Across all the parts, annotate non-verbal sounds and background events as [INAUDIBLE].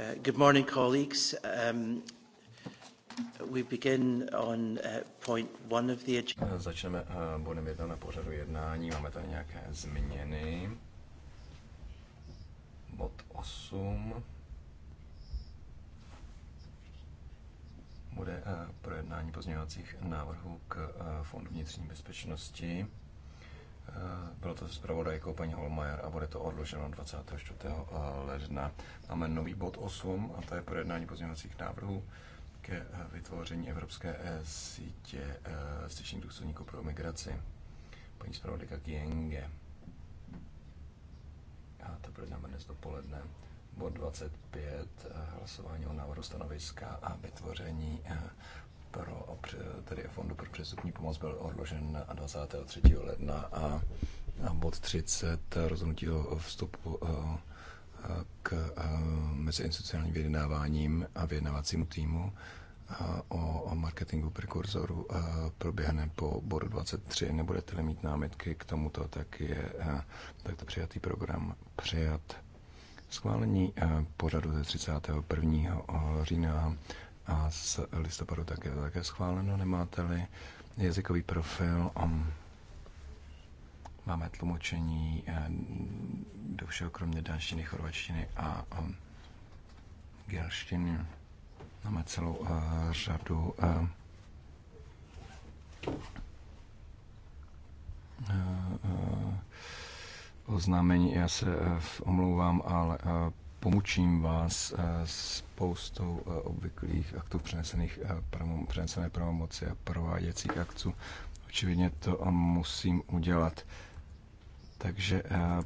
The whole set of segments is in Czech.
Uh, good morning, colleagues. Um, we begin on uh, point one of the agenda. Uh, začneme uh, bodem jedna na pořadu jednání. Máme tady nějaké změny. Bod 8. Bude uh, projednání pozměňovacích návrhů k uh, Fondu vnitřní bezpečnosti. Eh, bylo to zpravodajkou paní Holmajer a bude to odloženo 24. Eh, ledna. Máme nový bod 8 a to je projednání pozměňovacích návrhů ke eh, vytvoření Evropské sítě styčních důstojníků pro migraci. Paní zpravodajka Kienge. A to projednáme dnes dopoledne. Bod 25, hlasování o návrhu stanoviska a vytvoření pro, tedy Fondu pro přestupní pomoc byl odložen 23. ledna a bod 30 rozhodnutí o vstupu k meziinstitucionálním vyjednáváním a vyjednávacímu týmu o marketingu prekurzoru proběhne po bodu 23. Nebudete-li mít námitky k tomuto, tak je takto přijatý program přijat. Schválení pořadu ze 31. října a z listopadu také, také schváleno, nemáte-li jazykový profil. Um, máme tlumočení eh, do všeho, kromě danštiny, chorvačtiny a um, gelštiny. Máme celou uh, řadu uh, uh, oznámení. Já se omlouvám, ale pomučím vás eh, spoustou eh, obvyklých aktů přenesených, eh, přenesené pravomoci a prováděcích akců. Očividně to musím udělat. Takže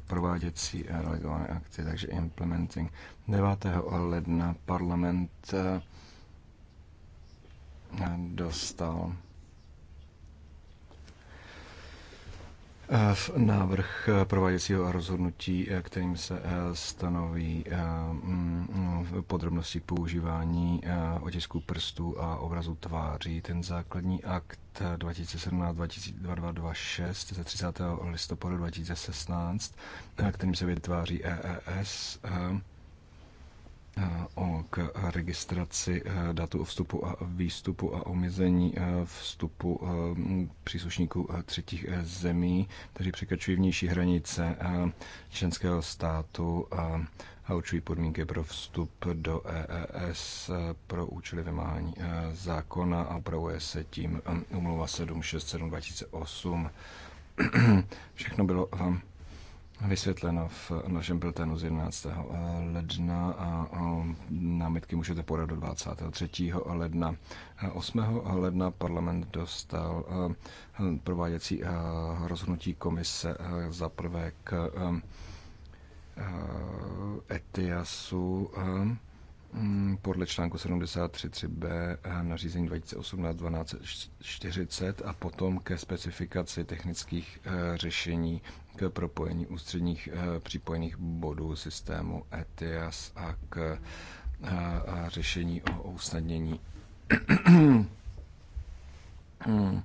prováděcí relegované akce, takže implementing. 9. ledna parlament dostal Eh, v návrh eh, prováděcího rozhodnutí, eh, kterým se stanoví mm, podrobnosti používání otisku prstů a obrazu tváří. Ten základní akt 2017-2226 ze 30. listopadu 2016, kterým se vytváří EES, Eh, k registraci eh, datu o vstupu a výstupu a omezení eh, vstupu příslušníků třetích zemí, kteří překračují vnější hranice členského státu a určují podmínky pro vstup do EES pro účely vymáhání zákona a upravuje se tím umluva 767 2008. Všechno bylo vám vysvětleno v našem biltenu z 11. Eh, ledna a námitky můžete podat do 23. ledna. 8. Eh, ledna parlament dostal eh, prováděcí rozhodnutí komise za prvé k ETIASu Mm, podle článku 73.3b eh, nařízení 2018-1240 a potom ke specifikaci technických eh, řešení k propojení ústředních eh, připojených bodů systému ETIAS a k řešení o usnadnění [CLEARS THROAT] hmm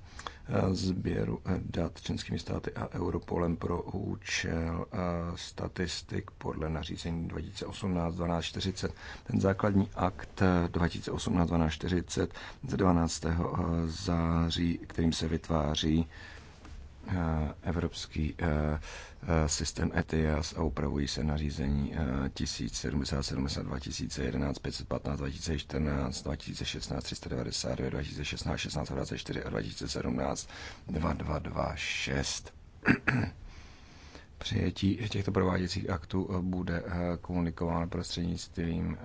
sběru dat členskými státy a Europolem pro účel statistik podle nařízení 2018-1240. Ten základní akt 2018-1240 z 12. Eh, září, kterým se vytváří eh, Evropský eh, Eh, systém ETIAS a upravují se nařízení 1070 2011, 515, 2014, 2016, 399, 2016, 1624 a 2017 2226 přijetí těchto prováděcích aktů eh, bude eh, komunikováno prostřednictvím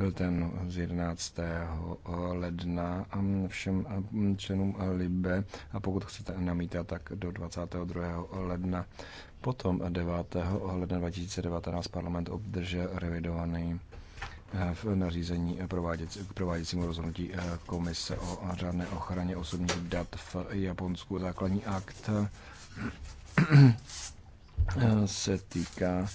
eh, ten z 11. ledna mm, všem mm, členům LIBE a pokud chcete namítat, tak do 22. ledna. Potom 9. ledna 2019 parlament obdržel revidovaný v nařízení k prováděcímu rozhodnutí komise o řádné ochraně osobních dat v Japonsku základní akt se týká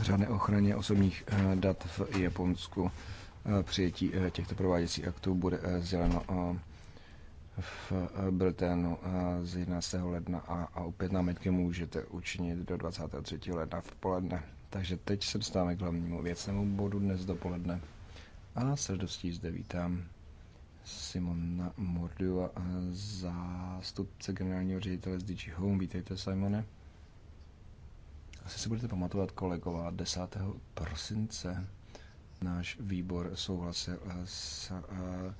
řádné ochraně osobních eh, dat v Japonsku. Eh, přijetí eh, těchto prováděcích aktů bude sděleno v Británu z 11. ledna a, a opět námitky můžete učinit do 23. ledna v poledne. Takže teď se dostáváme k hlavnímu věcnému bodu dnes dopoledne. A s radostí zde vítám Simona Mordua, zástupce generálního ředitele z DG Home. Vítejte, Simone. Asi si budete pamatovat, kolegová, 10. prosince náš výbor souhlasil s eh,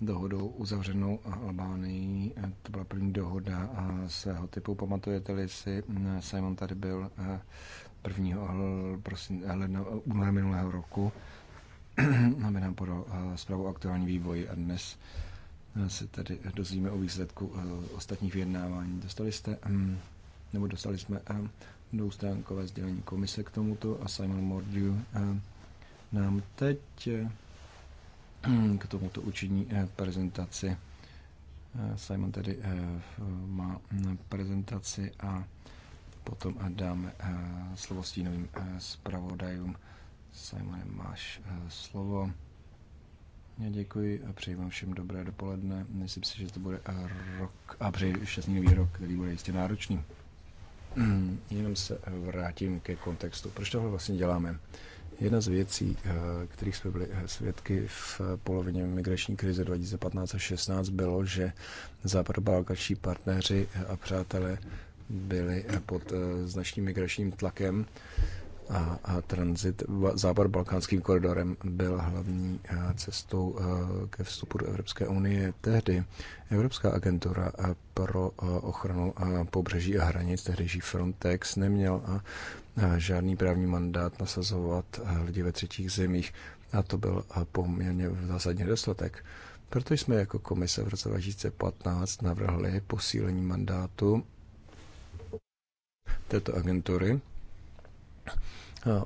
dohodou uzavřenou Albánií. To byla první dohoda svého typu. Pamatujete-li si, mm, Simon tady byl 1. Eh, února minulého roku, [CLEARS THROAT] aby nám podal eh, zprávu aktuální vývoj a dnes se tady dozvíme o výsledku ostatních vyjednávání. Dostali jste, mm, nebo dostali jsme dvoustránkové sdělení komise k tomuto a Simon Mordew eh, nám teď eh, [CLEARS THROAT] k tomuto učiní eh, prezentaci. Simon tedy má prezentaci a potom dáme slovo stínovým zpravodajům. Simone, máš slovo. Já děkuji a přeji vám všem dobré dopoledne. Myslím si, že to bude rok a přeji šťastný nový rok, který bude jistě náročný. Mm. Jenom se vrátím ke kontextu. Proč tohle vlastně děláme? Jedna z věcí, eh, kterých jsme byli eh, svědky v polovině migrační krize 2015 a 16, bylo, že západobalkační partneři a přátelé byli pod eh, značným migračním tlakem a, a západ-balkánským koridorem byl hlavní cestou ke vstupu do Evropské unie. Tehdy Evropská agentura pro ochranu pobřeží a hranic, tehdejší Frontex, neměl žádný právní mandát nasazovat lidi ve třetích zemích a to byl poměrně zásadní dostatek. Proto jsme jako komise v roce 2015 navrhli posílení mandátu této agentury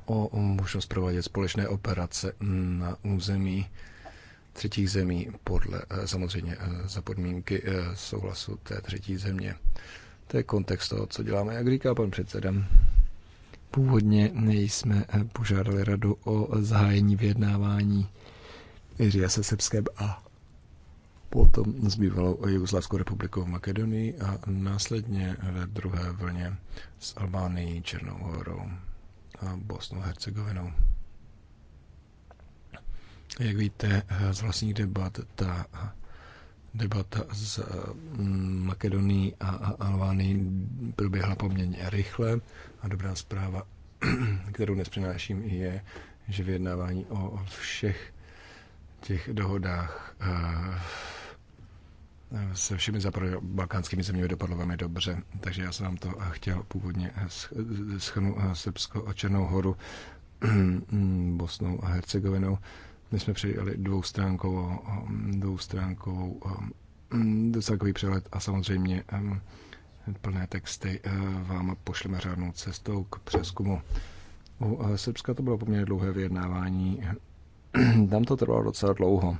o možnost provádět společné operace na území třetích zemí podle eh, samozřejmě eh, za podmínky eh, souhlasu té třetí země. To je kontext toho, co děláme, jak říká pan předseda. Původně jsme požádali radu o zahájení vyjednávání Iřia se Srbskem a potom s bývalou Jugoslavskou republikou Makedonii a následně ve druhé vlně s Albánií Černou horou a Bosnou a Hercegovinou. Jak víte eh, z vlastních debat, ta eh, debata z eh, mm, Makedonii a Albánii proběhla poměrně rychle a dobrá zpráva, [CLEARS THROAT] kterou dnes přináším, je, že vyjednávání o všech těch dohodách se všemi balkánskými zeměmi dopadlo velmi dobře. Takže já jsem vám to chtěl původně schrnu eh, Srbsko a Černou horu, [CLEARS THROAT] Bosnou a Hercegovinou. My jsme přijeli dvoustránkovou, eh, dvoustránkovou eh, takový přehled a samozřejmě plné texty vám pošleme řádnou cestou k přeskumu. U Srbska to bylo poměrně dlouhé vyjednávání. [CLEARS THROAT] Tam to trvalo docela dlouho.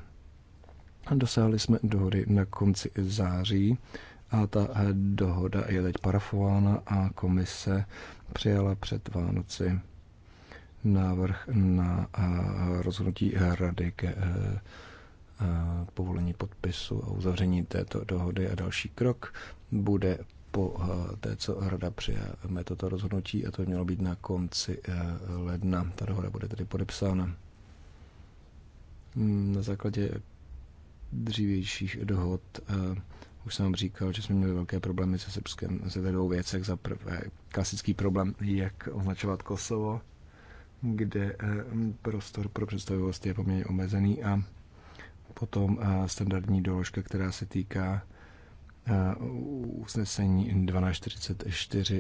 Dosáhli jsme dohody na konci září a ta eh, dohoda je teď parafována a komise přijala před Vánoci návrh na eh, rozhodnutí rady ke eh, povolení podpisu a uzavření této dohody a další krok bude po té, co rada přijme toto rozhodnutí a to mělo být na konci ledna. Ta dohoda bude tedy podepsána. Hmm, na základě dřívějších dohod. Eh, už jsem vám říkal, že jsme měli velké problémy se Srbskem ze dvou věcech. Za prvé klasický problém, jak označovat Kosovo, kde eh, prostor pro představivost je poměrně omezený a potom eh, standardní doložka, která se týká usnesení 1244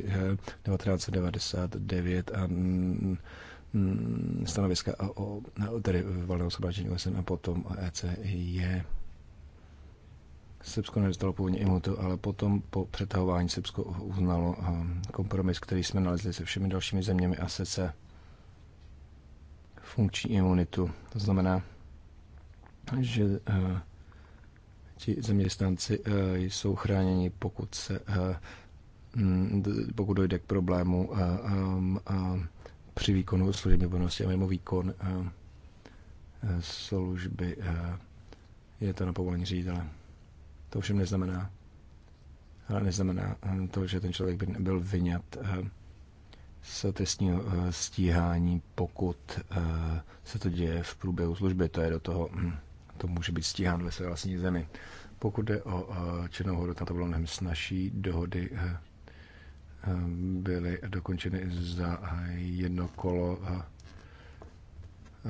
1999 a stanoviska o, o tedy valného shromáždění OSN a potom ECJ. Srbsko nedostalo původně imunitu, ale potom po přetahování Srbsko uznalo eh, kompromis, který jsme nalezli se všemi dalšími zeměmi a sice funkční imunitu. To znamená, že eh, ti zaměstnanci eh, jsou chráněni, pokud se pokud dojde k problému a, a, a při výkonu služební povinnosti a mimo výkon a, služby a, je to na povolení ředitele. To ovšem neznamená, ale neznamená eh, to, že ten člověk by byl vyňat eh, z trestního eh, stíhání, pokud se to děje v průběhu služby. To je do toho, hm, to může být stíhán ve své vlastní zemi. Pokud jde o černou horu, tam to bylo mnohem snažší. Dohody byly dokončeny za jedno kolo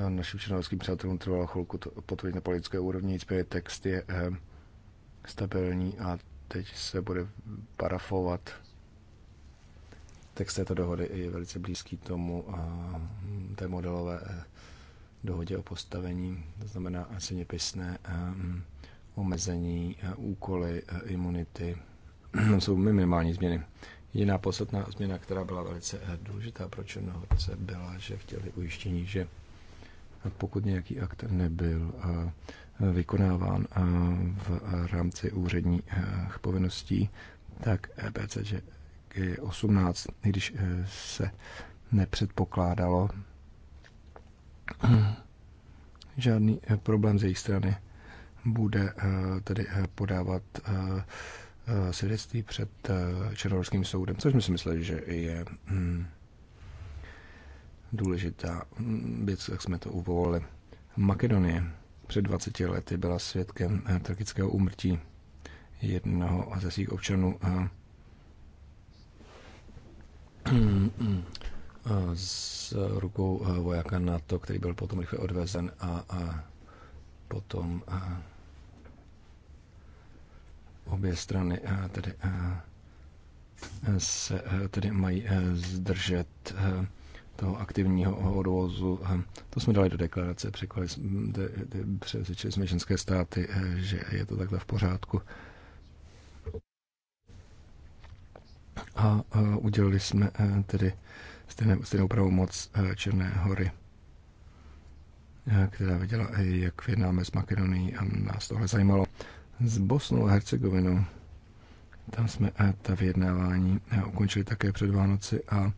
našim černovským přátelům trvalo chvilku to potvrdit na politické úrovni, nicméně text je stabilní a teď se bude parafovat text této dohody je velice blízký tomu hm, té modelové eh, dohodě o postavení, to znamená zeměpisné eh, hm, omezení, eh, úkoly, imunity. [CLEARS THROAT] Jsou minimální změny. Jediná posledná změna, která byla velice důležitá pro Černohorce, byla, že chtěli ujištění, že pokud nějaký akt nebyl vykonáván eh, v rámci úředních eh, povinností, tak EBCG je 18, když eh, se nepředpokládalo [CLEARS THROAT] žádný problém z jejich strany. Bude tedy podávat svědectví před Černohorským soudem, což my si mysleli, že je hm, důležitá hm, věc, jak jsme to uvolili. Makedonie před 20 lety byla svědkem eh, tragického úmrtí jednoho ze svých občanů s eh, eh, rukou vojáka NATO, který byl potom rychle odvezen a, a potom a obě strany a tedy, a se tedy mají zdržet a toho aktivního odvozu. Ehm, to jsme dali do deklarace, přesvědčili jsme ženské státy, eh, že je to takhle v pořádku. A udělali jsme eh, tedy stejnou, stejnou pravomoc eh, Černé hory, která viděla, jak jednáme s Makedonií a nás tohle zajímalo. S Bosnou a Hercegovinou tam jsme ta vyjednávání ukončili také před Vánoci a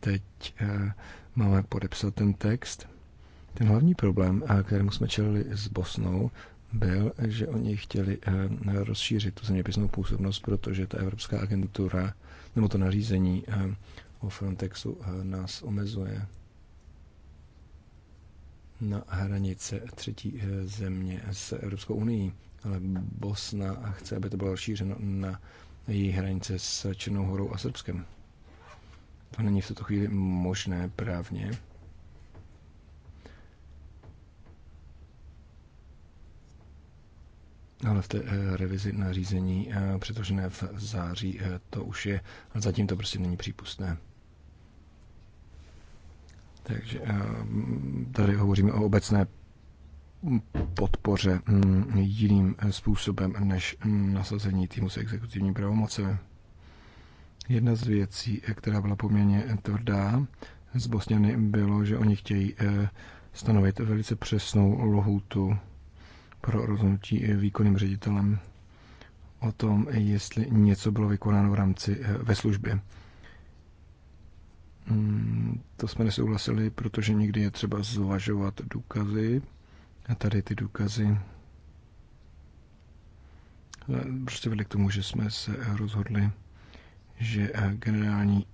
teď eh, máme podepsat ten text. Ten hlavní problém, eh, kterému jsme čelili s Bosnou, byl, že oni chtěli eh, rozšířit tu zeměpisnou působnost, protože ta Evropská agentura nebo to nařízení o Frontexu nás omezuje na hranice třetí země s Evropskou unii, ale Bosna chce, aby to bylo rozšířeno na její hranice s Černou horou a Srbskem. To není v tuto chvíli možné právně. Ale v té eh, revizi nařízení eh, předložené v září eh, to už je, ale zatím to prostě není přípustné. Takže tady hovoříme o obecné podpoře mm, jiným způsobem než mm, nasazení týmu s exekutivní pravomocemi. Jedna z věcí, eh, která byla poměrně eh, tvrdá z Bosněny, bylo, že oni chtějí eh, stanovit velice přesnou lohutu pro rozhodnutí výkonným ředitelem o tom, jestli něco bylo vykonáno v rámci ve službě. Mm, to jsme nesouhlasili, protože někdy je třeba zvažovat důkazy. A tady ty důkazy prostě vedly k tomu, že jsme se rozhodli že eh, generální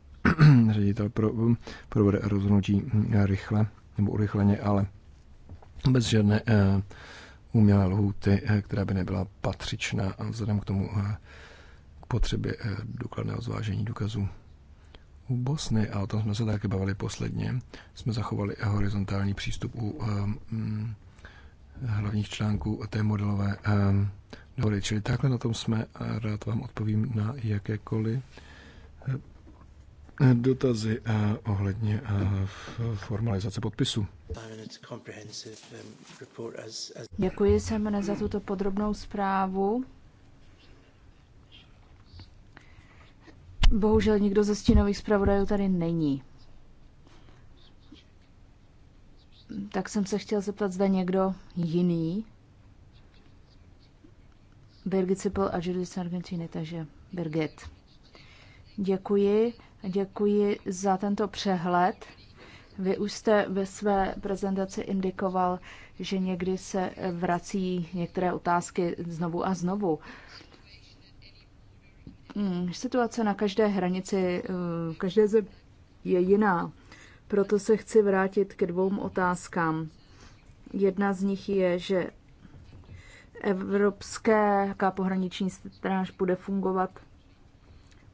[CLEARS THROAT] ředitel pro, um, provede rozhodnutí hm, rychle nebo urychleně, ale bez žádné uh, umělé lhůty, eh, která by nebyla patřičná a vzhledem k tomu uh, k potřebě uh, důkladného zvážení důkazů. U Bosny, a o tom jsme se také bavili posledně, jsme zachovali horizontální přístup u um, hlavních článků té modelové um, dohody. Čili takhle na tom jsme a rád vám odpovím na jakékoliv eh, dotazy eh, ohledně eh, formalizace podpisu. Um, Děkuji, mne za tuto podrobnou zprávu. Bohužel nikdo ze stínových zpravodajů tady není. Tak jsem se chtěl zeptat, zda někdo jiný Birgit Cipel a Judith z Argentiny, takže Birgit. Děkuji, děkuji za tento přehled. Vy už jste ve své prezentaci indikoval, že někdy se vrací některé otázky znovu a znovu. Hmm, situace na každé hranici, v eh, každé zemi je jiná. Proto se chci vrátit ke dvou otázkám. Jedna z nich je, že Evropské pohraniční stráž bude fungovat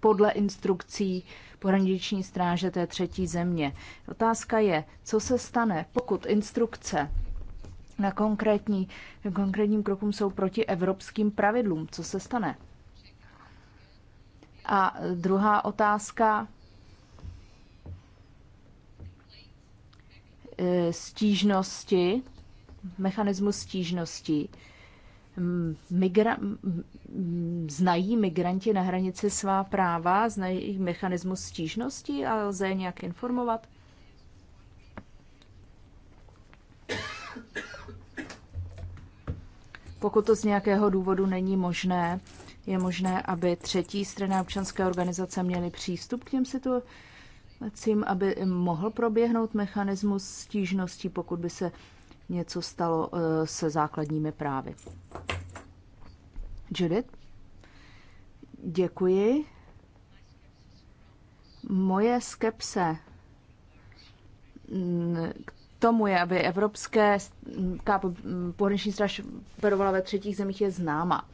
podle instrukcí pohraniční stráže té třetí země. Otázka je, co se stane, pokud instrukce na konkrétní, konkrétním krokům jsou proti evropským pravidlům. Co se stane? A druhá otázka. Eh, stížnosti, mechanismus stížnosti migra- znají migranti na hranici svá práva, znají jejich mechanismus stížnosti a lze je nějak informovat? Pokud to z nějakého důvodu není možné, je možné, aby třetí strana občanské organizace měly přístup k těm situacím, aby mohl proběhnout mechanismus stížností, pokud by se něco stalo eh, se základními právy. Judith? Děkuji. Moje skepse mm, k tomu je, aby evropské pohraniční straž operovala ve třetích zemích, je známa.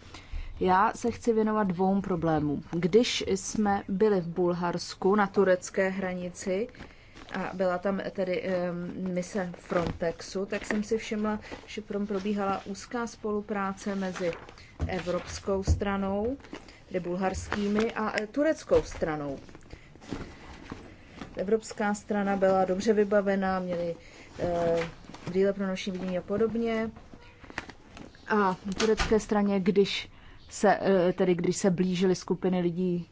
Já se chci věnovat dvou problémům. Když jsme byli v Bulharsku na turecké hranici, a byla tam tedy mise Frontexu, tak jsem si všimla, že prom probíhala úzká spolupráce mezi evropskou stranou, tedy bulharskými, a e, tureckou stranou. Evropská strana byla dobře vybavená, měli e, díle pro noční vidění a podobně. A turecké straně, když se, e, tedy když se blížily skupiny lidí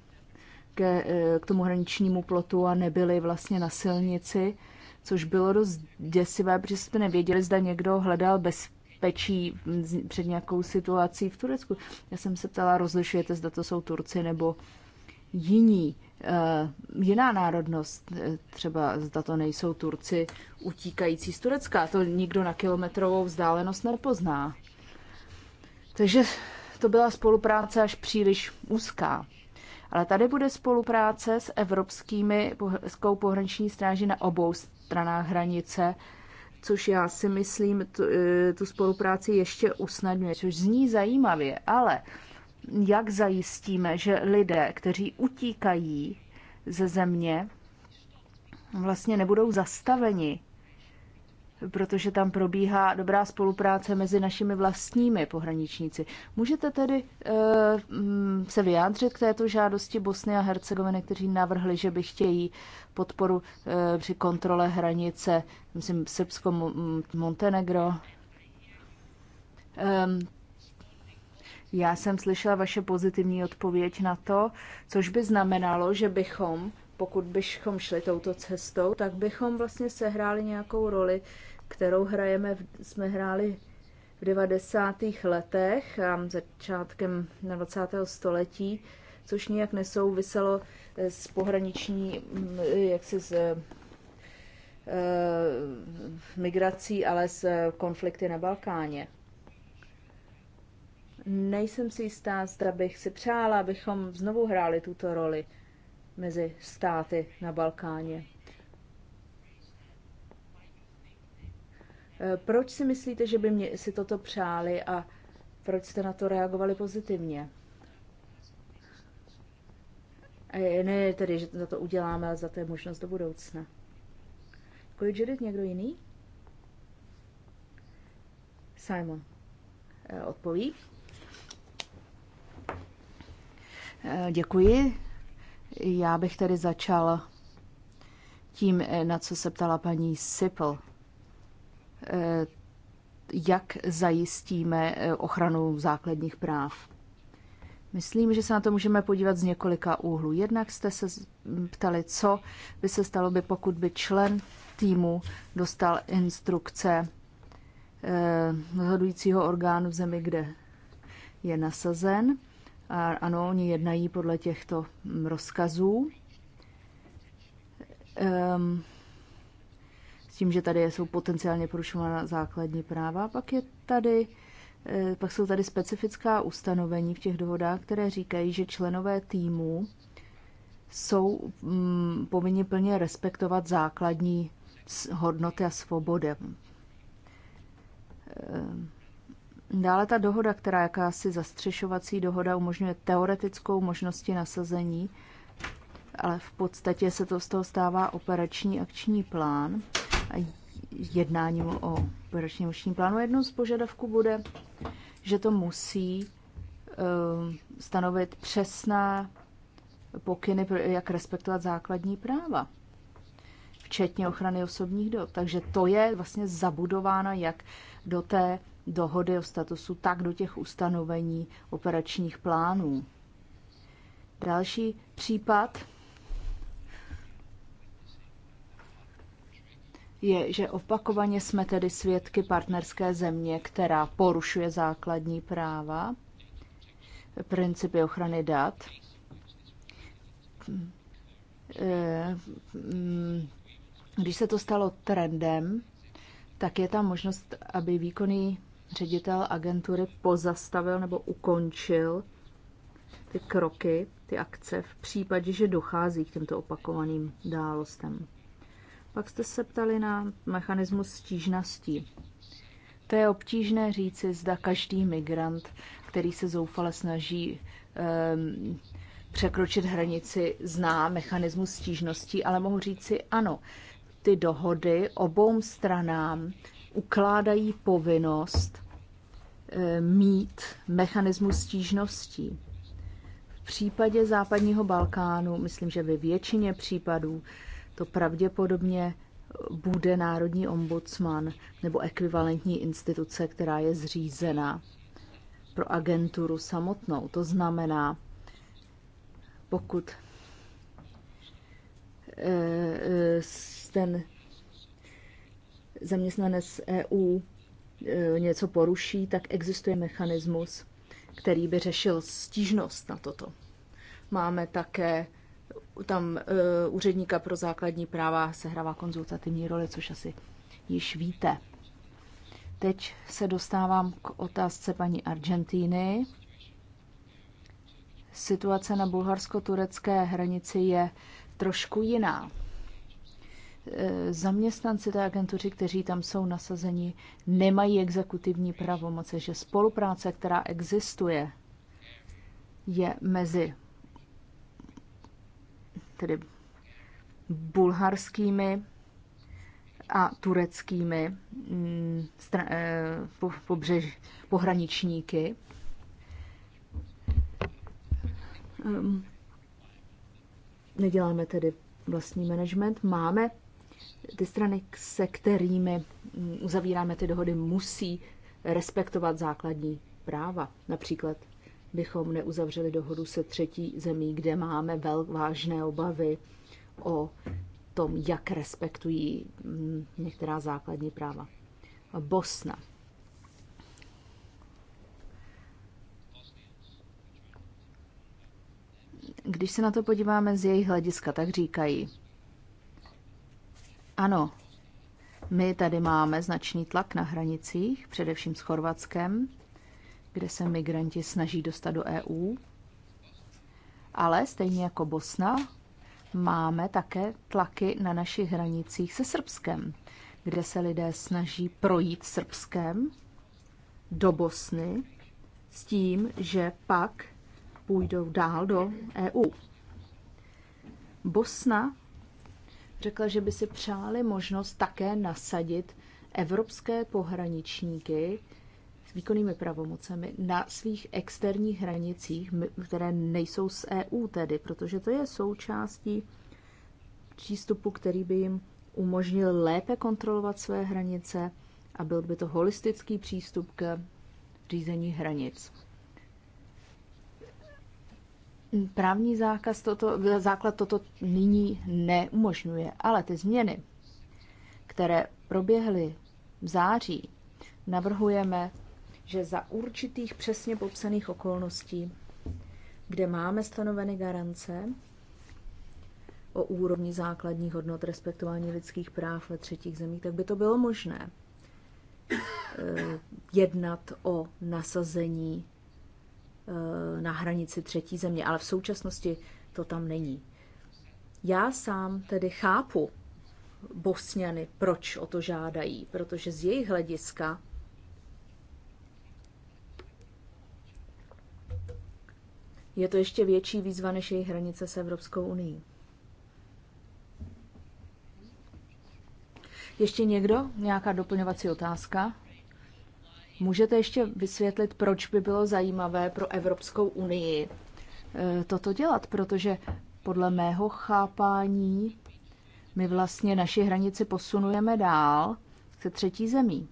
ke, eh, k tomu hraničnímu plotu a nebyli vlastně na silnici, což bylo dost děsivé, protože jste nevěděli, zda někdo hledal bezpečí před nějakou situací v Turecku. Já jsem se ptala, rozlišujete, zda to jsou Turci nebo jiní, uh, jiná národnost, eh, třeba zda to nejsou Turci utíkající z Turecka, to nikdo na kilometrovou vzdálenost nepozná. Takže to byla spolupráce až příliš úzká. Ale tady bude spolupráce s evropskými s pohraniční stráži na obou stranách hranice, což já si myslím, tu, e, tu spolupráci ještě usnadňuje, což zní zajímavě, ale jak zajistíme, že lidé, kteří utíkají ze země, vlastně nebudou zastaveni protože tam probíhá dobrá spolupráce mezi našimi vlastními pohraničníci. Můžete tedy uh, se vyjádřit k této žádosti Bosny a Hercegoviny, kteří navrhli, že by chtějí podporu uh, při kontrole hranice, myslím, Srbsko-Montenegro? Mm, um, ehm, já jsem slyšela vaše pozitivní odpověď na to, což by znamenalo, že bychom pokud bychom šli touto cestou, tak bychom vlastně sehráli nějakou roli kterou hrajeme, jsme hráli v 90. letech a začátkem 20. století, což nijak nesouviselo eh, s pohraniční, mm, eh, jak si s eh, migrací, ale s konflikty na Balkáně. Nejsem si jistá, zda bych si přála, abychom znovu hráli tuto roli mezi státy na Balkáně. Eh, proč si myslíte, že by mě, si toto přáli a proč jste na to reagovali pozitivně? Ne tedy, že za to uděláme, ale za to je možnost do budoucna. Děkuji, Judith. Někdo jiný? Simon eh, odpoví. Eh, děkuji. Já bych tedy začal tím, na co se ptala paní Sipl. Eh, jak zajistíme eh, ochranu základních práv. Myslím, že se na to můžeme podívat z několika úhlů. Jednak jste se ptali, co by se stalo, by, pokud by člen týmu dostal instrukce eh, rozhodujícího orgánu v zemi, kde je nasazen. A ano, oni jednají podle těchto mm, rozkazů. Um, tím, že tady jsou potenciálně porušována základní práva. Pak, je tady, eh, pak jsou tady specifická ustanovení v těch dohodách, které říkají, že členové týmu jsou mm, povinni plně respektovat základní hodnoty a svobody. Eh, dále ta dohoda, která jakási zastřešovací dohoda, umožňuje teoretickou možnosti nasazení, ale v podstatě se to z toho stává operační akční plán jednáním o operačním učním plánu. Jednou z požadavků bude, že to musí ehm, stanovit přesná pokyny, jak respektovat základní práva, včetně ochrany osobních dob. Takže to je vlastně zabudováno jak do té dohody o statusu, tak do těch ustanovení operačních plánů. Další případ je, že opakovaně jsme tedy svědky partnerské země, která porušuje základní práva, principy ochrany dat, eh, když se to stalo trendem, tak je tam možnost, aby výkonný ředitel agentury pozastavil nebo ukončil ty kroky, ty akce v případě, že dochází k těmto opakovaným dálostem. Pak jste se ptali na mechanismus stížností. To je obtížné říci, zda každý migrant, který se zoufale snaží um, překročit hranici, zná mechanismus stížností, ale mohu říci ano. Ty dohody obou stranám ukládají povinnost ehm, mít mechanismus stížností. V případě západního Balkánu, myslím, že ve většině případů, to pravděpodobně bude národní ombudsman nebo ekvivalentní instituce, která je zřízena pro agenturu samotnou. To znamená, pokud eh, eh, ten zaměstnanec EU eh, něco poruší, tak existuje mechanismus, který by řešil stížnost na toto. Máme také tam uh, úředníka pro základní práva sehrává konzultativní roli, což asi již víte. Teď se dostávám k otázce paní Argentíny. Situace na bulharsko-turecké hranici je trošku jiná. Eh, zaměstnanci té agentury, kteří tam jsou nasazeni, nemají exekutivní pravomoce, že spolupráce, která existuje, je mezi tedy bulharskými a tureckými mm, eh, pobřež, pohraničníky. Ehm, neděláme tedy vlastní management. Máme ty strany, se kterými mm, uzavíráme ty dohody, musí respektovat základní práva, například bychom neuzavřeli dohodu se třetí zemí, kde máme vel, vážné obavy o tom, jak respektují mm, některá základní práva. Bosna. Když se na to podíváme z jejich hlediska, tak říkají, ano, my tady máme značný tlak na hranicích, především s Chorvatskem, kde se migranti snaží dostat do EU. Ale stejně jako Bosna, máme také tlaky na našich hranicích se Srbskem, kde se lidé snaží projít Srbskem do Bosny s tím, že pak půjdou dál do EU. Bosna řekla, že by si přáli možnost také nasadit evropské pohraničníky s výkonnými pravomocemi na svých externích hranicích, které nejsou z EU tedy, protože to je součástí přístupu, který by jim umožnil lépe kontrolovat své hranice a byl by to holistický přístup k řízení hranic. Právní zákaz toto, základ toto nyní neumožňuje, ale ty změny, které proběhly v září, navrhujeme že za určitých přesně popsaných okolností, kde máme stanoveny garance o úrovni základních hodnot respektování lidských práv ve třetích zemích, tak by to bylo možné eh, jednat o nasazení eh, na hranici třetí země, ale v současnosti to tam není. Já sám tedy chápu Bosňany, proč o to žádají, protože z jejich hlediska je to ještě větší výzva než její hranice s Evropskou unii. Ještě někdo? Nějaká doplňovací otázka? Můžete ještě vysvětlit, proč by bylo zajímavé pro Evropskou unii eh, toto dělat? Protože podle mého chápání my vlastně naše hranici posunujeme dál se třetí zemí.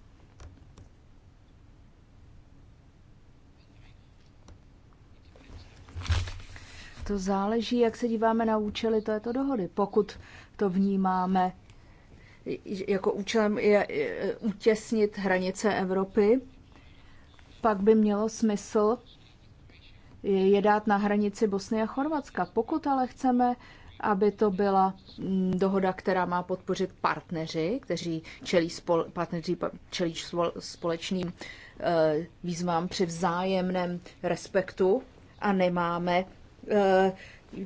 To záleží, jak se díváme na účely této dohody. Pokud to vnímáme jako účelem je utěsnit hranice Evropy, pak by mělo smysl je dát na hranici Bosny a Chorvatska. Pokud ale chceme, aby to byla mm, dohoda, která má podpořit partneři, kteří čelí, spol, partneři čelí společným eh, výzvám při vzájemném respektu a nemáme Eh,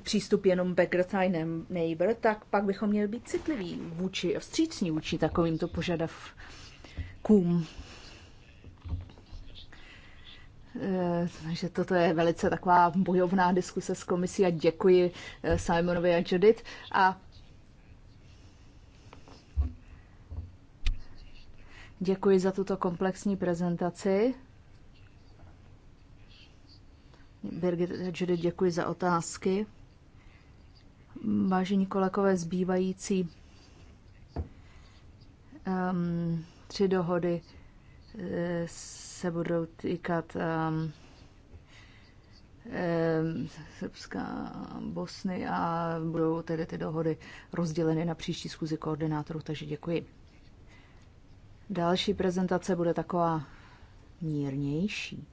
přístup jenom background neighbor, tak pak bychom měli být citliví vůči, vstřícní vůči takovýmto požadavkům. Eh, takže toto je velice taková bojovná diskuse s komisí a děkuji eh, Simonovi a Judith. A děkuji za tuto komplexní prezentaci. Birgit Judy, děkuji za otázky. Vážení kolegové, zbývající um, tři dohody eh, se budou týkat um, eh, Srbska, Bosny a budou tedy ty dohody rozděleny na příští schůzi koordinátorů, takže děkuji. Další prezentace bude taková mírnější.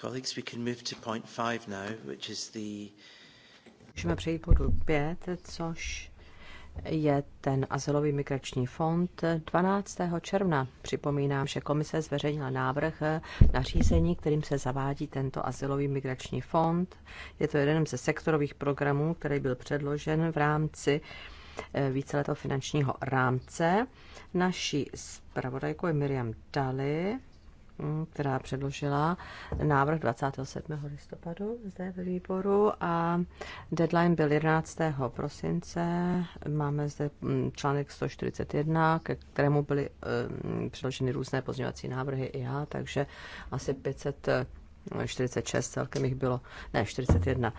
Colleagues, we can move to point five now, which is the... Můžeme přejít bodu 5, což je ten azylový migrační fond. 12. června připomínám, že komise zveřejnila návrh nařízení, kterým se zavádí tento azylový migrační fond. Je to jeden ze sektorových programů, který byl předložen v rámci eh, víceletého finančního rámce. Naší zpravodajkou je Miriam Daly která předložila návrh 27. listopadu zde ve výboru a deadline byl 11. prosince. Máme zde mm, článek 141, ke kterému byly mm, předloženy různé pozměňovací návrhy i já, takže asi 546 celkem jich bylo, ne 41.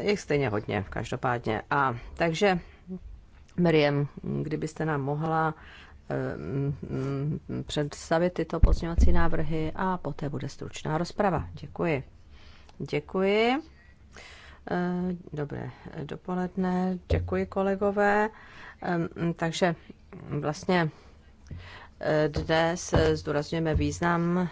Jich stejně hodně, každopádně. A takže Miriam, kdybyste nám mohla Eh, mm, představit tyto pozměňovací návrhy a poté bude stručná rozprava. Děkuji. Děkuji. Eh, dobré dopoledne, děkuji kolegové. Eh, takže vlastně dnes zdůrazňujeme význam eh,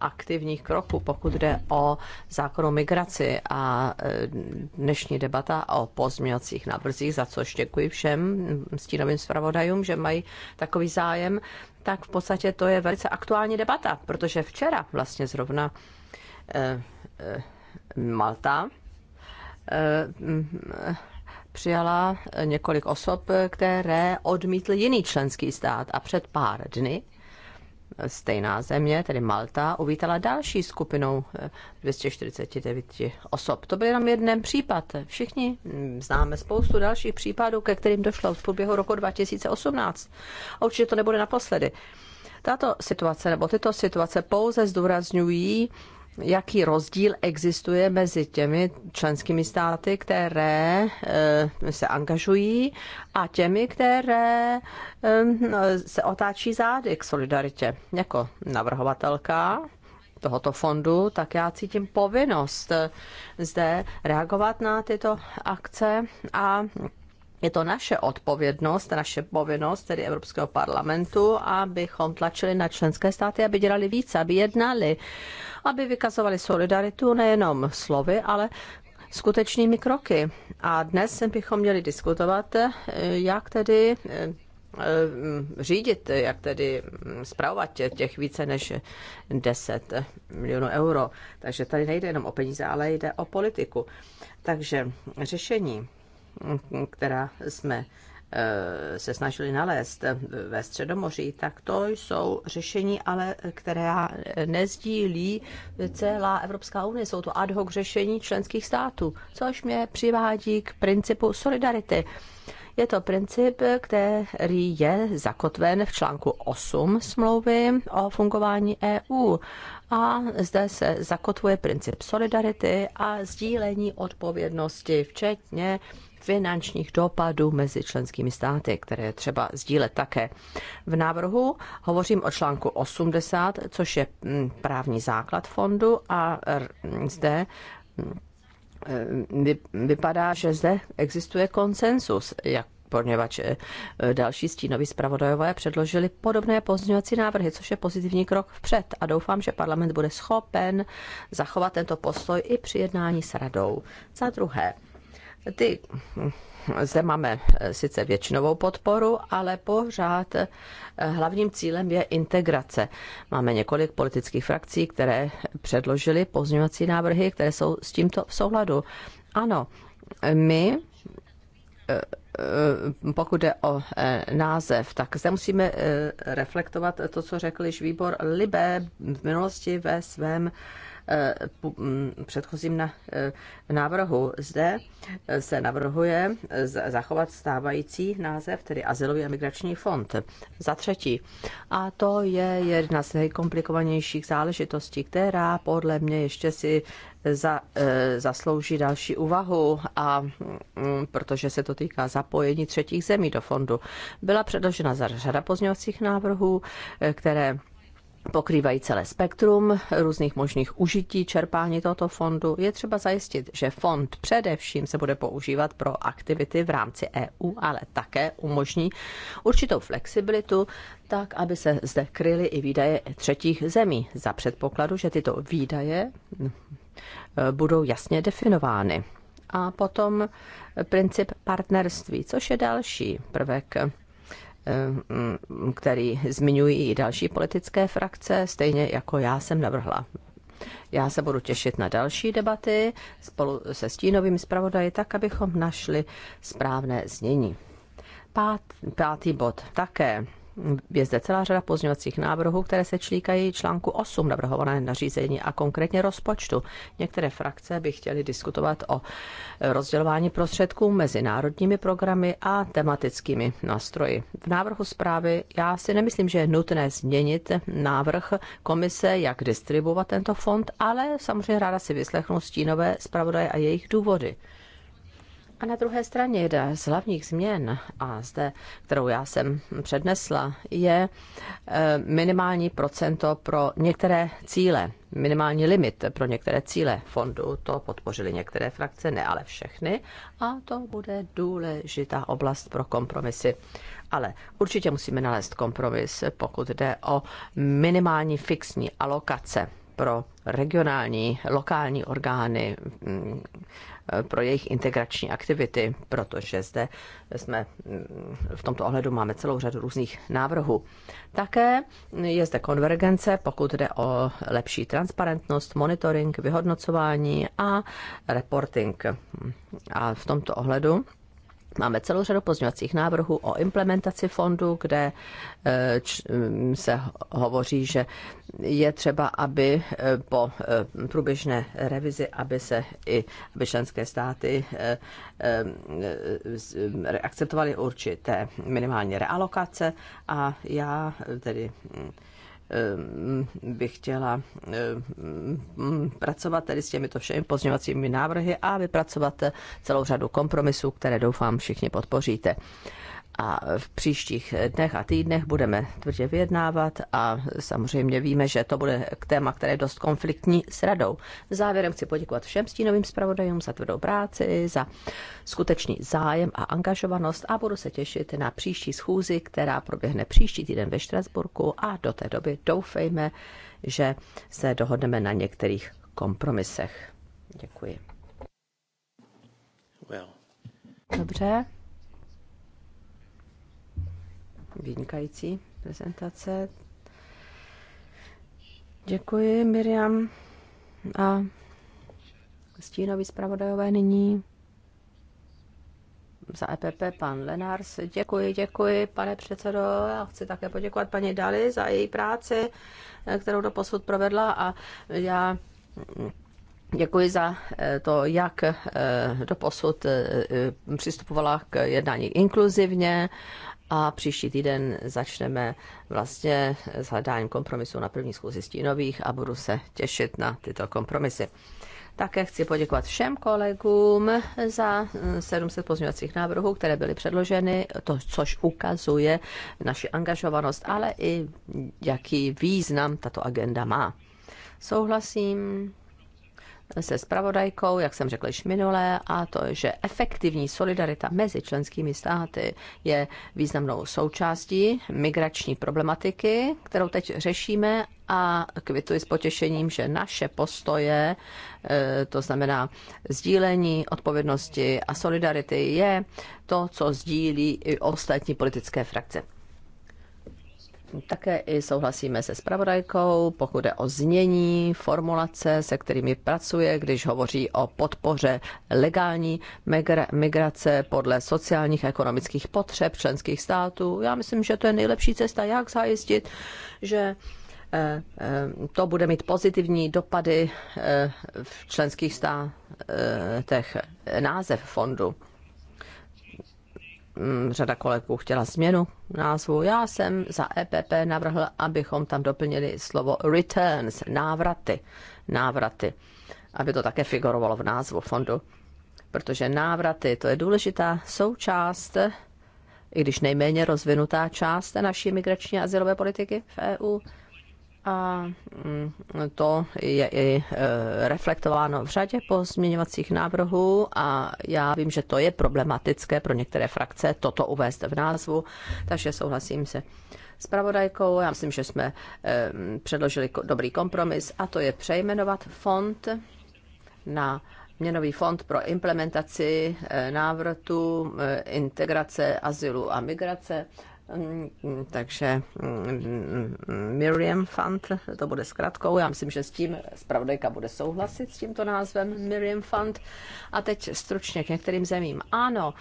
aktivních kroků, pokud jde o zákon o migraci a eh, dnešní debata o pozměňovacích návrzích, za což děkuji všem stínovým zpravodajům, že mají takový zájem, tak v podstatě to je velice aktuální debata, protože včera vlastně zrovna eh, Malta přijala eh, několik osob, které odmítl jiný členský stát a před pár dny eh, stejná země, tedy Malta, uvítala další skupinou 249 eh, osob. To byl jenom jeden případ. Všichni hm, známe spoustu dalších případů, ke kterým došlo v průběhu roku 2018. A určitě to nebude naposledy. Tato situace nebo tyto situace pouze zdůrazňují jaký rozdíl existuje mezi těmi členskými státy, které eh, se angažují a těmi, které eh, se otáčí zády k solidaritě. Jako navrhovatelka tohoto fondu, tak já cítím povinnost eh, zde reagovat na tyto akce a je to naše odpovědnost, naše povinnost, tedy Evropského parlamentu, abychom tlačili na členské státy, aby dělali více, aby jednali, aby vykazovali solidaritu nejenom slovy, ale skutečnými kroky. A dnes bychom měli diskutovat, jak tedy eh, řídit, jak tedy zpravovat těch více než 10 milionů euro. Takže tady nejde jenom o peníze, ale jde o politiku. Takže řešení která jsme eh, se snažili nalézt ve Středomoří, tak to jsou řešení, ale která nezdílí celá Evropská unie. Jsou to ad hoc řešení členských států, což mě přivádí k principu solidarity. Je to princip, který je zakotven v článku 8 smlouvy o fungování EU. A zde se zakotvuje princip solidarity a sdílení odpovědnosti, včetně finančních dopadů mezi členskými státy, které je třeba sdílet také. V návrhu hovořím o článku 80, což je mm, právní základ fondu a zde mm, vypadá, že zde existuje konsensus, jak poněvadž e, další stínoví zpravodajové předložili podobné pozměňovací návrhy, což je pozitivní krok vpřed a doufám, že parlament bude schopen zachovat tento postoj i při jednání s radou. Za druhé, ty hm, zde máme eh, sice většinovou podporu, ale pořád eh, hlavním cílem je integrace. Máme několik politických frakcí, které předložily pozměňovací návrhy, které jsou s tímto v souladu. Ano, my eh, pokud jde o název, tak zde musíme reflektovat to, co řekl již výbor Libe v minulosti ve svém Eh, předchozím eh, návrhu. Zde eh, se navrhuje zachovat stávající název, tedy Azylový a migrační fond. Za třetí. A to je jedna z nejkomplikovanějších záležitostí, která podle mě ještě si za, zaslouží další úvahu, a mm, protože se to týká zapojení třetích zemí do fondu. Byla předložena řada pozměňovacích návrhů, které pokrývají celé spektrum různých možných užití čerpání tohoto fondu, je třeba zajistit, že fond především se bude používat pro aktivity v rámci EU, ale také umožní určitou flexibilitu, tak aby se zde kryly i výdaje třetích zemí, za předpokladu, že tyto výdaje eh, budou jasně definovány. A potom princip partnerství, což je další prvek Eh, který zmiňují i další politické frakce, stejně jako já jsem navrhla. Já se budu těšit na další debaty spolu se stínovým zpravodaji, tak abychom našli správné znění. Pát, pátý bod také je zde celá řada pozměňovacích návrhů, které se člíkají článku 8 navrhované nařízení a konkrétně rozpočtu. Některé frakce by chtěly diskutovat o rozdělování prostředků mezi národními programy a tematickými nástroji. V návrhu zprávy já si nemyslím, že je nutné změnit návrh komise, jak distribuovat tento fond, ale samozřejmě ráda si vyslechnu stínové zpravodaje a jejich důvody. A na druhé straně jedna z hlavních změn, a zde, kterou já jsem přednesla, je eh, minimální procento pro některé cíle, minimální limit pro některé cíle fondu. To podpořili některé frakce, ne ale všechny. A to bude důležitá oblast pro kompromisy. Ale určitě musíme nalézt kompromis, pokud jde o minimální fixní alokace pro regionální, lokální orgány mm, Eh, pro jejich integrační aktivity, protože zde jsme mm, v tomto ohledu máme celou řadu různých návrhů. Také je zde konvergence, pokud jde o lepší transparentnost, monitoring, vyhodnocování a reporting. A v tomto ohledu Máme celou řadu pozměňovacích návrhů o implementaci fondu, kde eh, mm, se hovoří, že je třeba, aby eh, po eh, průběžné revizi, aby se i aby členské státy akceptovaly určité minimální realokace a já tedy mm, Ehm, bych chtěla ehm, pracovat tedy s těmito všemi pozměňovacími návrhy a vypracovat celou řadu kompromisů, které doufám všichni podpoříte a v příštích dnech a týdnech budeme tvrdě vyjednávat a samozřejmě víme, že to bude k téma, které je dost konfliktní s radou. Závěrem chci poděkovat všem stínovým zpravodajům za tvrdou práci, za skutečný zájem a angažovanost a budu se těšit na příští schůzi, která proběhne příští týden ve Štrasburku a do té doby doufejme, že se dohodneme na některých kompromisech. Děkuji. Dobře vynikající prezentace. Děkuji, Miriam. A stínový zpravodajové nyní za EPP pan Lenars. Děkuji, děkuji, pane předsedo. Já chci také poděkovat paní Dali za její práci, kterou do posud provedla a já Děkuji za eh, to, jak eh, do posud eh, přistupovala k jednání inkluzivně a příští týden začneme vlastně s hledáním kompromisu na první schůzi stínových a budu se těšit na tyto kompromisy. Také chci poděkovat všem kolegům za 700 eh, pozměňovacích návrhů, které byly předloženy, to, což ukazuje naši angažovanost, ale i jaký význam tato agenda má. Souhlasím se spravodajkou, jak jsem řekl již minulé, a to, že efektivní solidarita mezi členskými státy je významnou součástí migrační problematiky, kterou teď řešíme a kvituji s potěšením, že naše postoje, e, to znamená sdílení odpovědnosti a solidarity, je to, co sdílí i ostatní politické frakce. Také i souhlasíme se spravodajkou, pokud je o znění, formulace, se kterými pracuje, když hovoří o podpoře legální migrace podle sociálních a ekonomických potřeb členských států. Já myslím, že to je nejlepší cesta, jak zajistit, že eh, eh, to bude mít pozitivní dopady eh, v členských státech název fondu Mm, řada kolegů chtěla změnu názvu. Já jsem za EPP navrhl, abychom tam doplnili slovo returns, návraty, návraty, aby to také figurovalo v názvu fondu. Protože návraty, to je důležitá součást, i když nejméně rozvinutá část naší migrační a azylové politiky v EU a mm, to je i e, reflektováno v řadě pozměňovacích návrhů a já vím, že to je problematické pro některé frakce toto uvést v názvu, takže souhlasím se spravodajkou. Já myslím, že jsme e, předložili dobrý kompromis a to je přejmenovat fond na Měnový fond pro implementaci e, návratu, integrace, azylu a migrace Mm, takže mm, Miriam Fund, to bude zkratkou, já myslím, že s tím zpravodajka bude souhlasit s tímto názvem Miriam Fund. A teď stručně k některým zemím. Ano,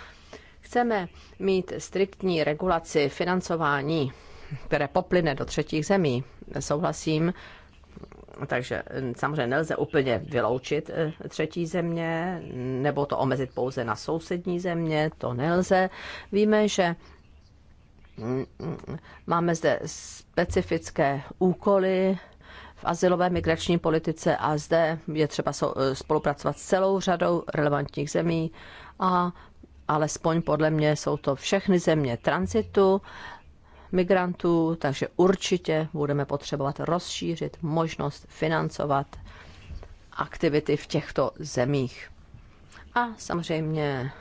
chceme mít striktní regulaci financování, které poplyne do třetích zemí. Souhlasím, takže mm, samozřejmě nelze úplně vyloučit e, třetí země, nebo to omezit pouze na sousední země, to nelze. Víme, že Máme zde specifické úkoly v asilové migrační politice a zde je třeba eh, spolupracovat s celou řadou relevantních zemí a alespoň podle mě jsou to všechny země transitu migrantů, takže určitě budeme potřebovat rozšířit možnost financovat aktivity v těchto zemích. A samozřejmě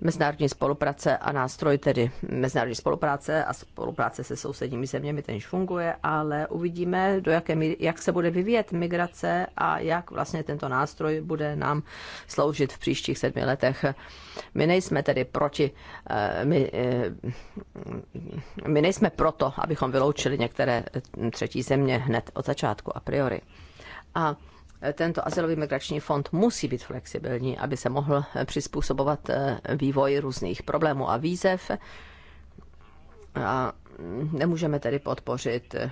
mezinárodní spolupráce a nástroj tedy mezinárodní spolupráce a spolupráce se sousedními zeměmi, ten již funguje, ale uvidíme, do jaké míry, jak se bude vyvíjet migrace a jak vlastně tento nástroj bude nám sloužit v příštích sedmi letech. My nejsme tedy proti, eh, my, eh, my nejsme proto, abychom vyloučili některé třetí země hned od začátku a priori. A tento asilový migrační fond musí být flexibilní, aby se mohl přizpůsobovat eh, vývoji různých problémů a výzev. A nemůžeme tedy podpořit eh,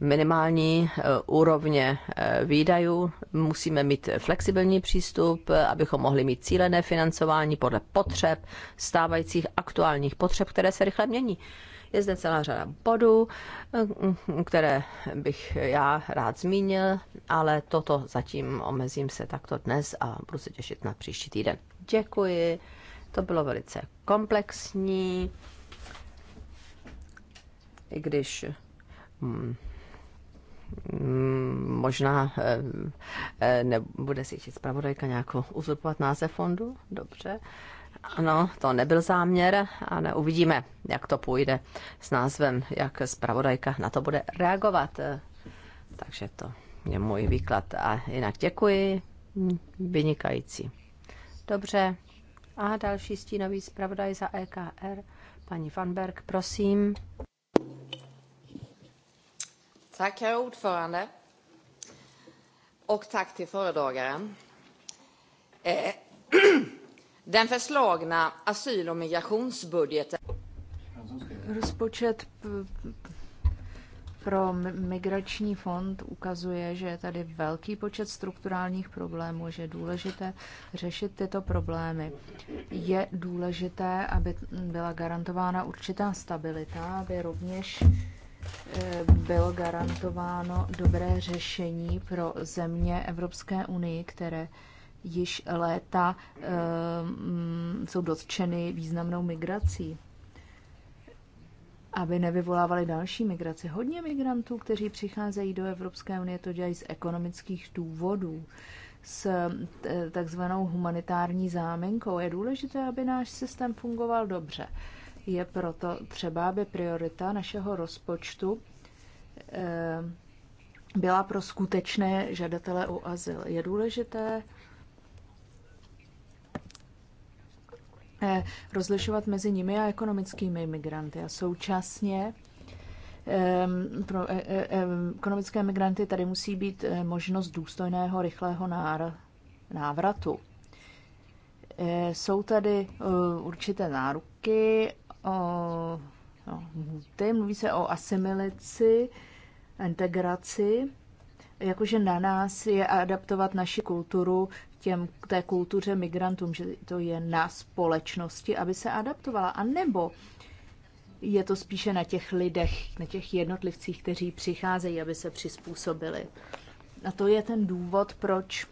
minimální eh, úrovně výdajů. Musíme mít flexibilní přístup, abychom mohli mít cílené financování podle potřeb, stávajících aktuálních potřeb, které se rychle mění. Je zde celá řada bodů, které bych já rád zmínil, ale toto zatím omezím se takto dnes a budu se těšit na příští týden. Děkuji, to bylo velice komplexní, i když hmm, možná eh, eh, nebude si chtít zpravodajka nějakou uzurpovat název fondu, dobře. Ano, to nebyl záměr a uvidíme, jak to půjde s názvem, jak zpravodajka na to bude reagovat. Takže to je můj výklad. A jinak děkuji. Vynikající. Dobře. A další stínový zpravodaj za EKR, paní Vanberg, prosím. Tak, herr ordförande. Och tack till föredragaren. Eh, [CLEARS THROAT] Den förslagna asyl och migrationsbudgeten... Rozpočet pro migrační fond ukazuje, že je tady velký počet strukturálních problémů, že je důležité řešit tyto problémy. Je důležité, aby byla garantována určitá stabilita, aby rovněž e, bylo garantováno dobré řešení pro země Evropské unie, které již léta eh, jsou dotčeny významnou migrací aby nevyvolávali další migraci. Hodně migrantů, kteří přicházejí do Evropské unie, to dělají z ekonomických důvodů, s takzvanou humanitární záminkou. Je důležité, aby náš systém fungoval dobře. Je proto třeba, aby priorita našeho rozpočtu eh, byla pro skutečné žadatele o azyl. Je důležité, rozlišovat mezi nimi a ekonomickými migranty. A současně pro e, e, ekonomické migranty tady musí být e, možnost důstojného, rychlého návratu. Jsou tady určité náruky, o, no, mluví se o asimilici, integraci jakože na nás je adaptovat naši kulturu těm, té kultuře migrantům, že to je na společnosti, aby se adaptovala. A nebo je to spíše na těch lidech, na těch jednotlivcích, kteří přicházejí, aby se přizpůsobili. A to je ten důvod, proč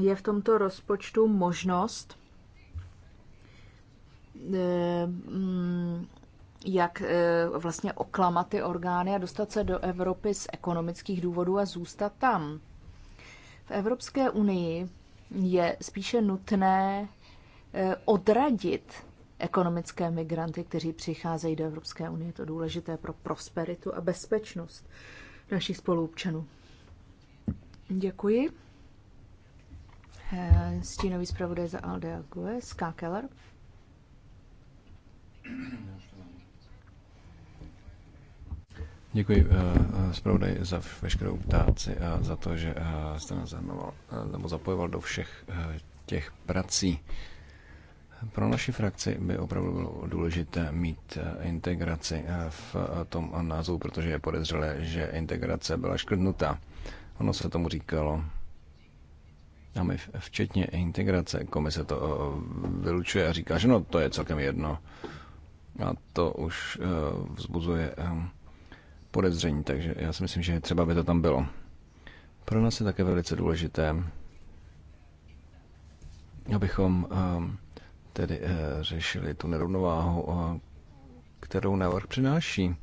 je v tomto rozpočtu možnost Eh, mm, jak eh, vlastně oklamat ty orgány a dostat se do Evropy z ekonomických důvodů a zůstat tam. V Evropské unii je spíše nutné eh, odradit ekonomické migranty, kteří přicházejí do Evropské unie. Je to důležité pro prosperitu a bezpečnost našich spoluobčanů. Děkuji. Stínový zpravodaj za Aldea Gues, Keller. Děkuji eh, eh, zpravodaj za veškerou ptáci a za to, že eh, jste nás zahrnoval, nebo zapojoval do všech těch prací. Pro naši frakci by opravdu bylo důležité mít integraci v tom názvu, protože je podezřelé, že integrace byla škrtnutá. Ono se tomu říkalo. A my včetně integrace komise to vylučuje a říká, že no to je celkem jedno. A to už eh, vzbuzuje eh, podezření, takže já si myslím, že třeba by to tam bylo. Pro nás je také velice důležité, abychom eh, tedy řešili tu nerovnováhu, kterou návrh přináší.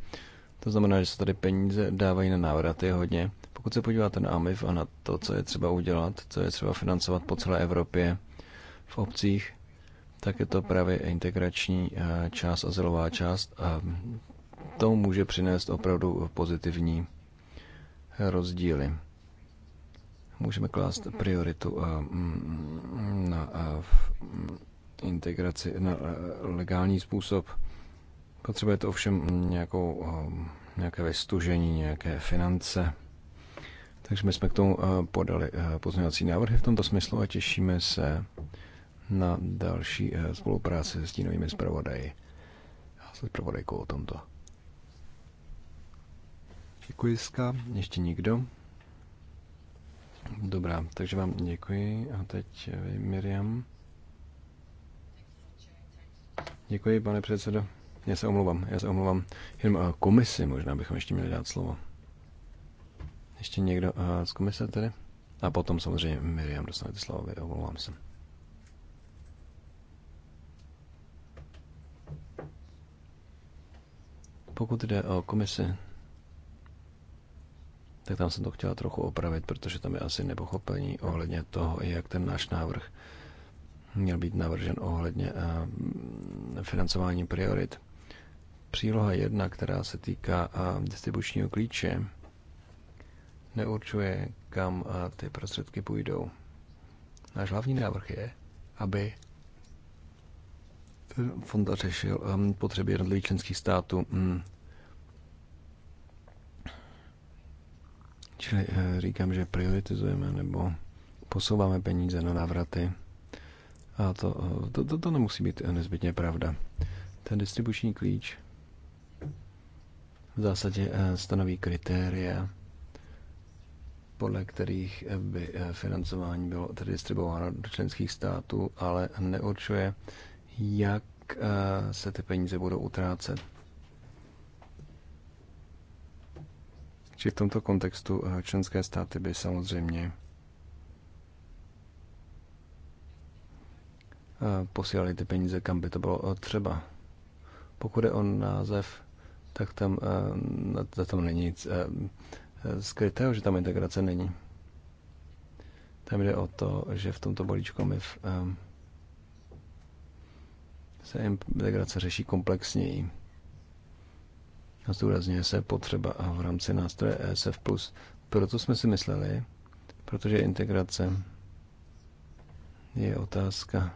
To znamená, že se tady peníze dávají na návraty hodně. Pokud se podíváte na AMIF a na to, co je třeba udělat, co je třeba financovat po celé Evropě, v obcích, tak je to právě integrační eh, část, azylová část a to může přinést opravdu pozitivní rozdíly. Můžeme klást prioritu eh, mm, na eh, mm, integraci, na legální způsob. Potřebuje to ovšem nějakou, nějaké vystužení, nějaké finance. Takže my jsme k tomu podali pozměňovací návrhy v tomto smyslu a těšíme se na další eh, spolupráci se stínovými zpravodaji a se zpravodajkou o tomto. Děkuji, Ska. Ještě nikdo? Dobrá, takže vám děkuji. A teď vy, eh, Miriam. Děkuji, pane předsedo. Já se omluvám, já se omluvám. Jenom eh, komisi možná bychom ještě měli dát slovo. Ještě někdo z komise tedy? A potom samozřejmě Miriam dostanete slovo, omlouvám se. pokud jde o komisi, tak tam jsem to chtěla trochu opravit, protože tam je asi nepochopení ohledně toho, jak ten náš návrh měl být navržen ohledně eh, financování priorit. Příloha jedna, která se týká eh, distribučního klíče, neurčuje, kam eh, ty prostředky půjdou. Náš hlavní návrh je, aby Fond řešil um, potřeby jednotlivých členských států. Mm. Čili eh, říkám, že prioritizujeme nebo posouváme peníze na návraty. A to, eh, to, to, to nemusí být nezbytně pravda. Ten distribuční klíč v zásadě eh, stanoví kritéria, podle kterých by financování bylo tedy distribuováno do členských států, ale neurčuje, jak eh, se ty peníze budou utrácet. Či v tomto kontextu eh, členské státy by samozřejmě eh, posílali ty peníze, kam by to bylo třeba. Pokud je o název, tak tam, za tam není nic skrytého, že tam integrace není. Tam jde o to, že v tomto balíčku MIF se integrace řeší komplexněji. A zdůrazňuje se potřeba a v rámci nástroje ESF+. Proto jsme si mysleli, protože integrace je otázka,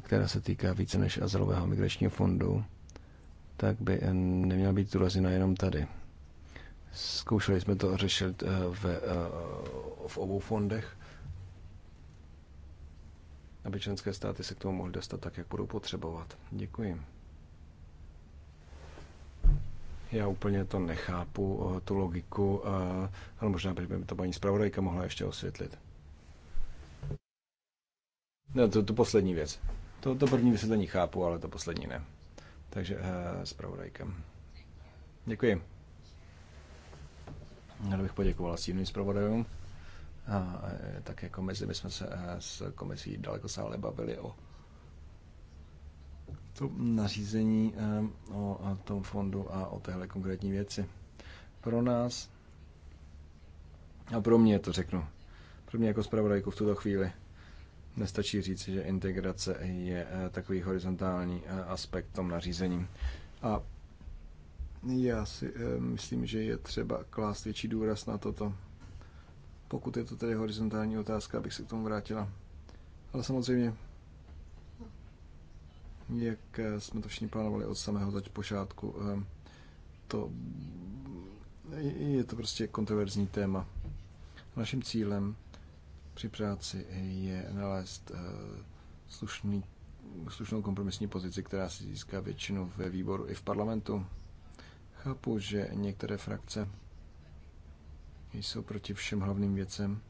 která se týká více než azylového migračního fondu, tak by neměla být zdůrazněna jenom tady. Zkoušeli jsme to řešit eh, v, eh, v obou fondech aby členské státy se k tomu mohly dostat tak, jak budou potřebovat. Děkuji. Já úplně to nechápu, eh, tu logiku, eh, ale možná by mi to paní zpravodajka mohla ještě osvětlit. No, to, to poslední věc. To, to první vysvětlení chápu, ale to poslední ne. Takže eh, zpravodajka. Děkuji. Já bych poděkoval stínovým zpravodajům. A také jako mezi, my jsme se s komisí daleko sále bavili o to nařízení o tom fondu a o téhle konkrétní věci. Pro nás a pro mě to řeknu. Pro mě jako zpravodajku v tuto chvíli nestačí říct, že integrace je takový horizontální aspekt tom nařízení. A já si e, myslím, že je třeba klást větší důraz na toto pokud je to tedy horizontální otázka, abych se k tomu vrátila. Ale samozřejmě, jak jsme to všichni plánovali od samého počátku, ehm, to je to prostě kontroverzní téma. Naším cílem při práci je nalézt eh, slušný, slušnou kompromisní pozici, která si získá většinu ve výboru i v parlamentu. Chápu, že některé frakce jsou proti všem hlavním věcem.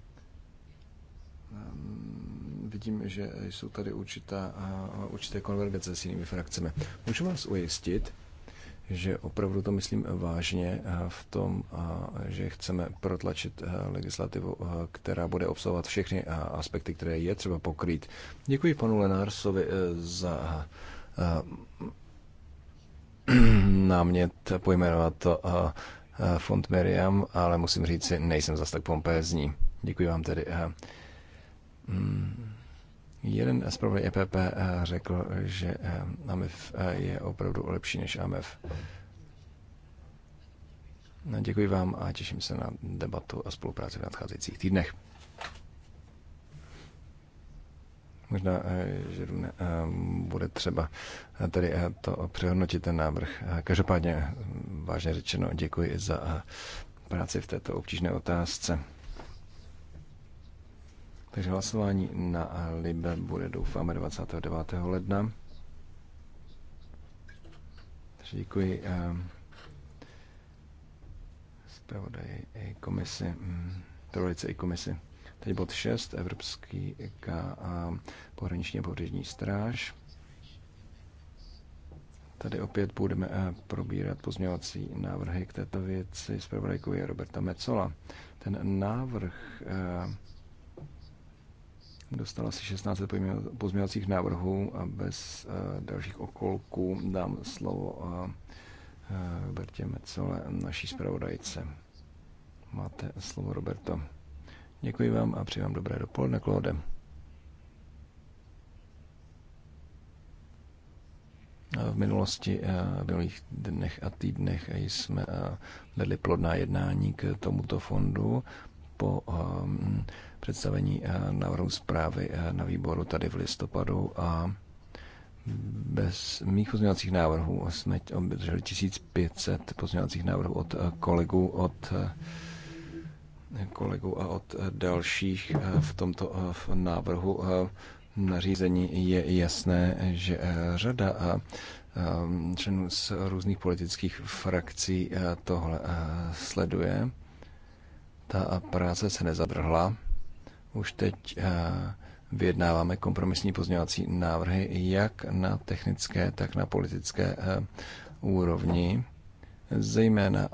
Ehm, vidím, že jsou tady určitá, určité konvergence s jinými frakcemi. Můžu vás ujistit, že opravdu to myslím vážně v tom, že chceme protlačit legislativu, která bude obsahovat všechny aspekty, které je třeba pokrýt. Děkuji panu Lenársovi e, za [CLEARS THROAT] námět pojmenovat to Eh, fond Miriam, ale musím říct si, nejsem zas tak pompézní. Děkuji vám tedy. Eh, mm, jeden z problémů EPP řekl, že eh, AMF je opravdu lepší než AMF. No, děkuji vám a těším se na debatu a spolupráci v nadcházejících týdnech. Možná, eh, že eh, bude třeba eh, tady to přehodnotit ten návrh. Každopádně, vážně řečeno, děkuji za práci v této obtížné otázce. Takže hlasování na Libe bude, doufáme, 29. ledna. Takže děkuji zpravodaji i komisi, trojce mm, i komisi. Teď bod 6, Evropský a pohraniční a pohraniční stráž. Tady opět budeme eh, probírat pozměňovací návrhy k této věci. s je Roberta Mecola. Ten návrh eh, dostal asi 16 pozměňovacích návrhů a bez eh, dalších okolků dám slovo Robertě Mecole, naší zpravodajce. Máte slovo, Roberto. Děkuji vám a přeji vám dobré dopoledne, Claude. V minulosti, eh, v minulých dnech a týdnech jsme eh, vedli plodná jednání k tomuto fondu po eh, představení návrhu zprávy na výboru tady v listopadu a bez mých pozměňovacích návrhů jsme obdrželi 1500 pozměňovacích návrhů od kolegů od kolegů a od eh, dalších eh, v tomto eh, v návrhu nařízení je jasné, že řada členů z různých politických frakcí tohle sleduje. Ta práce se nezadrhla. Už teď vyjednáváme kompromisní pozměňovací návrhy jak na technické, tak na politické úrovni, zejména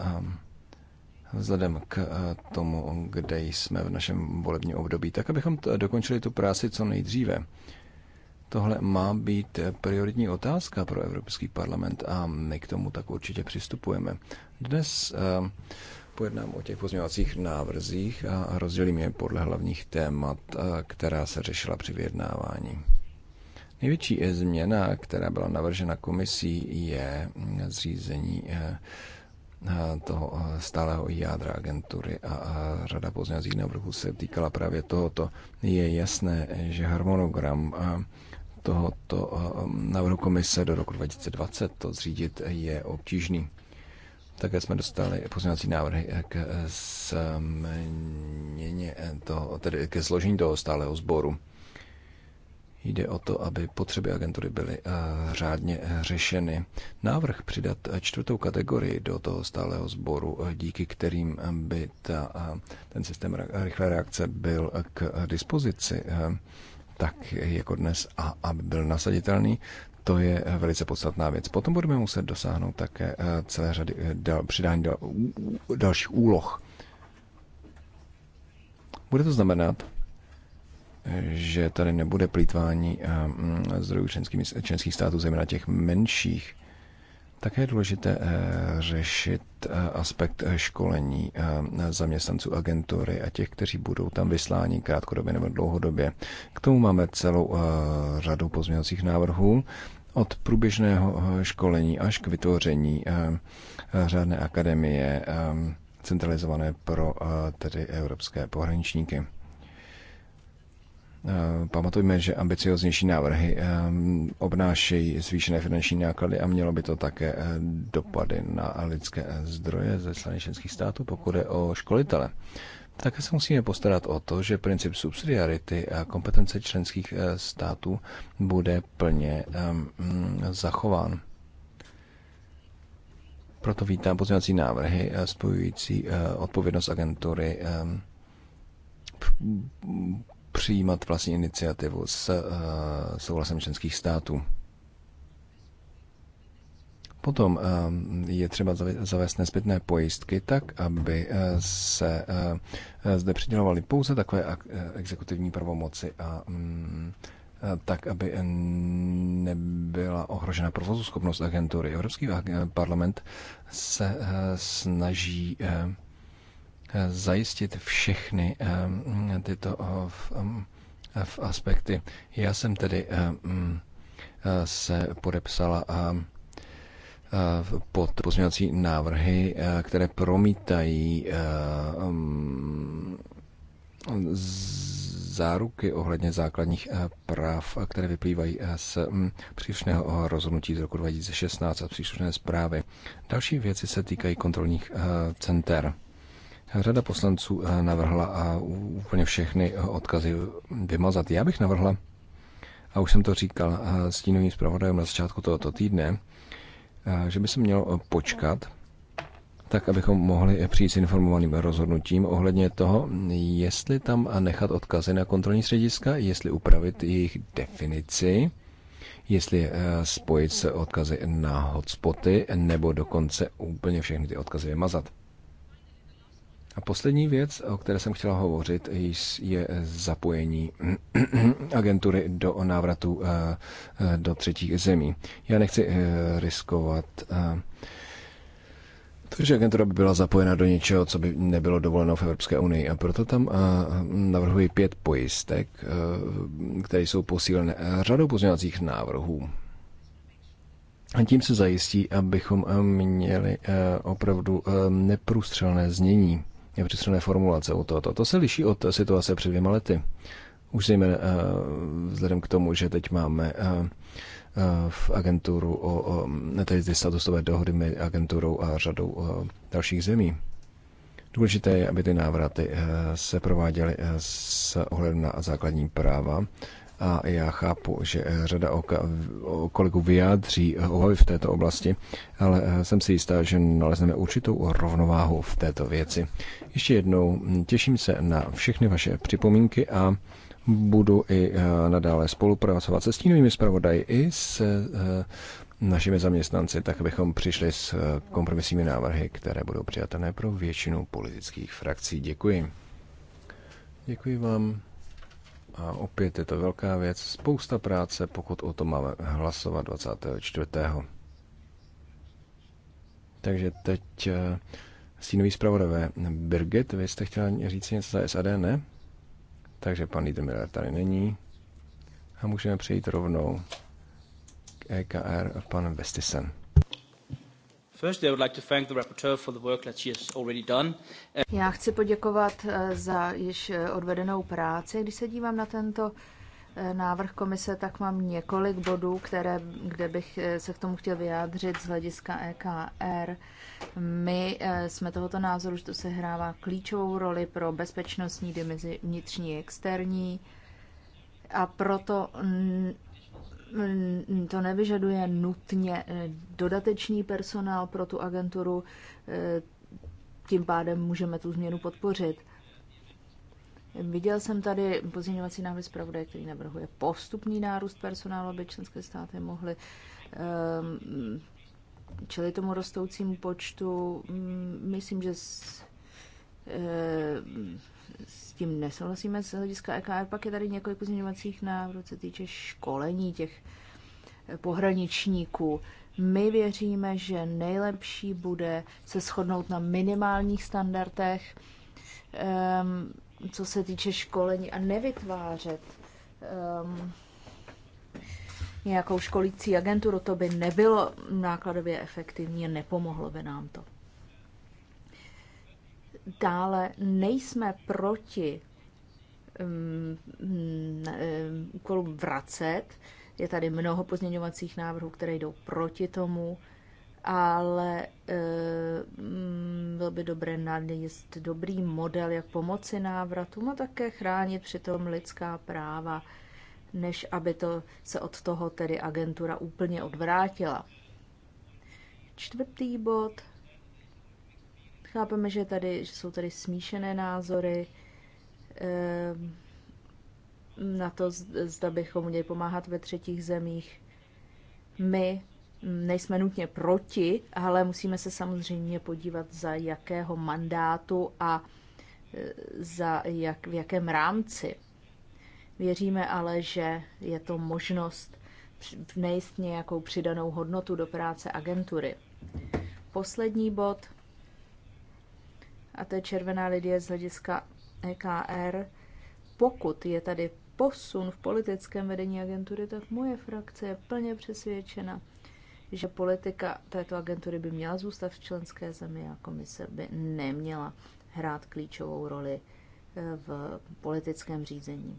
vzhledem k eh, tomu, kde jsme v našem volebním období, tak abychom dokončili tu práci co nejdříve. Tohle má být prioritní otázka pro Evropský parlament a my k tomu tak určitě přistupujeme. Dnes eh, pojednám o těch pozměňovacích návrzích a rozdělím je podle hlavních témat, eh, která se řešila při vyjednávání. Největší změna, která byla navržena komisí, je zřízení toho stáleho jádra agentury a řada pozměňovacích návrhů se týkala právě tohoto. Je jasné, že harmonogram tohoto návrhu komise do roku 2020 to zřídit je obtížný. Také jsme dostali pozměňovací návrhy k změně toho, tedy ke složení toho stáleho sboru. Jde o to, aby potřeby agentury byly eh, řádně eh, řešeny. Návrh přidat eh, čtvrtou kategorii do toho stáleho sboru, díky kterým by ta, ten systém rychlé reakce byl k dispozici, tak jako dnes, a aby byl nasaditelný, to je velice podstatná věc. Potom budeme muset dosáhnout také celé řady dal, přidání dal, dalších úloh. Bude to znamenat, že tady nebude plítvání eh, mm, zdrojů členských států, zejména těch menších. Také je důležité eh, řešit eh, aspekt školení zaměstnanců agentury a těch, kteří budou tam vysláni krátkodobě nebo dlouhodobě. K tomu máme celou řadu pozměňovacích návrhů od průběžného školení až k vytvoření řádné akademie centralizované pro tedy evropské pohraničníky. Pamatujme, že ambicioznější návrhy ehm, obnášejí zvýšené finanční náklady a mělo by to také eh, dopady na lidské eh, zdroje ze strany členských států, pokud je o školitele. Také se musíme postarat o to, že princip subsidiarity a kompetence členských eh, států bude plně ehm, zachován. Proto vítám pozměňovací návrhy spojující odpovědnost agentury ehm, přijímat vlastní iniciativu s eh, souhlasem členských států. Potom eh, je třeba zavést nezbytné pojistky tak, aby eh, se zde přidělovaly pouze takové exekutivní pravomoci a mm, tak, aby nebyla ohrožena schopnost agentury. Evropský parlament se snaží zajistit všechny tyto v aspekty. Já jsem tedy se podepsala pod pozměňovací návrhy, e, které promítají záruky ohledně základních e, práv, které vyplývají e, z příslušného rozhodnutí z roku 2016 a příslušné zprávy. Další věci se týkají kontrolních center. Řada poslanců eh, navrhla a úplně všechny eh, odkazy eh, vymazat. Já bych navrhla, a už jsem to říkal stínovým zpravodajem na začátku tohoto týdne, že by se mělo počkat, tak abychom mohli přijít s informovaným rozhodnutím ohledně toho, jestli tam nechat odkazy na kontrolní střediska, jestli upravit jejich definici, jestli spojit se odkazy na hotspoty, nebo dokonce úplně všechny ty odkazy vymazat. A poslední věc, o které jsem chtěla hovořit, je zapojení [CLEARS THROAT] agentury do návratu eh, eh, do třetích zemí. Já nechci eh, riskovat že agentura by byla zapojena do něčeho, co by nebylo dovoleno v Evropské unii. A proto tam navrhuji pět pojistek, které jsou posílené řadou pozměňovacích návrhů. A tím se zajistí, abychom měli opravdu neprůstřelné znění nepřesné formulace u tohoto. To se liší od situace před dvěma lety. Už zejména eh, vzhledem k tomu, že teď máme eh, eh, v agenturu o, o tedy statusové dohody mezi agenturou a řadou dalších zemí. Důležité je, aby ty návraty se prováděly s ohledem na základní práva a já chápu, že eh, řada kolegů vyjádří eh, obavy v této oblasti, ale eh, jsem si jistá, že nalezneme určitou rovnováhu v této věci. Ještě jednou hm, těším se na všechny vaše připomínky a budu i nadále spolupracovat se stínovými zpravodaji i s našimi zaměstnanci, tak abychom přišli s kompromisními návrhy, které budou přijatelné pro většinu politických frakcí. Děkuji. Děkuji vám. A opět je to velká věc, spousta práce, pokud o tom máme hlasovat 24. Takže teď eh, stínový zpravodajové. Birgit, vy jste chtěla říct něco za SAD, ne? Takže pan Liedermiller tady není. A můžeme přejít rovnou k EKR pan Vestisen. Já chci poděkovat eh, za již eh, odvedenou práci. Když se dívám na tento eh, návrh komise, tak mám několik bodů, které, kde bych se k tomu chtěl vyjádřit z hlediska EKR. My jsme tohoto názoru, že to hrává klíčovou roli pro bezpečnostní dimenzi vnitřní i externí a proto Mm, to nevyžaduje nutně eh, dodatečný personál pro tu agenturu, eh, tím pádem můžeme tu změnu podpořit. Viděl jsem tady pozměňovací návrh zpravodaje, který navrhuje postupný nárůst personálu, aby členské státy mohly ehm, čili tomu rostoucímu počtu. Mm, myslím, že s, eh, tím nesouhlasíme z hlediska EKR. Pak je tady několik pozměňovacích návrhů, co týče školení těch eh, pohraničníků. My věříme, že nejlepší bude se shodnout na minimálních standardech, ehm, co se týče školení a nevytvářet ehm, nějakou školící agenturu. To by nebylo nákladově efektivní a nepomohlo by nám to. Dále nejsme proti úkolu um, um, vracet. Je tady mnoho pozměňovacích návrhů, které jdou proti tomu, ale um, bylo by dobré nalézt dobrý model, jak pomoci návratům a také chránit přitom lidská práva, než aby to se od toho tedy agentura úplně odvrátila. Čtvrtý bod – Chápeme, že, tady, že jsou tady smíšené názory ehm, na to, zda bychom měli pomáhat ve třetích zemích. My nejsme nutně proti, ale musíme se samozřejmě podívat, za jakého mandátu a e, za jak, v jakém rámci. Věříme ale, že je to možnost vnést nějakou přidanou hodnotu do práce agentury. Poslední bod a to je červená lidie z hlediska EKR, pokud je tady posun v politickém vedení agentury, tak moje frakce je plně přesvědčena, že politika této agentury by měla zůstat v členské zemi a komise by neměla hrát klíčovou roli eh, v politickém řízení.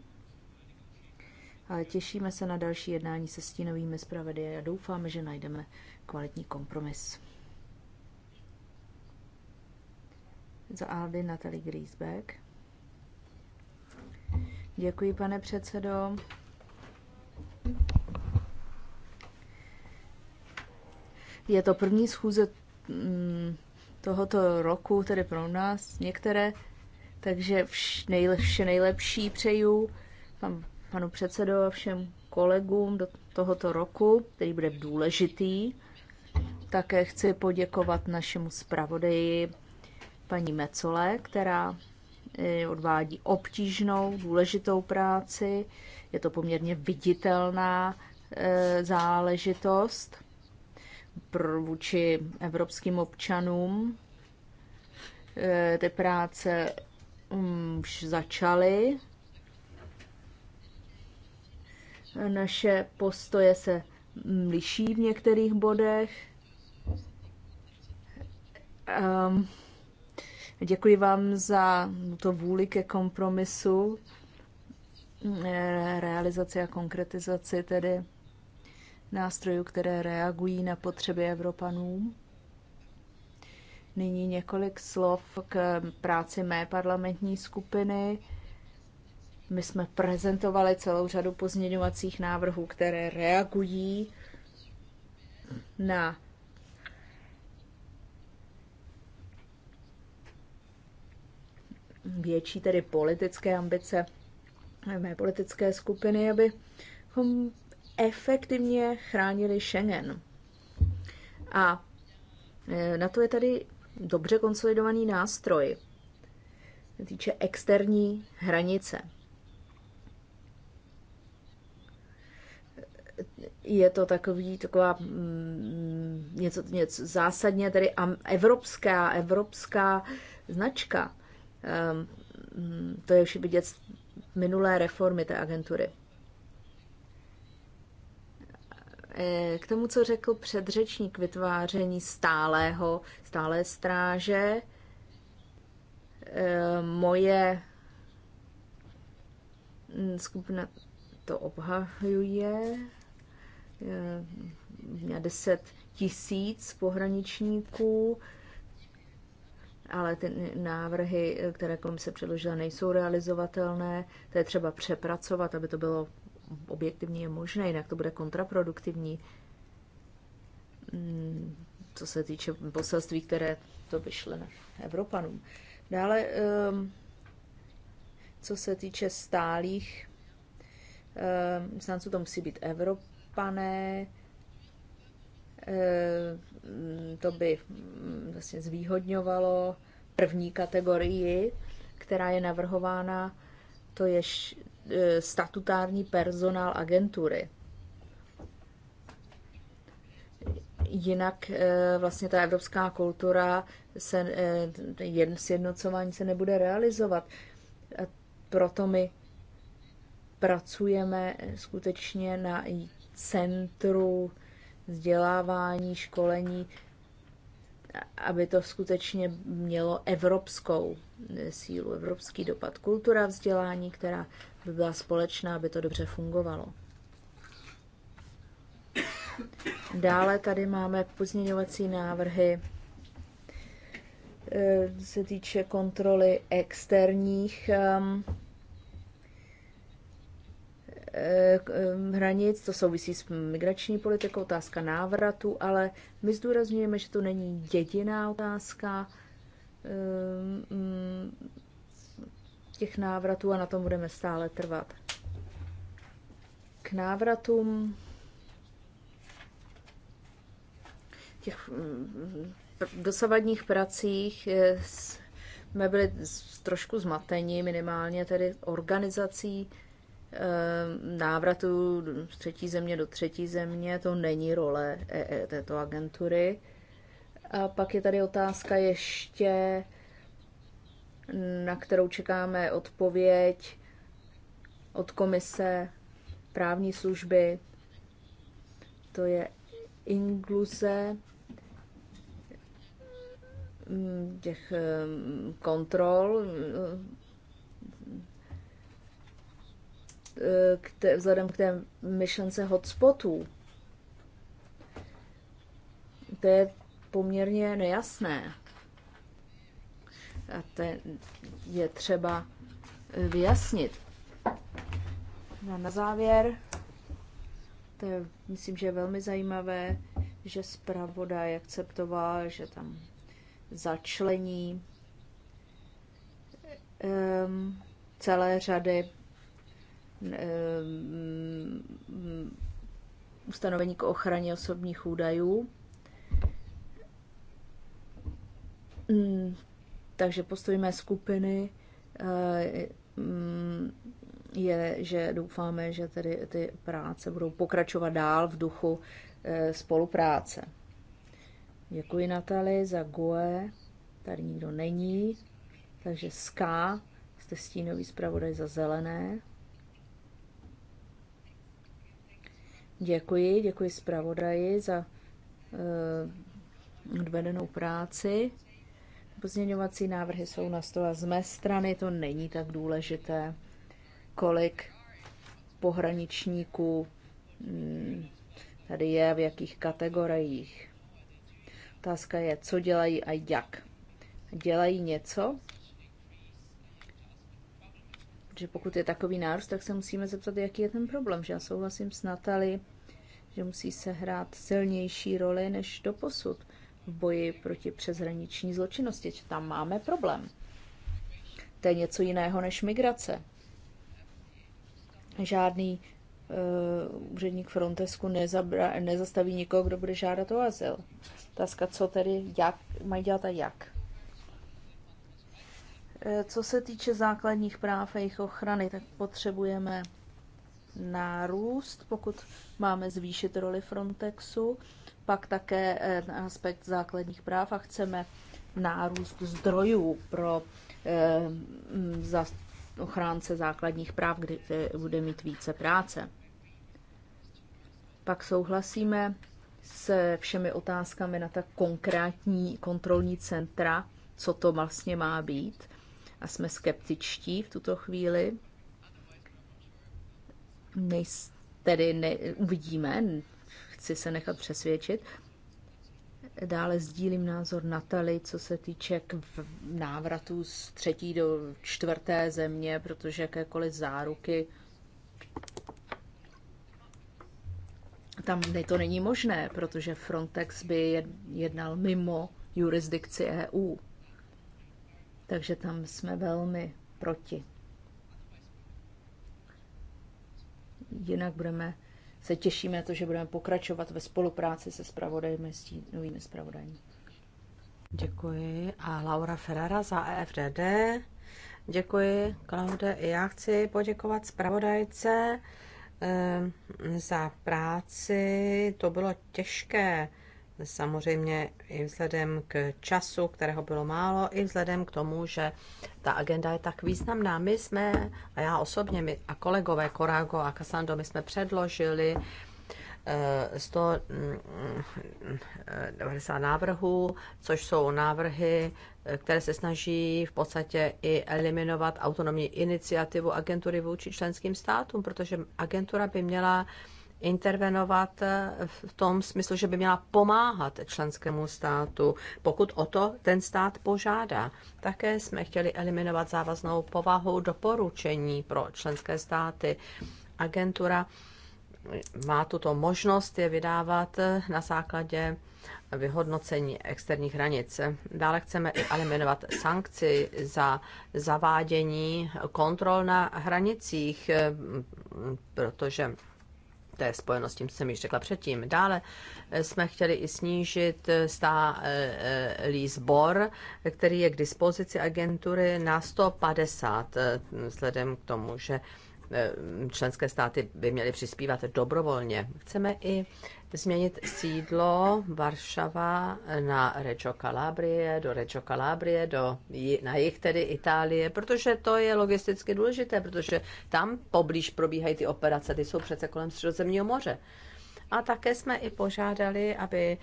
Ale těšíme se na další jednání se stínovými zpravedy a doufáme, že najdeme kvalitní kompromis. Za Aldy Natalie Griesbeck. Děkuji, pane předsedo. Je to první schůze mm, tohoto roku, tedy pro nás některé, takže vše nejlepší, nejlepší přeju panu předsedo a všem kolegům do tohoto roku, který bude důležitý. Také chci poděkovat našemu zpravodaji paní Mecole, která eh, odvádí obtížnou, důležitou práci. Je to poměrně viditelná eh, záležitost pro vůči evropským občanům. Eh, ty práce mm, už začaly. Naše postoje se mm, liší v některých bodech. Um, Děkuji vám za to vůli ke kompromisu, eh, realizaci a konkretizaci tedy nástrojů, které reagují na potřeby Evropanů. Nyní několik slov k práci mé parlamentní skupiny. My jsme prezentovali celou řadu pozměňovacích návrhů, které reagují na větší tedy politické ambice mé politické skupiny, abychom efektivně chránili Schengen. A e, na to je tady dobře konsolidovaný nástroj, týče externí hranice. Je to takový, taková mm, něco, něco zásadně tedy evropská, evropská značka Ehm, hm, to je už vidět z minulé reformy té agentury. E, k tomu, co řekl předřečník vytváření stálého, stálé stráže, e, moje skupina to obhajuje. E, měla 10 tisíc pohraničníků, ale ty návrhy, které komise předložila, nejsou realizovatelné. To je třeba přepracovat, aby to bylo objektivně možné, jinak to bude kontraproduktivní. Hmm, co se týče poselství, které to vyšle na Evropanům. Dále, ehm, co se týče stálých, ehm, snanců to musí být Evropané, Eh, to by mm, vlastně zvýhodňovalo první kategorii, která je navrhována, to je eh, statutární personál agentury. Jinak eh, vlastně ta evropská kultura se, jen sjednocování se nebude realizovat. A proto my pracujeme skutečně na centru vzdělávání, školení, aby to skutečně mělo evropskou sílu, evropský dopad. Kultura vzdělání, která by byla společná, aby to dobře fungovalo. Dále tady máme pozměňovací návrhy, eh, se týče kontroly externích um, Eh, eh, hranic, to souvisí s migrační politikou, otázka návratu, ale my zdůrazňujeme, že to není jediná otázka eh, mm, těch návratů a na tom budeme stále trvat. K návratům těch mm, dosavadních pracích jsme byli trošku zmateni, minimálně tedy organizací Eh, návratu z třetí země do třetí země, to není role e e této agentury. A pak je tady otázka ještě, na kterou čekáme odpověď od komise právní služby. To je inkluze mm, těch mm, kontrol Eh, k té, vzhledem k té myšlence hotspotů. To je poměrně nejasné. A to je třeba eh, vyjasnit. A no, na závěr, to je, myslím, že je velmi zajímavé, že zpravodaj akceptoval, že tam začlení um, celé řady Eh, ustanovení k ochraně osobních údajů. Mm, takže postoj mé skupiny eh, mm, je, že doufáme, že tedy ty práce budou pokračovat dál v duchu eh, spolupráce. Děkuji Natali za GUE. Tady nikdo není. Takže SK, jste stínový zpravodaj za zelené. Děkuji, děkuji zpravodaji za uh, odvedenou práci. Pozměňovací návrhy jsou na stole. Z mé strany to není tak důležité, kolik pohraničníků mm, tady je, v jakých kategoriích. Otázka je, co dělají a jak. Dělají něco? Protože pokud je takový nárůst, tak se musíme zeptat, jaký je ten problém. Že já souhlasím s Natali, že musí se hrát silnější roli než doposud v boji proti přeshraniční zločinnosti. Tam máme problém. To je něco jiného než migrace. Žádný uh, úředník Frontesku nezabra, nezastaví nikoho, kdo bude žádat o azyl. Otázka, co tedy, jak mají dělat a jak. Eh, co se týče základních práv a jejich ochrany, tak potřebujeme nárůst, pokud máme zvýšit roli Frontexu, pak také eh, aspekt základních práv a chceme nárůst zdrojů pro eh, ochránce základních práv, kdy eh, bude mít více práce. Pak souhlasíme se všemi otázkami na ta konkrétní kontrolní centra, co to vlastně má být. A jsme skeptičtí v tuto chvíli nejs, tedy ne, uvidíme, chci se nechat přesvědčit. Dále sdílím názor Natali, co se týče k návratu z třetí do čtvrté země, protože jakékoliv záruky tam to není možné, protože Frontex by jednal mimo jurisdikci EU. Takže tam jsme velmi proti. jinak budeme se těšíme na to, že budeme pokračovat ve spolupráci se spravodajmi, s tím novými spravodajmi. Děkuji. A Laura Ferrara za EFDD. Děkuji, Klaude. I já chci poděkovat zpravodajce eh, za práci. To bylo těžké samozřejmě i vzhledem k času, kterého bylo málo, i vzhledem k tomu, že ta agenda je tak významná. My jsme, a já osobně my, a kolegové Korago a Kasando, my jsme předložili 190 eh, mm, eh, návrhů, což jsou návrhy, eh, které se snaží v podstatě i eliminovat autonomní iniciativu agentury vůči členským státům, protože agentura by měla intervenovat eh, v tom smyslu, že by měla pomáhat členskému státu, pokud o to ten stát požádá. Také jsme chtěli eliminovat závaznou povahu doporučení pro členské státy. Agentura má tuto možnost je vydávat eh, na základě vyhodnocení externích hranic. Dále chceme eliminovat sankci za zavádění kontrol na hranicích, eh, protože to je spojeno s tím, co jsem již řekla předtím. Dále eh, jsme chtěli i snížit eh, stálý eh, sbor, který je k dispozici agentury na 150, vzhledem k tomu, že Eh, členské státy by měly přispívat dobrovolně. Chceme i změnit sídlo Varšava na Reggio Calabrie, do Reggio Calabrie, do, na jich tedy Itálie, protože to je logisticky důležité, protože tam poblíž probíhají ty operace, ty jsou přece kolem Středozemního moře. A také jsme i požádali, aby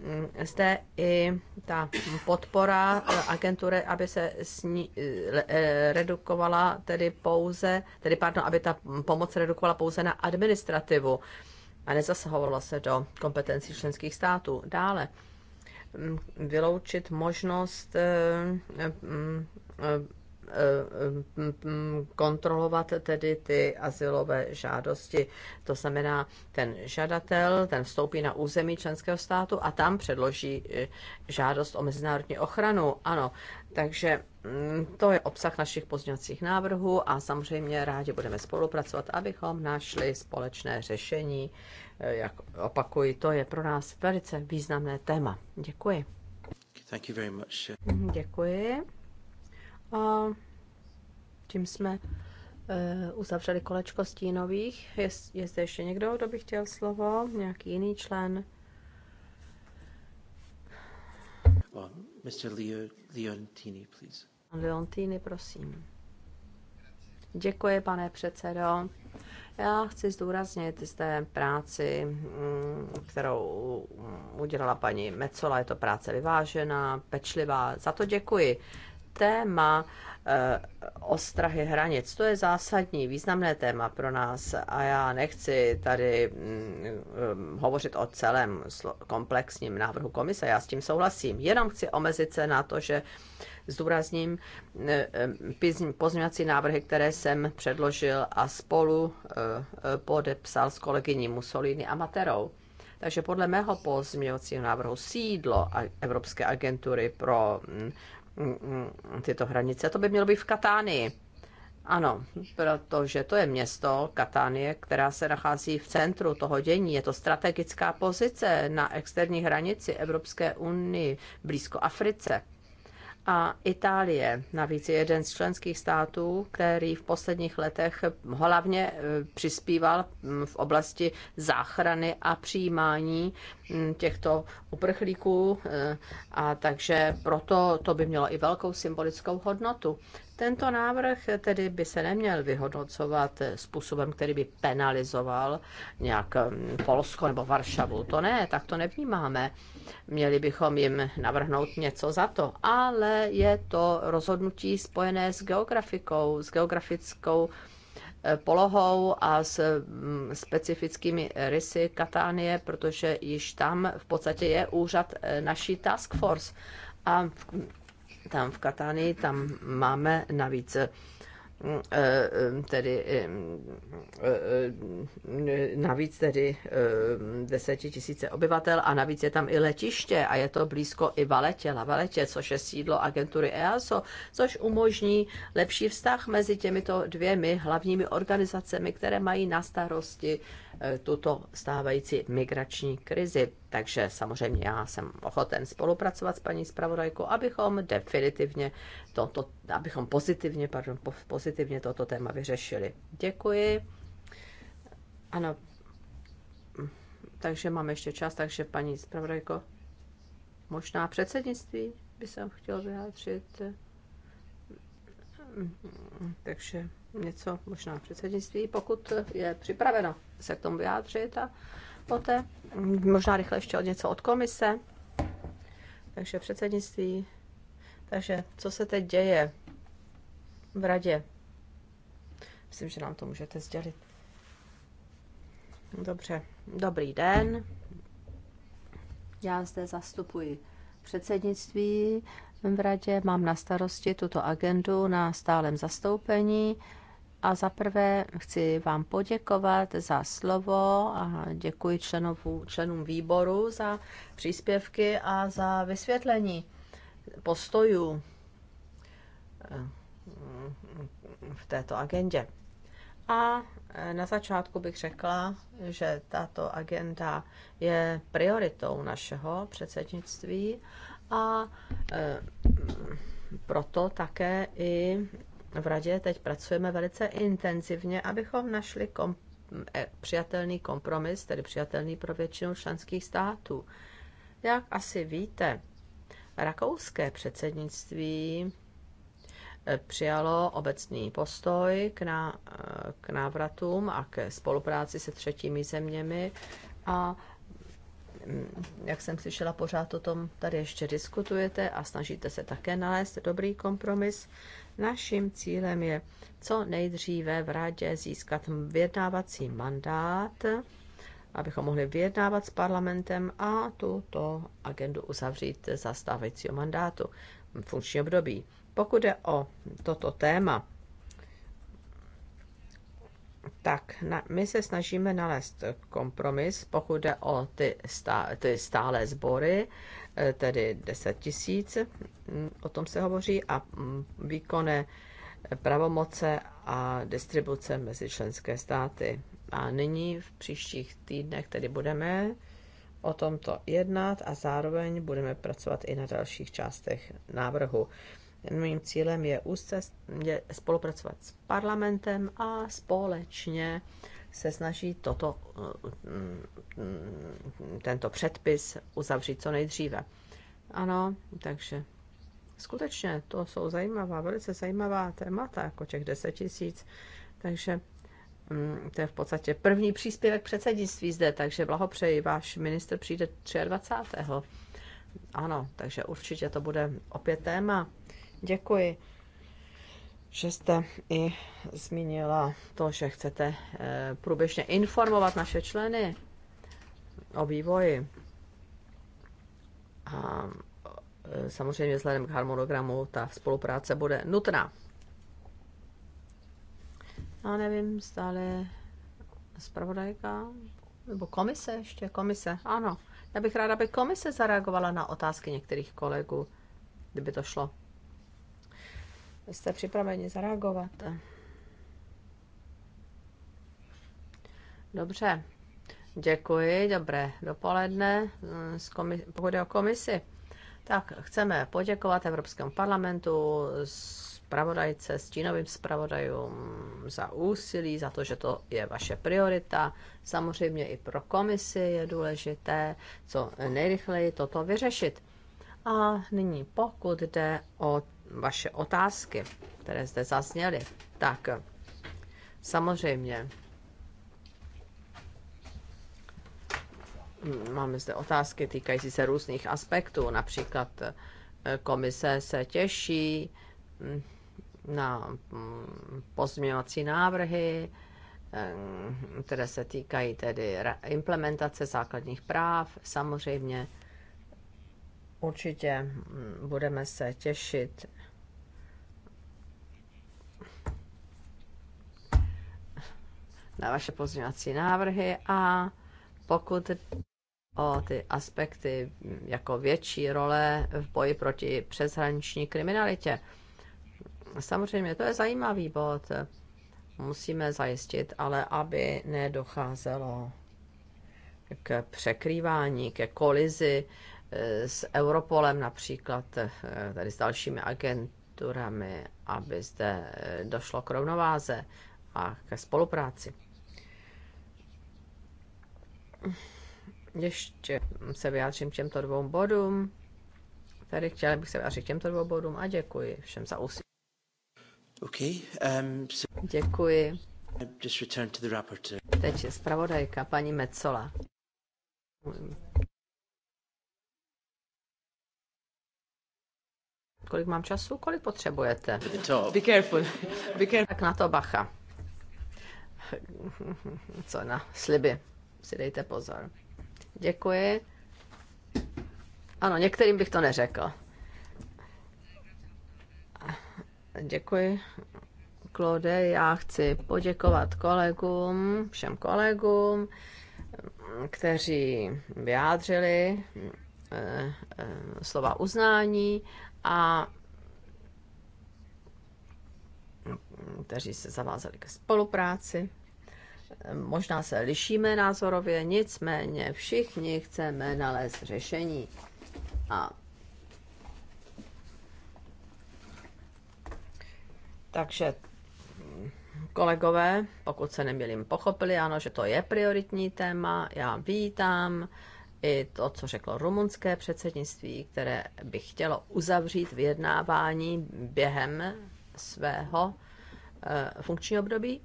Mm, zde i ta podpora eh, agentury, aby se sní, eh, eh, redukovala tedy pouze, tedy pardon, aby ta pomoc redukovala pouze na administrativu a nezasahovalo se do kompetencí členských států. Dále mm, vyloučit možnost mm, Eh, eh, mm, kontrolovat tedy ty asilové žádosti. To znamená, ten žadatel, ten vstoupí na území členského státu a tam předloží eh, žádost o mezinárodní ochranu. Ano, takže mm, to je obsah našich pozdňovacích návrhů a samozřejmě rádi budeme spolupracovat, abychom našli společné řešení. Jak opakuji, to je pro nás velice významné téma. Děkuji. Thank you very much. Děkuji. A tím jsme eh, uzavřeli kolečko stínových. Je, je zde ještě někdo, kdo by chtěl slovo? Nějaký jiný člen? Well, Mr. Leo, Leontini, please. Leontini, prosím. Děkuji, pane předsedo. Já chci zdůraznit zde práci, mm, kterou udělala paní Mecola. Je to práce vyvážená, pečlivá. Za to děkuji téma eh, ostrahy hranic. To je zásadní, významné téma pro nás a já nechci tady mm, eh, hovořit o celém komplexním návrhu komise, já s tím souhlasím. Jenom chci omezit se na to, že zdůrazním eh, pozměňovací návrhy, které jsem předložil a spolu podepsal s kolegyní Mussolini a Materou. Takže podle mého pozměňovacího návrhu sídlo Evropské agentury pro mm, Mm, mm, tyto hranice. To by mělo být v Katánii. Ano, protože to je město Katánie, která se nachází v centru toho dění. Je to strategická pozice na externí hranici Evropské unii, blízko Africe. A Itálie navíc je jeden z členských států, který v posledních letech hlavně eh, přispíval mm, v oblasti záchrany a přijímání Mm, těchto uprchlíků eh, a takže proto to by mělo i velkou symbolickou hodnotu. Tento návrh tedy by se neměl vyhodnocovat eh, způsobem, který by penalizoval nějak mm, Polsko nebo Varšavu. To ne, tak to nevnímáme. Měli bychom jim navrhnout něco za to, ale je to rozhodnutí spojené s geografikou, s geografickou polohou a s mm, specifickými rysy Katánie, protože již tam v podstatě je úřad e, naší task force. A tam v Katánii tam máme navíc Eh, tedy eh, eh, navíc tedy desetitisíce obyvatel a navíc je tam i letiště a je to blízko i Valetě, La Valetě, což je sídlo agentury EASO, což umožní lepší vztah mezi těmito dvěmi hlavními organizacemi, které mají na starosti tuto stávající migrační krizi. Takže samozřejmě já jsem ochoten spolupracovat s paní zpravodajkou, abychom definitivně toto, abychom pozitivně, pardon, pozitivně toto téma vyřešili. Děkuji. Ano, takže máme ještě čas, takže paní zpravodajko, možná předsednictví by jsem chtěl vyjádřit. Takže něco možná předsednictví, pokud je připraveno se k tomu vyjádřit a poté možná rychle ještě od něco od komise. Takže předsednictví. Takže co se teď děje v radě? Myslím, že nám to můžete sdělit. Dobře, dobrý den. Já zde zastupuji předsednictví v radě, mám na starosti tuto agendu na stálem zastoupení a zaprvé chci vám poděkovat za slovo a děkuji členovu, členům výboru za příspěvky a za vysvětlení postojů eh, v této agendě. A eh, na začátku bych řekla, že tato agenda je prioritou našeho předsednictví a eh, proto také i v radě teď pracujeme velice intenzivně, abychom našli kom- e, přijatelný kompromis, tedy přijatelný pro většinu členských států. Jak asi víte, rakouské předsednictví e, přijalo obecný postoj k, na- e, k návratům a k spolupráci se třetími zeměmi a mm, jak jsem slyšela, pořád o tom tady ještě diskutujete a snažíte se také nalézt dobrý kompromis. Naším cílem je co nejdříve v radě získat vyjednávací mandát, abychom mohli vyjednávat s parlamentem a tuto agendu uzavřít za stávajícího mandátu funkční období. Pokud je o toto téma, tak na, my se snažíme nalézt kompromis, pokud je o ty, stá, ty stále sbory Eh, tedy 10 tisíc, mm, o tom se hovoří, a mm, výkone eh, pravomoce a distribuce mezi členské státy. A nyní v příštích týdnech tedy budeme o tomto jednat a zároveň budeme pracovat i na dalších částech návrhu. Mým cílem je úzce spolupracovat s parlamentem a společně se snaží toto, eh, tento předpis uzavřít co nejdříve. Ano, takže skutečně to jsou zajímavá, velice zajímavá témata, jako těch 10 tisíc. Takže mm, to je v podstatě první příspěvek předsednictví zde, takže blahopřeji, váš minister přijde 23. Ano, takže určitě to bude opět téma. Děkuji že jste i zmínila to, že chcete eh, průběžně informovat naše členy o vývoji. A eh, samozřejmě vzhledem k harmonogramu ta spolupráce bude nutná. Já nevím, stále zpravodajka nebo komise ještě, komise, ano. Já bych ráda, aby komise zareagovala na otázky některých kolegů, kdyby to šlo. Jste připraveni zareagovat? Dobře, děkuji, dobré dopoledne, mm, pokud je o komisi. Tak chceme poděkovat Evropskému parlamentu, zpravodajce, stínovým zpravodajům za úsilí, za to, že to je vaše priorita. Samozřejmě i pro komisi je důležité co nejrychleji toto vyřešit. A nyní, pokud jde o vaše otázky, které zde zazněly. Tak, samozřejmě, máme zde otázky týkající se různých aspektů. Například eh, komise se těší mm, na mm, pozměňovací návrhy, eh, které se týkají tedy implementace základních práv. Samozřejmě určitě mm, budeme se těšit na vaše pozměňovací návrhy a pokud o ty aspekty mm, jako větší role v boji proti přeshraniční kriminalitě. Samozřejmě to je zajímavý bod. Musíme zajistit, ale aby nedocházelo k překrývání, ke kolizi e, s Europolem například, e, tady s dalšími agenturami, aby zde e, došlo k rovnováze a ke spolupráci ještě se vyjádřím k těmto dvou bodům. Tady chtěla bych se vyjádřit k těmto dvou bodům a děkuji všem za úsilí. Okay, um, so... Děkuji. Just return to the rapporteur. Teď je zpravodajka paní Mecola. Kolik mám času? Kolik potřebujete? Be careful. Be careful. Tak na to bacha. Co na sliby si dejte pozor. Děkuji. Ano, některým bych to neřekl. Děkuji. Klode, já chci poděkovat kolegům, všem kolegům, kteří vyjádřili eh, eh, slova uznání a kteří se zavázali ke spolupráci. Možná se lišíme názorově, nicméně všichni chceme nalézt řešení. A takže kolegové, pokud se neměli pochopili, ano, že to je prioritní téma. Já vítám i to, co řeklo rumunské předsednictví, které by chtělo uzavřít vyjednávání během svého eh, funkčního období.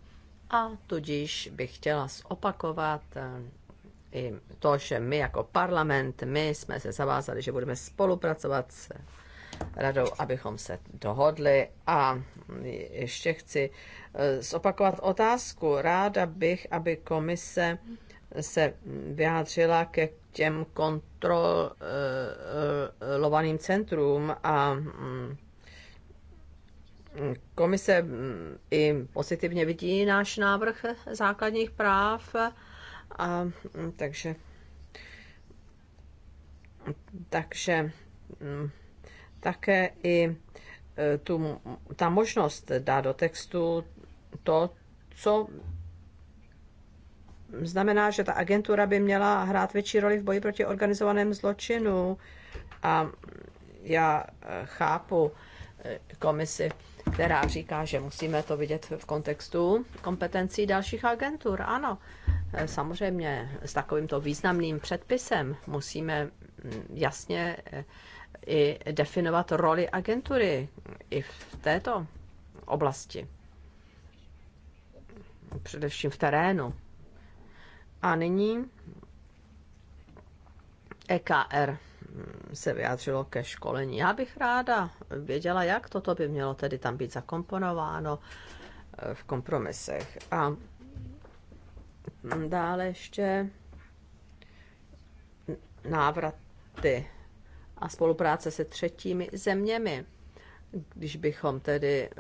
A tudíž bych chtěla zopakovat eh, i to, že my jako parlament, my jsme se zavázali, že budeme spolupracovat s radou, abychom se dohodli. A ještě chci eh, zopakovat otázku. Ráda bych, aby komise se vyjádřila ke těm kontrolovaným centrům a mm, Komise mm, i pozitivně vidí náš návrh základních práv, a, mm, takže, takže mm, také i e, tu, ta možnost dát do textu to, co znamená, že ta agentura by měla hrát větší roli v boji proti organizovanému zločinu. A já e, chápu e, komisi která říká, že musíme to vidět v kontextu kompetencí dalších agentur. Ano, eh, samozřejmě s takovýmto významným předpisem musíme mm, jasně eh, i definovat roli agentury i v této oblasti. Především v terénu. A nyní EKR se vyjádřilo ke školení. Já bych ráda věděla, jak toto by mělo tedy tam být zakomponováno eh, v kompromisech. A dále ještě návraty a spolupráce se třetími zeměmi když bychom tedy eh,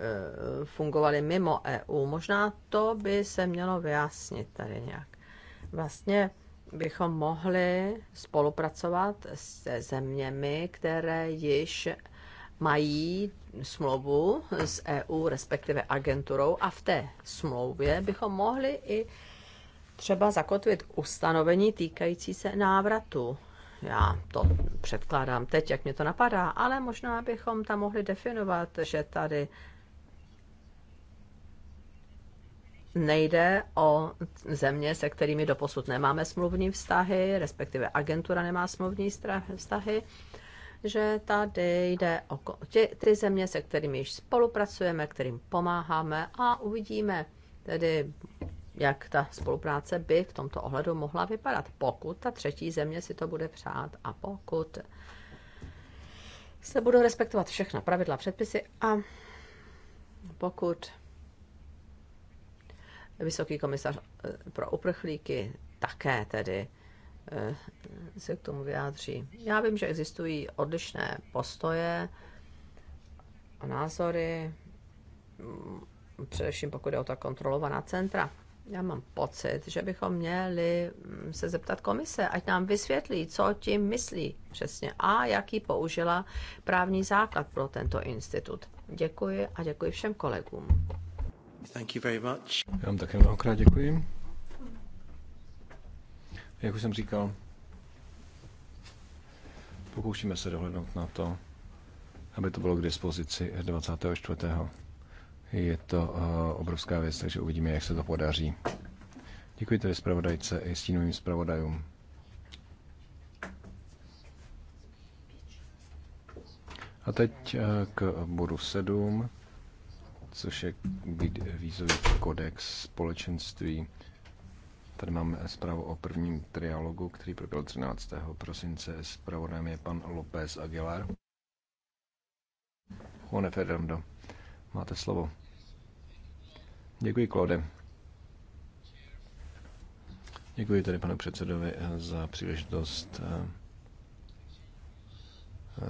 fungovali mimo EU. Možná to by se mělo vyjasnit tady nějak. Vlastně bychom mohli spolupracovat se zeměmi, které již mají smlouvu s EU, respektive agenturou, a v té smlouvě bychom mohli i třeba zakotvit ustanovení týkající se návratu. Já to předkládám teď, jak mě to napadá, ale možná bychom tam mohli definovat, že tady nejde o země, se kterými doposud nemáme smluvní vztahy, respektive agentura nemá smluvní vztahy, že tady jde o ty, ty země, se kterými již spolupracujeme, kterým pomáháme a uvidíme tedy, jak ta spolupráce by v tomto ohledu mohla vypadat, pokud ta třetí země si to bude přát a pokud se budou respektovat všechna pravidla, předpisy a pokud Vysoký komisař eh, pro uprchlíky také tedy eh, se k tomu vyjádří. Já vím, že existují odlišné postoje a názory, mm, především pokud je o ta kontrolovaná centra. Já mám pocit, že bychom měli mm, se zeptat komise, ať nám vysvětlí, co tím myslí přesně a jaký použila právní základ pro tento institut. Děkuji a děkuji všem kolegům. Thank you very much. Já vám také mnohokrát děkuji. Jak už jsem říkal, pokoušíme se dohlednout na to, aby to bylo k dispozici 24. Je to eh, obrovská věc, takže uvidíme, jak se to podaří. Děkuji tedy zpravodajce i stínovým zpravodajům. A teď eh, k bodu 7 což je vízový kodex společenství. Tady máme zprávu o prvním trialogu, který proběhl 13. prosince. Zpravodajem je pan López Aguilar. Juan Fernando, máte slovo. Děkuji, Claude. Děkuji tady panu předsedovi za příležitost eh,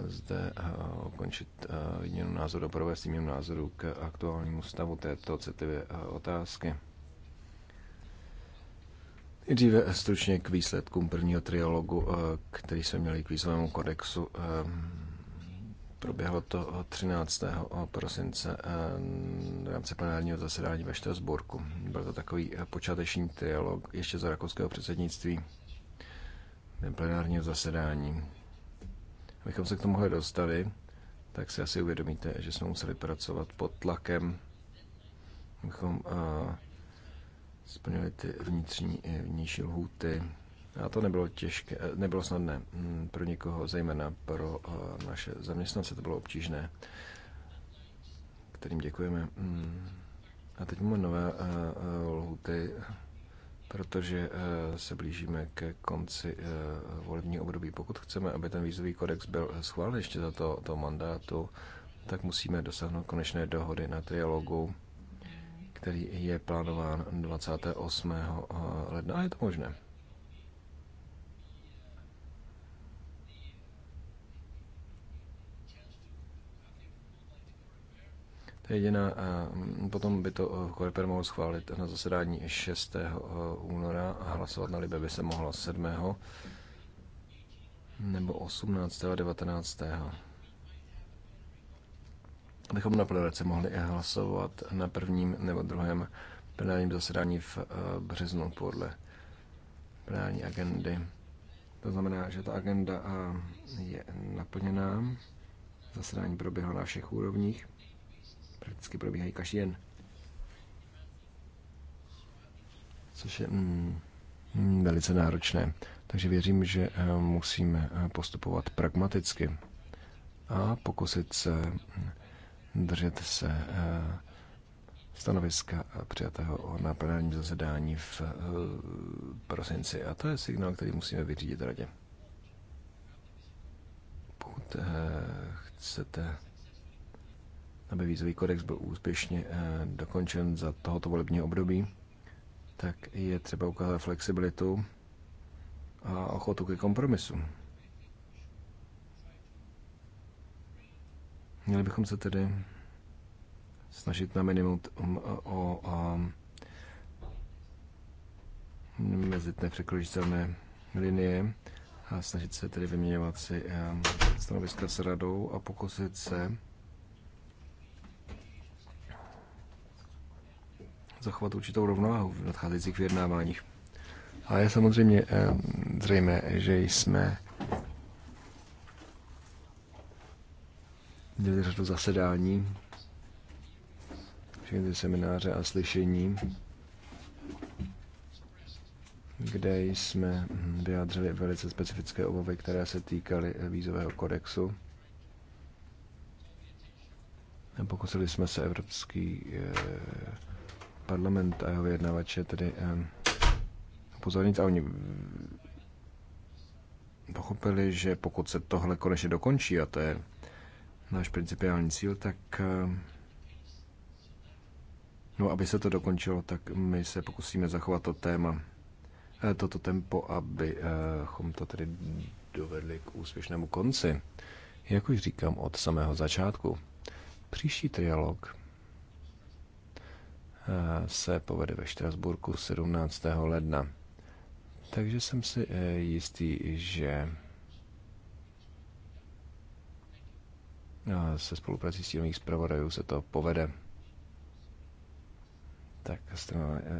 zde eh, ukončit eh, výměnu názoru, provést výměnu názoru k aktuálnímu stavu této citlivé eh, otázky. Dříve stručně k výsledkům prvního trialogu, který jsme měli k výzovému kodexu. Proběhlo to 13. prosince v rámci plenárního zasedání ve Štrasburku. Byl to takový počáteční trialog ještě za rakouského předsednictví plenárního zasedání abychom se k tomu mohli dostali, tak si asi uvědomíte, že jsme museli pracovat pod tlakem, abychom uh, splnili ty vnitřní vnější lhůty. A to nebylo těžké, eh, nebylo snadné mm, pro nikoho, zejména pro eh, naše zaměstnance to bylo obtížné, kterým děkujeme. Mm. A teď máme nové lhůty protože eh, se blížíme ke konci eh, volebního období. Pokud chceme, aby ten výzový kodex byl eh, schválen ještě za to, to mandátu, tak musíme dosáhnout konečné dohody na trialogu, který je plánován 28. ledna. Je to možné? To je jediná. A mm, potom by to eh, Koreper mohl schválit na zasedání 6. Eh, února a hlasovat na Libe by se mohlo 7. nebo 18. a 19. Abychom na plenárce mohli hlasovat na prvním nebo druhém plenárním zasedání v eh, březnu podle plenární agendy. To znamená, že ta agenda je naplněná. Zasedání proběhlo na všech úrovních prakticky probíhají každý den. Což je mm, mm velice náročné. Takže věřím, že eh, musíme eh, postupovat pragmaticky a pokusit se mm, držet se eh, stanoviska přijatého na plenárním zasedání v prosinci. A to je signál, který musíme vyřídit radě. Pokud chcete aby výzový kodex byl úspěšně eh, dokončen za tohoto volebního období, tak je třeba ukázat flexibilitu a ochotu ke kompromisu. Měli bychom se tedy snažit na minimum o, o, o mezit nepřekročitelné linie a snažit se tedy vyměňovat si eh, stanoviska s radou a pokusit se zachovat určitou rovnováhu v nadcházejících vyjednáváních. A je samozřejmě eh, zřejmé, že jsme měli řadu zasedání, všechny ty semináře a slyšení, kde jsme vyjádřili velice specifické obavy, které se týkaly eh, vízového kodexu. Pokusili jsme se Evropský eh, parlament a jeho vyjednavače tedy pozornit a oni pochopili, že pokud se tohle konečně dokončí, a to je náš principiální cíl, tak no, aby se to dokončilo, tak my se pokusíme zachovat to téma, eh, toto tempo, abychom to tedy dovedli k úspěšnému konci. Jak už říkám od samého začátku, příští trialog Eh, se povede ve Štrasburku 17. ledna. Takže jsem si eh, jistý, že eh, se spoluprací s těmi zpravodajů se to povede. Tak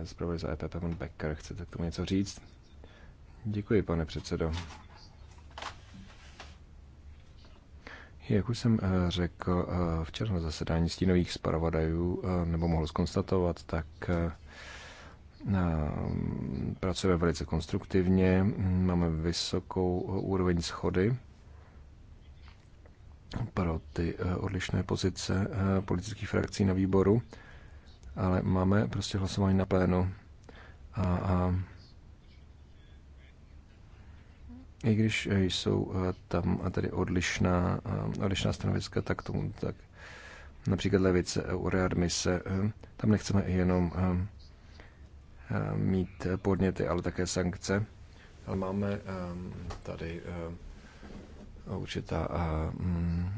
zpravodaj za EPP, pan Becker, chcete k tomu něco říct? Děkuji, pane předsedo. Jak už jsem eh, řekl eh, včera na zasedání stínových sparovadajů, eh, nebo mohl skonstatovat, tak pracujeme velice konstruktivně, máme vysokou úroveň schody pro ty odlišné pozice politických frakcí na výboru, ale máme prostě hlasování na plénu a, a i když eh, jsou eh, tam a tady odlišná, eh, odlišná stanoviska, tak tomu tak například levice u readmise, tam nechceme jenom mít podněty, ale také sankce. Ale máme tady určitá, mm,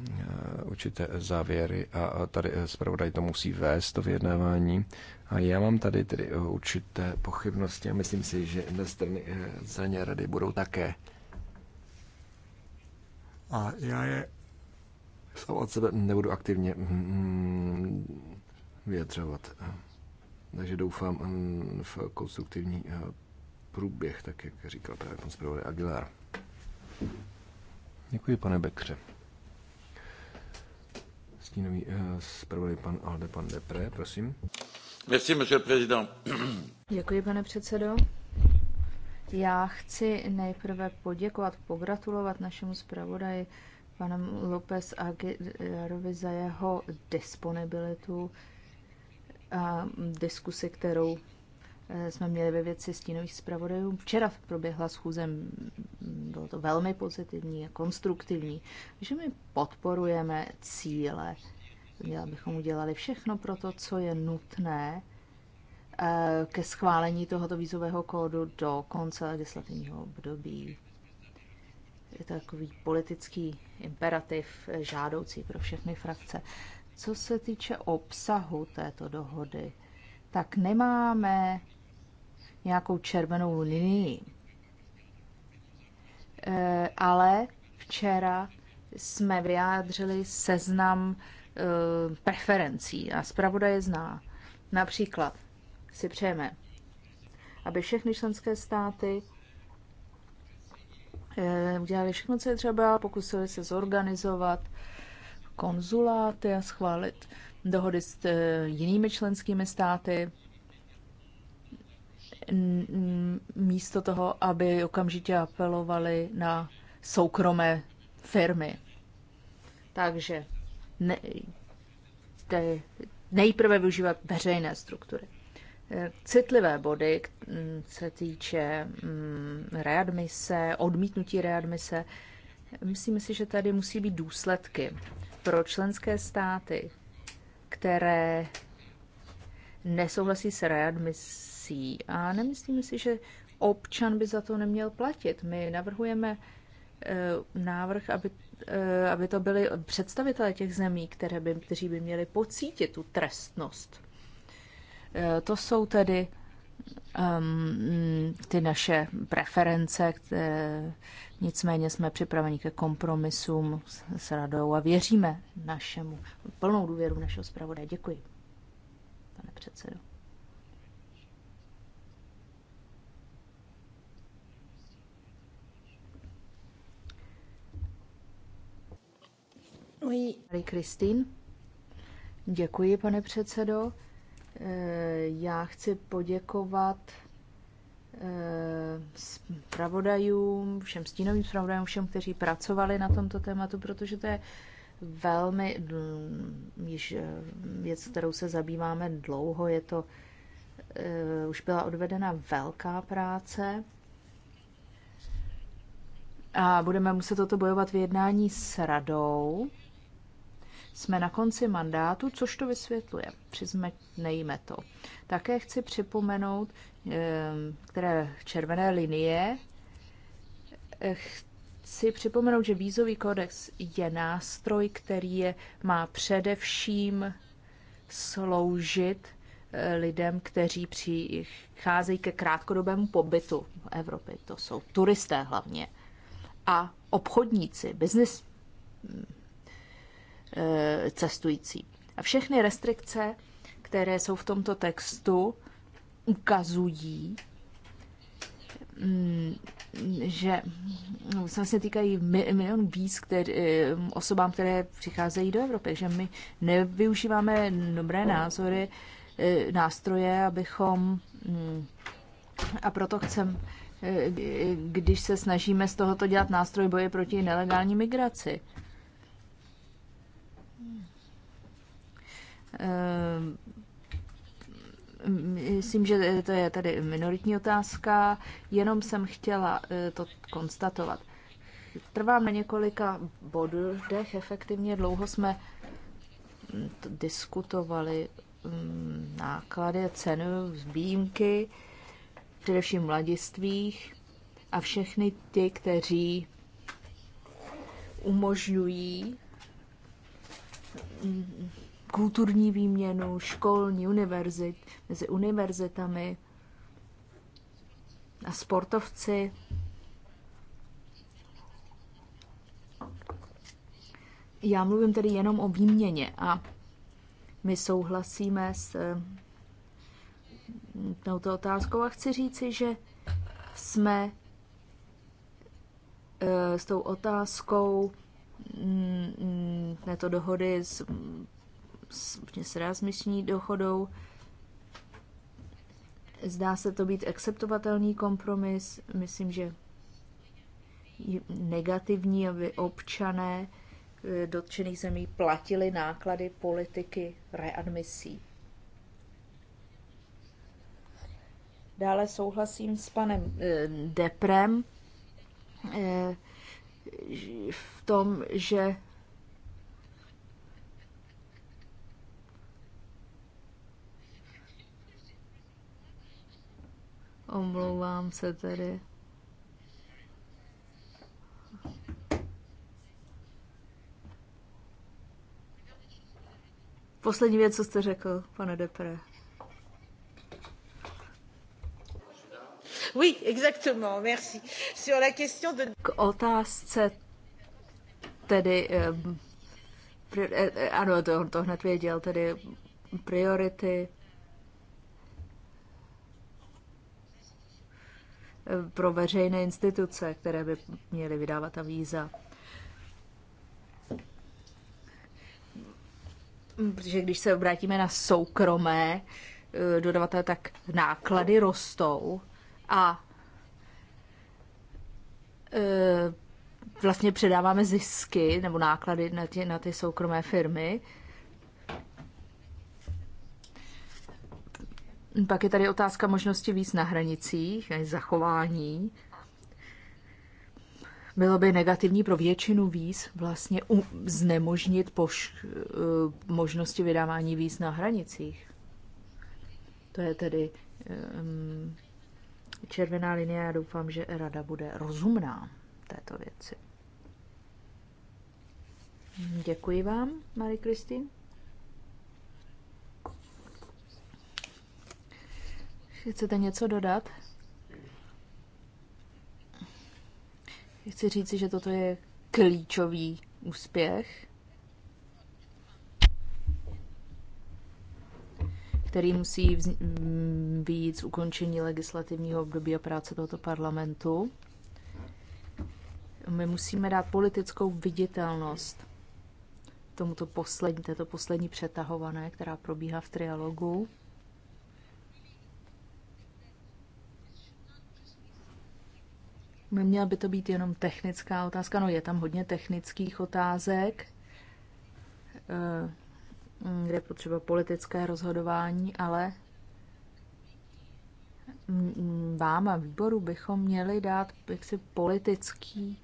určité závěry a tady zpravodaj to musí vést, to vyjednávání. A já mám tady tedy určité pochybnosti a myslím si, že na strany země rady budou také a já je sám od sebe nebudu aktivně mm, vyjadřovat. Takže doufám mm, v konstruktivní eh, průběh, tak jak říkal právě pan zpravodaj Aguilar. Děkuji, pane Bekře. Stínový eh, zpravodaj pan Alde, pan Depre, prosím. Merci, monsieur président. Děkuji, pane předsedo. Já chci nejprve poděkovat, pogratulovat našemu zpravodaji panu López Aguilarovi za jeho disponibilitu a diskusi, kterou eh, jsme měli ve věci stínových zpravodajů. Včera proběhla schůze, bylo to velmi pozitivní a konstruktivní, že my podporujeme cíle. abychom bychom udělali všechno pro to, co je nutné Eh, ke schválení tohoto vízového kódu do konce legislativního období. Je to takový politický imperativ eh, žádoucí pro všechny frakce. Co se týče obsahu této dohody, tak nemáme nějakou červenou linii. Eh, ale včera jsme vyjádřili seznam preferencí a zpravodaj zná. Například si přejeme, aby všechny členské státy eh, udělali všechno, co je třeba, pokusili se zorganizovat konzuláty a schválit dohody s eh, jinými členskými státy, místo toho, aby okamžitě apelovali na soukromé firmy. Takže ne, nejprve využívat veřejné struktury citlivé body, se mm, týče mm, readmise, odmítnutí readmise. Myslím si, že tady musí být důsledky pro členské státy, které nesouhlasí s readmisí. A nemyslím si, že občan by za to neměl platit. My navrhujeme eh, návrh, aby, eh, aby to byli představitelé těch zemí, které by, kteří by měli pocítit tu trestnost Eh, to jsou tedy um, ty naše preference, které, nicméně jsme připraveni ke kompromisům s, s radou a věříme našemu plnou důvěru našeho zpravodaje. Děkuji, pane předsedo. Oui. Marie Kristýn. Děkuji, pane předsedo. Eh, já chci poděkovat eh, zpravodajům, všem stínovým zpravodajům, všem, kteří pracovali na tomto tématu, protože to je velmi již eh, věc, kterou se zabýváme dlouho. Je to, už byla odvedena velká práce a budeme muset toto bojovat v jednání s radou jsme na konci mandátu, což to vysvětluje. Přiznejme to. Také chci připomenout, ehm, které červené linie. Eh, chci připomenout, že vízový kodex je nástroj, který je, má především sloužit eh, lidem, kteří přicházejí ke krátkodobému pobytu v Evropě. To jsou turisté hlavně. A obchodníci, biznis Eh, cestující. A všechny restrikce, které jsou v tomto textu, ukazují, mm, že se vlastně týkají milion víz který, eh, osobám, které přicházejí do Evropy, že my nevyužíváme dobré názory, eh, nástroje, abychom mm, a proto chcem, když se snažíme z tohoto dělat nástroj boje proti nelegální migraci. Eh, myslím, že to je tady minoritní otázka, jenom jsem chtěla eh, to konstatovat. Trvám na několika bodech, efektivně dlouho jsme hm, diskutovali hm, náklady, cenu, výjimky, především mladistvých a všechny ty, kteří umožňují hm, kulturní výměnu, školní, univerzit, mezi univerzitami a sportovci. Já mluvím tedy jenom o výměně a my souhlasíme s eh, touto otázkou a chci říci, že jsme eh, s tou otázkou mm, mm, této dohody s s readmisní dochodou. Zdá se to být akceptovatelný kompromis. Myslím, že negativní, aby občané eh, dotčených zemí platili náklady politiky readmisí. Dále souhlasím s panem eh, Deprem eh, v tom, že Omlouvám se tedy. Poslední věc, co jste řekl, pane Depre. Oui, exactement, merci. Sur la question de... K otázce tedy, eh, eh, eh, ano, to, to hned věděl, tedy priority Eh, pro veřejné instituce, které by měly vydávat ta víza. Protože když se obrátíme na soukromé eh, dodavatele, tak náklady rostou a eh, vlastně předáváme zisky nebo náklady na ty, na ty soukromé firmy Pak je tady otázka možnosti víc na hranicích, zachování. Bylo by negativní pro většinu víz vlastně znemožnit poš- eh, možnosti vydávání víz na hranicích. To je tedy um, červená linie. Já doufám, že rada bude rozumná této věci. Děkuji vám, Marie Kristýn. Chcete něco dodat? Chci říci, že toto je klíčový úspěch, který musí být z ukončení legislativního období a práce tohoto parlamentu. My musíme dát politickou viditelnost tomuto poslední, této poslední přetahované, která probíhá v trialogu. Neměla by to být jenom technická otázka, no je tam hodně technických otázek, eh, kde je potřeba politické rozhodování, ale mm, vám a výboru bychom měli dát jaksi politický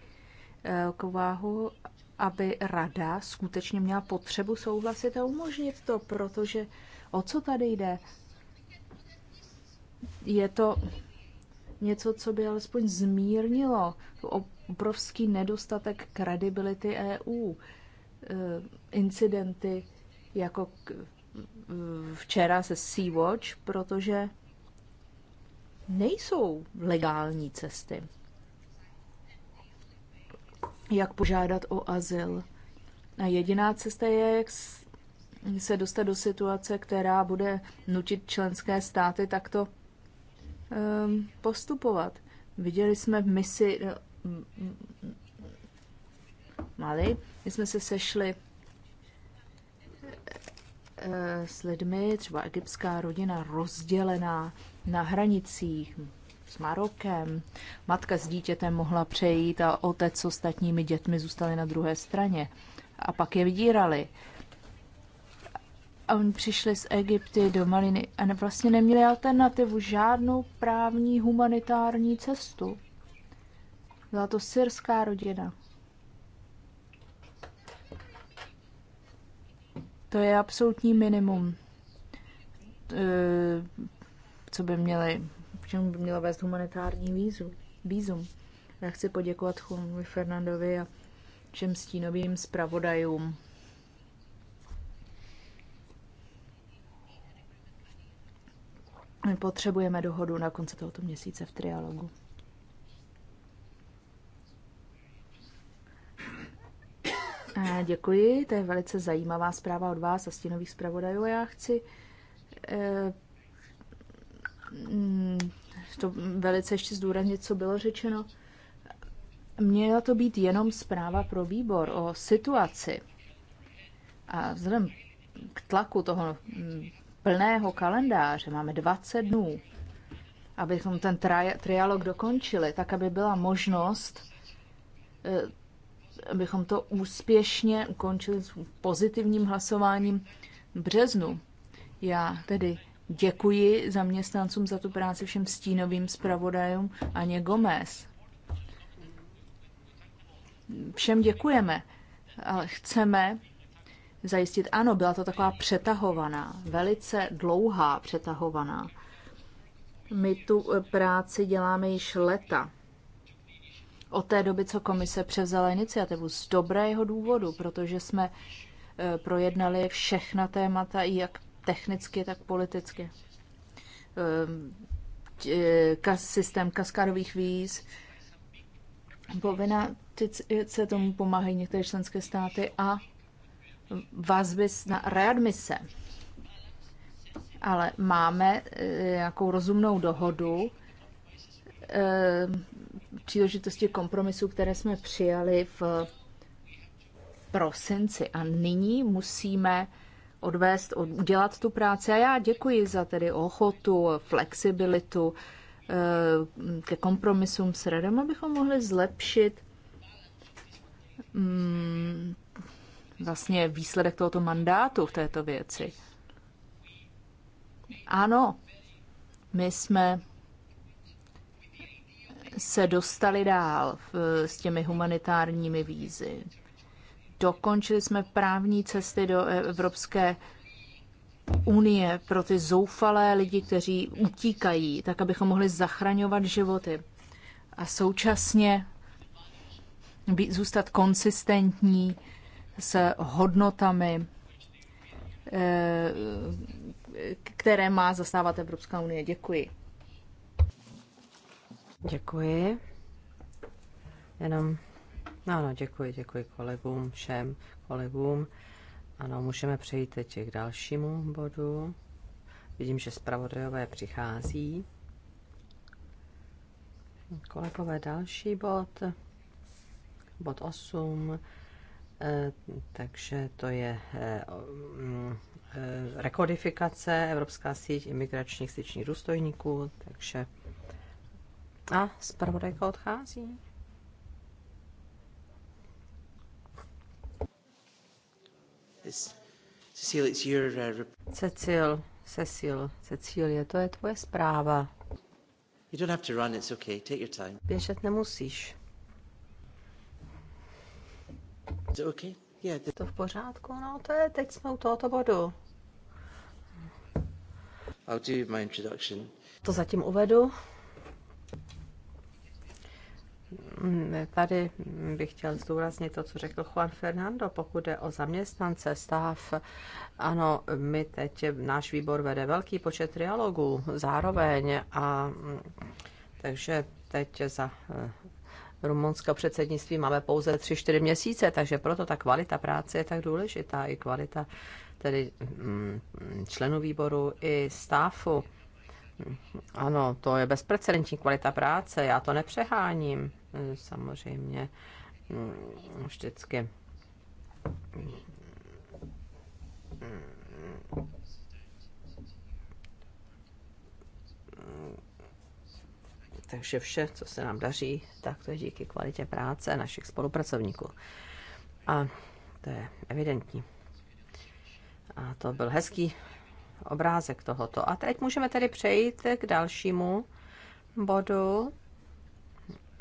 eh, kováhu, aby rada skutečně měla potřebu souhlasit a umožnit to, protože o co tady jde? Je to něco, co by alespoň zmírnilo obrovský nedostatek kredibility EU. E, incidenty jako včera se Sea-Watch, protože nejsou legální cesty. Jak požádat o azyl. A jediná cesta je, jak se dostat do situace, která bude nutit členské státy takto Ehm, postupovat. Viděli jsme v misi eh, Mali, my jsme se sešli eh, s lidmi, třeba egyptská rodina rozdělená na hranicích s Marokem. Matka s dítětem mohla přejít a otec s ostatními dětmi zůstali na druhé straně. A pak je vydírali a oni přišli z Egypty do Maliny a vlastně neměli alternativu, žádnou právní humanitární cestu. Byla to syrská rodina. To je absolutní minimum, e, co by měli, k čemu by mělo vést humanitární vízu, vízum. Já chci poděkovat Chumovi Fernandovi a všem stínovým zpravodajům My potřebujeme dohodu na konci tohoto měsíce v trialogu. Děkuji, to je velice zajímavá zpráva od vás a stínových zpravodajů. Já chci eh, mm, to velice ještě zdůraznit, co bylo řečeno. Měla to být jenom zpráva pro výbor o situaci. A vzhledem k tlaku toho mm, plného kalendáře, máme 20 dnů, abychom ten tri- trialog dokončili, tak aby byla možnost, eh, abychom to úspěšně ukončili s pozitivním hlasováním v březnu. Já tedy děkuji zaměstnancům za tu práci, všem stínovým zpravodajům Aně Gomez. Všem děkujeme, ale chceme, zajistit. Ano, byla to taková přetahovaná, velice dlouhá přetahovaná. My tu eh, práci děláme již leta. Od té doby, co komise převzala iniciativu, z dobrého důvodu, protože jsme eh, projednali všechna témata, jak technicky, tak politicky. Eh, systém kaskádových víz, povinná se tomu pomáhají některé členské státy a vazby na readmise. Ale máme eh, nějakou rozumnou dohodu, eh, příležitosti kompromisu, které jsme přijali v prosinci. A nyní musíme odvést, udělat tu práci. A já děkuji za tedy ochotu, flexibilitu eh, ke kompromisům s radem, abychom mohli zlepšit mm, vlastně výsledek tohoto mandátu v této věci. Ano, my jsme se dostali dál s těmi humanitárními vízy. Dokončili jsme právní cesty do Evropské unie pro ty zoufalé lidi, kteří utíkají, tak abychom mohli zachraňovat životy a současně zůstat konsistentní s hodnotami, eh, které má zastávat Evropská unie. Děkuji. Děkuji. Jenom, no, no, děkuji, děkuji kolegům, všem kolegům. Ano, můžeme přejít teď k dalšímu bodu. Vidím, že zpravodajové přichází. Kolegové, další bod. Bod 8. Eh, takže to je eh, mm, eh, rekodifikace Evropská síť imigračních styčních důstojníků, takže a zpravodajka odchází. Cecil, it's your, uh, Cecil, Cecil, Cecilie, to je tvoje zpráva. You don't have to run, it's okay. Take your time. Běžet nemusíš. To v pořádku, no to je, teď jsme u tohoto bodu. I'll do my introduction. To zatím uvedu. Tady bych chtěl zdůraznit to, co řekl Juan Fernando, pokud jde o zaměstnance, stav. Ano, my teď, náš výbor vede velký počet trialogů zároveň a takže teď za rumunského předsednictví máme pouze 3-4 měsíce, takže proto ta kvalita práce je tak důležitá, i kvalita tedy mm, členů výboru, i stáfu. Ano, to je bezprecedentní kvalita práce, já to nepřeháním, eh, samozřejmě mm, vždycky mm. Takže vše, co se nám daří, tak to je díky kvalitě práce našich spolupracovníků. A to je evidentní. A to byl hezký obrázek tohoto. A teď můžeme tedy přejít k dalšímu bodu,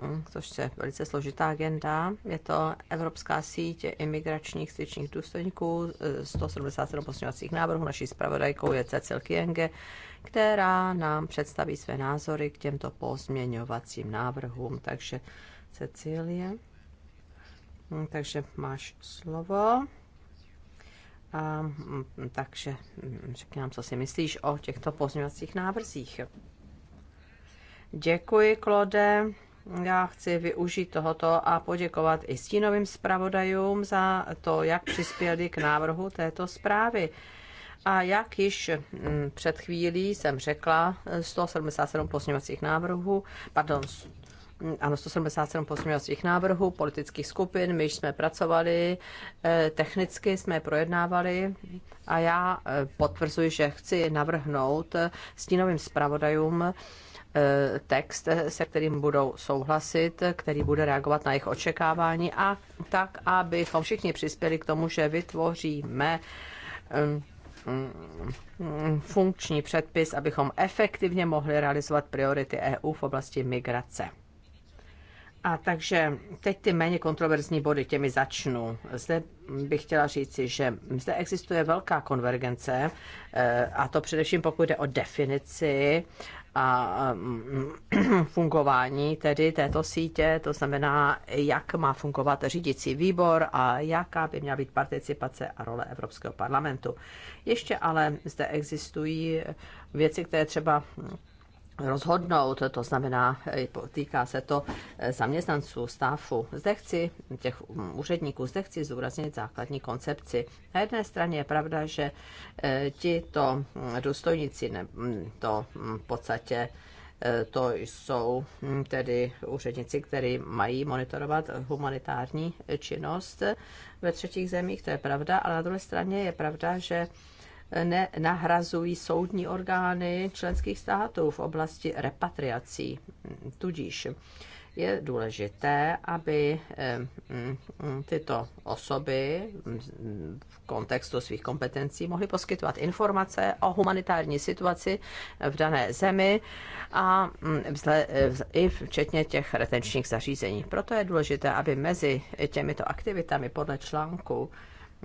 Hm, což je velice složitá agenda. Je to Evropská síť imigračních styčních důstojníků, 177 e, posměvacích návrhů. Naší zpravodajkou je Cecil Kienge, která nám představí své názory k těmto pozměňovacím návrhům. Takže Cecilie, hm, takže máš slovo. A, hm, takže řekni nám, co si myslíš o těchto pozměňovacích návrzích. Děkuji, Klode já chci využít tohoto a poděkovat i stínovým zpravodajům za to, jak přispěli k návrhu této zprávy. A jak již mm, před chvílí jsem řekla, 177 posměvacích návrhů, pardon, mm, ano, 177 posměvacích návrhů politických skupin, my jsme pracovali, eh, technicky jsme projednávali a já eh, potvrzuji, že chci navrhnout eh, stínovým zpravodajům Eh, text, eh, se kterým budou souhlasit, který bude reagovat na jejich očekávání a tak, abychom všichni přispěli k tomu, že vytvoříme eh, mm, mm, funkční předpis, abychom efektivně mohli realizovat priority EU v oblasti migrace. A takže teď ty méně kontroverzní body, těmi začnu. Zde bych chtěla říci, že zde existuje velká konvergence, a to především pokud jde o definici a mm, mm, [CLEARS THROAT] fungování tedy této sítě, to znamená, jak má fungovat řídící výbor a jaká by měla být participace a role Evropského parlamentu. Ještě ale zde existují věci, které třeba rozhodnout, to znamená, týká se to eh, zaměstnanců, stáfu. Zde chci, těch mm, úředníků, zde chci zúraznit základní koncepci. Na jedné straně je pravda, že eh, ti to mm, důstojníci, mm, to v podstatě eh, to jsou tedy úředníci, kteří mají monitorovat humanitární činnost ve třetích zemích, to je pravda, ale na druhé straně je pravda, že nenahrazují soudní orgány členských států v oblasti repatriací. Tudíž je důležité, aby eh, tyto osoby v kontextu svých kompetencí mohly poskytovat informace o humanitární situaci v dané zemi a mm, eh, i včetně těch retenčních zařízení. Proto je důležité, aby mezi těmito aktivitami podle článku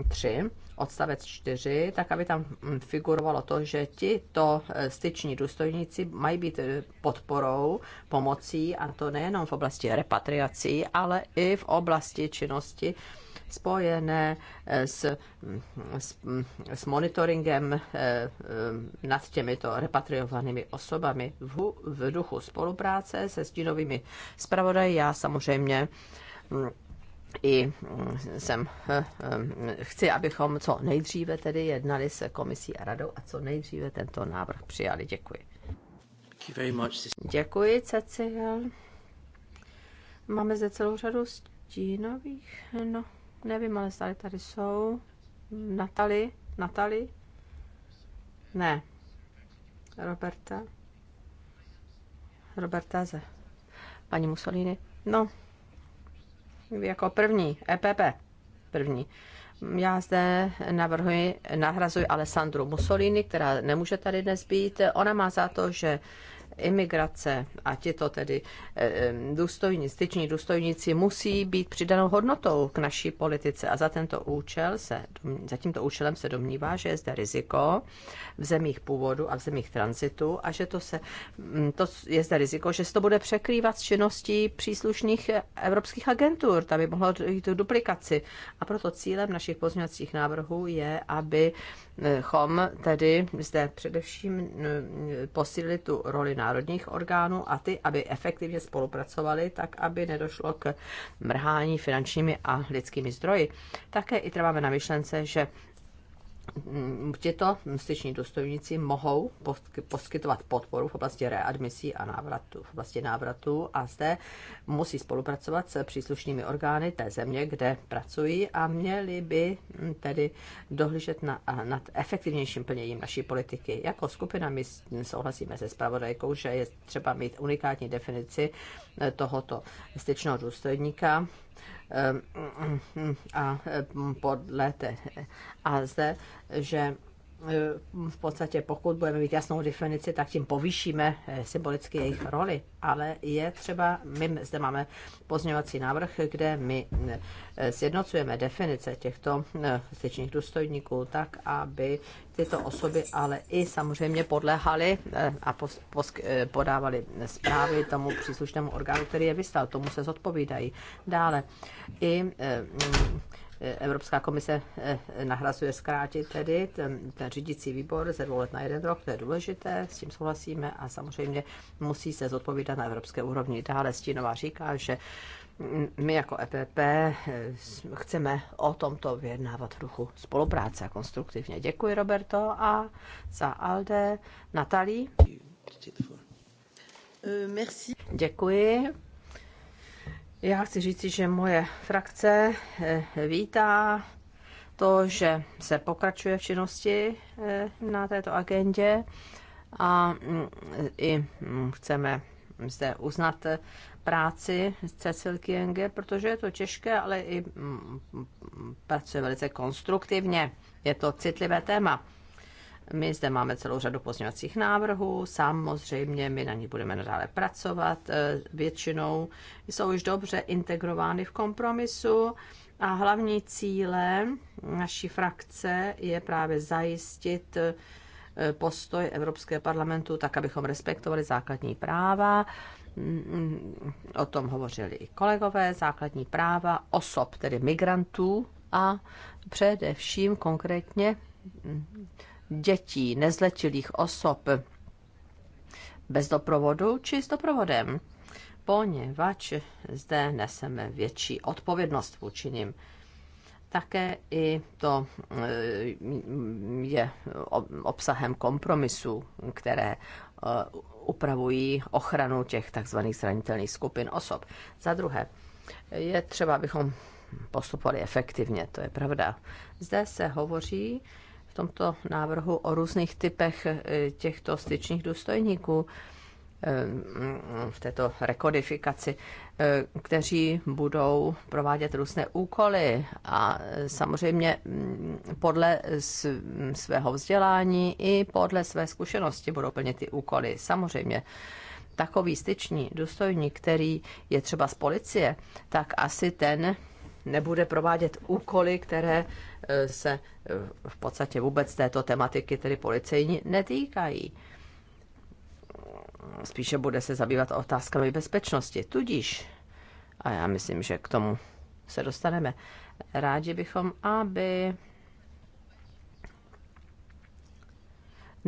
3 odstavec 4, tak aby tam mm, figurovalo to, že tito eh, styční důstojníci mají být eh, podporou, pomocí, a to nejenom v oblasti repatriací, ale i v oblasti činnosti spojené eh, s, mm, s, mm, s monitoringem nad těmito repatriovanými osobami v, v duchu spolupráce se stínovými zpravodaji. Já samozřejmě i hm, jsem, eh, hm, chci, abychom co nejdříve tedy jednali se komisí a radou a co nejdříve tento návrh přijali. Děkuji. Děkuji, Cecil. Máme zde celou řadu stínových, no, nevím, ale stále tady jsou. Natali, Natali? Ne. Roberta? Roberta ze paní Mussolini. No, jako první, EPP první. Já zde navrhuji, nahrazuji Alessandru Mussolini, která nemůže tady dnes být. Ona má za to, že imigrace a tito tedy eh, eh, důstojní, styční důstojníci musí být přidanou hodnotou k naší politice a za, tento účel se, za tímto účelem se domnívá, že je zde riziko v zemích původu a v zemích transitu a že to se, mm, to je zde riziko, že se to bude překrývat s činností příslušných evropských agentur, tam by mohlo jít k duplikaci. A proto cílem našich pozměňovacích návrhů je, aby chom tedy zde především mm, posílili tu roli na národních orgánů a ty, aby efektivně spolupracovali, tak aby nedošlo k mrhání finančními a lidskými zdroji. Také i trváme na myšlence, že těto styční důstojníci mohou poskytovat podporu v oblasti readmisí a návratu, v oblasti návratu a zde musí spolupracovat s příslušnými orgány té země, kde pracují a měli by hm, tedy dohlížet na, nad efektivnějším plněním naší politiky. Jako skupina my souhlasíme se zpravodajkou, že je třeba mít unikátní definici eh, tohoto styčného důstojníka, Ehm, mm, mm, mm, a ehm, podle té a zde, že Eh, v podstatě pokud budeme mít jasnou definici, tak tím povýšíme eh, symbolicky jejich roli. Ale je třeba, my zde máme pozměňovací návrh, kde my eh, sjednocujeme definice těchto styčních důstojníků tak, aby tyto osoby ale i samozřejmě podléhaly a podávaly zprávy tomu příslušnému orgánu, který je vystal. Tomu se zodpovídají. Dále i Evropská komise eh, nahrazuje zkrátit tedy ten, ten řídící výbor ze dvou let na jeden rok, to je důležité, s tím souhlasíme a samozřejmě musí se zodpovídat na evropské úrovni. Dále Stínová říká, že my jako EPP eh, chceme o tomto vyjednávat v spolupráce a konstruktivně. Děkuji, Roberto, a za Alde Natalí. Eh, Děkuji. Já chci říci, že moje frakce eh, vítá to, že se pokračuje v činnosti eh, na této agendě a mm, i mm, chceme zde uznat práci Cecilky Jenge, protože je to těžké, ale i mm, pracuje velice konstruktivně. Je to citlivé téma. My zde máme celou řadu pozměňovacích návrhů, samozřejmě my na ní budeme nadále pracovat. E, většinou jsou už dobře integrovány v kompromisu a hlavní cílem naší frakce je právě zajistit e, postoj Evropského parlamentu tak, abychom respektovali základní práva. O tom hovořili i kolegové, základní práva osob, tedy migrantů a především konkrétně dětí, nezletilých osob bez doprovodu či s doprovodem, poněvadž zde neseme větší odpovědnost vůči nim. Také i to eh, je obsahem kompromisu, které eh, upravují ochranu těch tzv. zranitelných skupin osob. Za druhé, je třeba, abychom postupovali efektivně, to je pravda. Zde se hovoří v tomto návrhu o různých typech eh, těchto styčných důstojníků eh, v této rekodifikaci, eh, kteří budou provádět různé úkoly a samozřejmě mm, podle svého vzdělání i podle své zkušenosti budou plnit ty úkoly. Samozřejmě takový styční důstojník, který je třeba z policie, tak asi ten nebude provádět úkoly, které se eh, v podstatě vůbec této tematiky, tedy policejní, netýkají. Spíše bude se zabývat otázkami bezpečnosti. Tudíž, a já myslím, že k tomu se dostaneme, rádi bychom, aby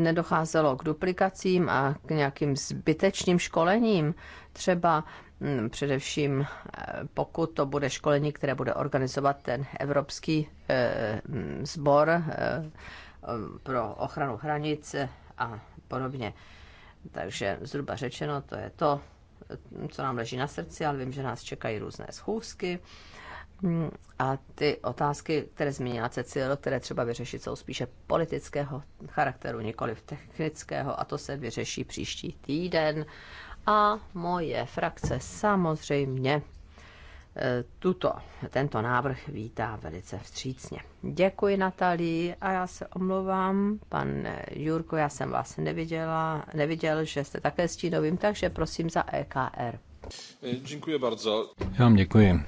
nedocházelo k duplikacím a k nějakým zbytečným školením. Třeba mm, především eh, pokud to bude školení, které bude organizovat ten Evropský eh, mm, sbor eh, pro ochranu hranic a podobně. Takže zhruba řečeno, to je to, co nám leží na srdci, ale vím, že nás čekají různé schůzky Mm, a ty otázky, které zmínila Cecil, které třeba vyřešit, jsou spíše politického charakteru, nikoli technického, a to se vyřeší příští týden. A moje frakce samozřejmě eh, tuto, tento návrh vítá velice vstřícně. Děkuji Natalii a já se omlouvám, pan Jurko, já jsem vás neviděla, neviděl, že jste také stínovým, takže prosím za EKR. Eh, děkuji bardzo. Já vám děkuji.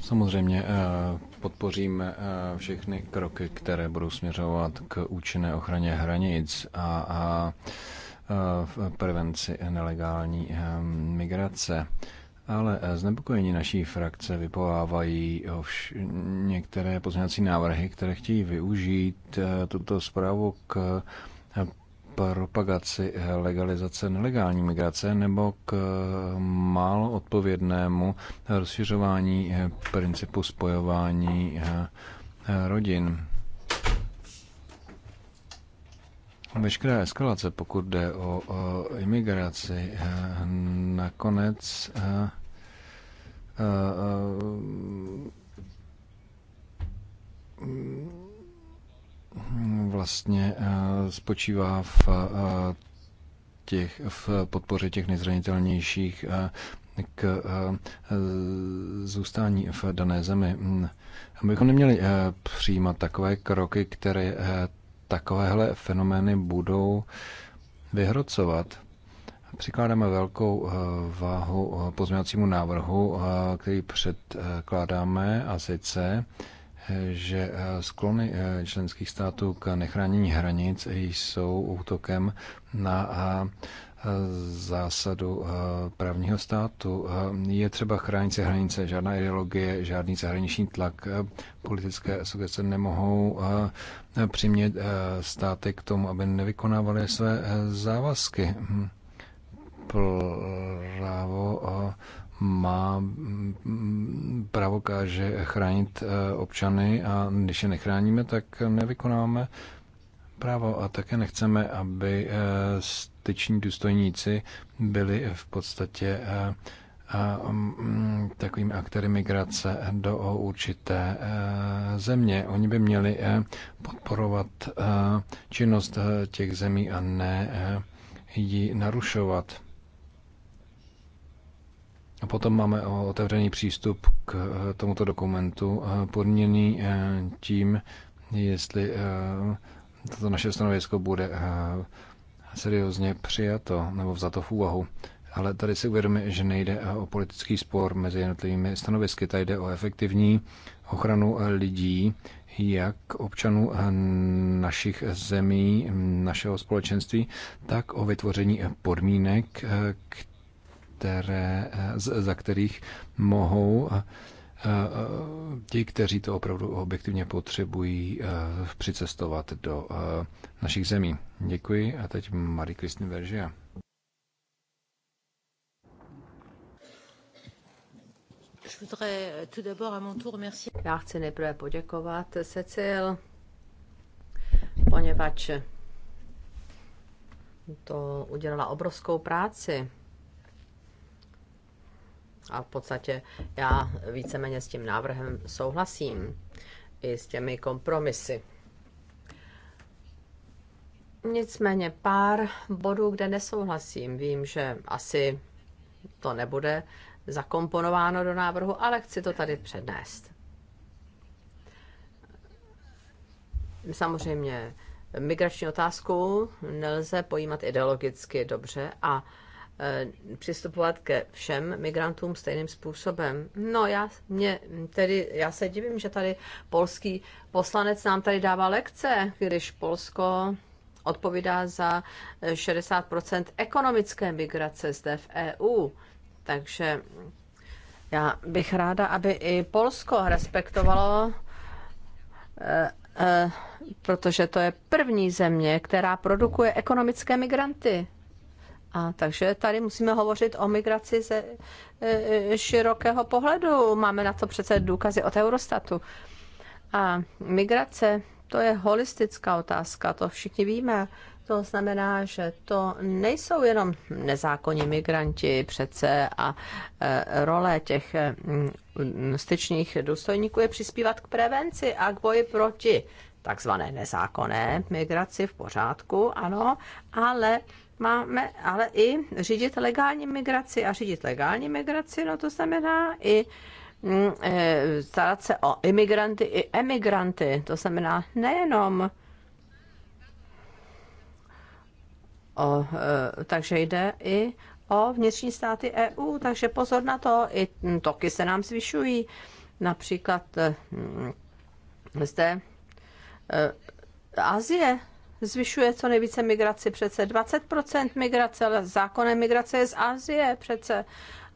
Samozřejmě eh, podpořím eh, všechny kroky, které budou směřovat k účinné ochraně hranic a, a eh, v prevenci nelegální migrace. Ale znepokojení naší frakce vypovávají některé pozměňovací návrhy, které chtějí využít tuto zprávu k propagaci legalizace nelegální migrace nebo k málo odpovědnému rozšiřování principu spojování rodin. Veškerá eskalace, pokud jde o, o imigraci, nakonec a, a, a, vlastně eh, spočívá v, eh, těch, v podpoře těch nejzranitelnějších eh, k zůstání v dané zemi. Mm, abychom neměli přijímat takové kroky, které takovéhle fenomény budou vyhrocovat. Přikládáme velkou váhu pozměňovacímu návrhu, který předkládáme, a sice že eh, sklony eh, členských států k nechránění hranic jsou útokem na eh, zásadu právního státu. Je třeba chránit se hranice, žádná ideologie, žádný zahraniční tlak, politické sugestie nemohou přimět státy k tomu, aby nevykonávaly své závazky. Hm. Právo má mm, právo káže chránit eh, občany a když je nechráníme, tak nevykonáváme právo a také nechceme, aby eh, styční důstojníci byli v podstatě eh, mm, takovými aktéry migrace do určité země. Oni by měli podporovat činnost těch zemí a ne ji narušovat. A potom máme otevřený přístup k eh, tomuto dokumentu, eh, podměný eh, tím, jestli toto naše stanovisko bude seriózně přijato nebo vzato v úvahu. Ale tady si uvědomí, že nejde o politický spor mezi jednotlivými stanovisky, tady jde o efektivní ochranu lidí, jak občanů našich zemí, našeho společenství, tak o vytvoření podmínek, které, za kterých mohou ti, kteří to opravdu objektivně potřebují, přicestovat do našich zemí. Děkuji a teď Marie Kristin Veržia. Já chci nejprve poděkovat Cecil, poněvadž to udělala obrovskou práci a v podstatě já víceméně s tím návrhem souhlasím i s těmi kompromisy. Nicméně pár bodů, kde nesouhlasím. Vím, že asi to nebude zakomponováno do návrhu, ale chci to tady přednést. Samozřejmě migrační otázku nelze pojímat ideologicky dobře a Eh, přistupovat ke všem migrantům stejným způsobem. No já, mě, tedy, já se divím, že tady polský poslanec nám tady dává lekce, když Polsko odpovídá za 60% eh, ekonomické migrace zde v EU. Takže já bych ráda, aby i Polsko respektovalo eh, protože to je první země, která produkuje ekonomické migranty. A takže tady musíme hovořit o migraci ze e, širokého pohledu. Máme na to přece důkazy od Eurostatu. A migrace, to je holistická otázka, to všichni víme. To znamená, že to nejsou jenom nezákonní migranti přece a e, role těch mm, styčných důstojníků je přispívat k prevenci a k boji proti takzvané nezákonné migraci v pořádku, ano, ale máme ale i řídit legální migraci. A řídit legální migraci, no to znamená i mm, e, starat se o imigranty i emigranty. To znamená nejenom o, e, takže jde i o vnitřní státy EU, takže pozor na to, i toky se nám zvyšují. Například e, mm, zde Azie zvyšuje co nejvíce migraci přece. 20% migrace, ale zákonné migrace je z Asie přece.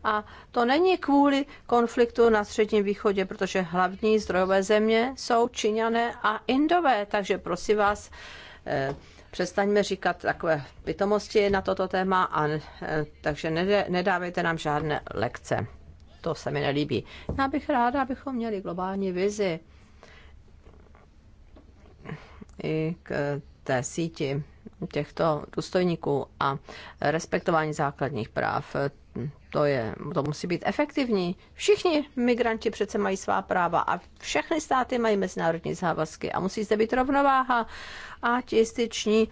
A to není kvůli konfliktu na Středním východě, protože hlavní zdrojové země jsou Číňané a Indové. Takže prosím vás, eh, přestaňme říkat takové pitomosti na toto téma, a, eh, takže nedávejte nám žádné lekce. To se mi nelíbí. Já bych ráda, abychom měli globální vizi i k té síti těchto důstojníků a respektování základních práv. To, je, to musí být efektivní. Všichni migranti přece mají svá práva a všechny státy mají mezinárodní závazky a musí zde být rovnováha a ti styční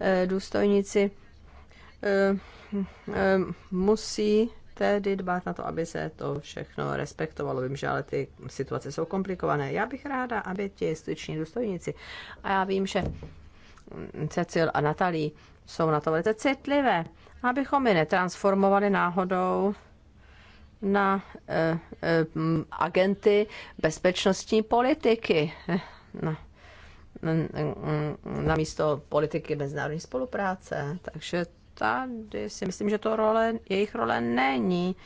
eh, důstojníci eh, eh, musí tedy dbát na to, aby se to všechno respektovalo. Vím, že ale ty situace jsou komplikované. Já bych ráda, aby ti styční důstojníci, a já vím, že Cecil a Natalí jsou na to velice citlivé, abychom je netransformovali náhodou na e, e, agenty bezpečnostní politiky. Na, na místo politiky mezinárodní spolupráce. Takže tady si myslím, že to role, jejich role není.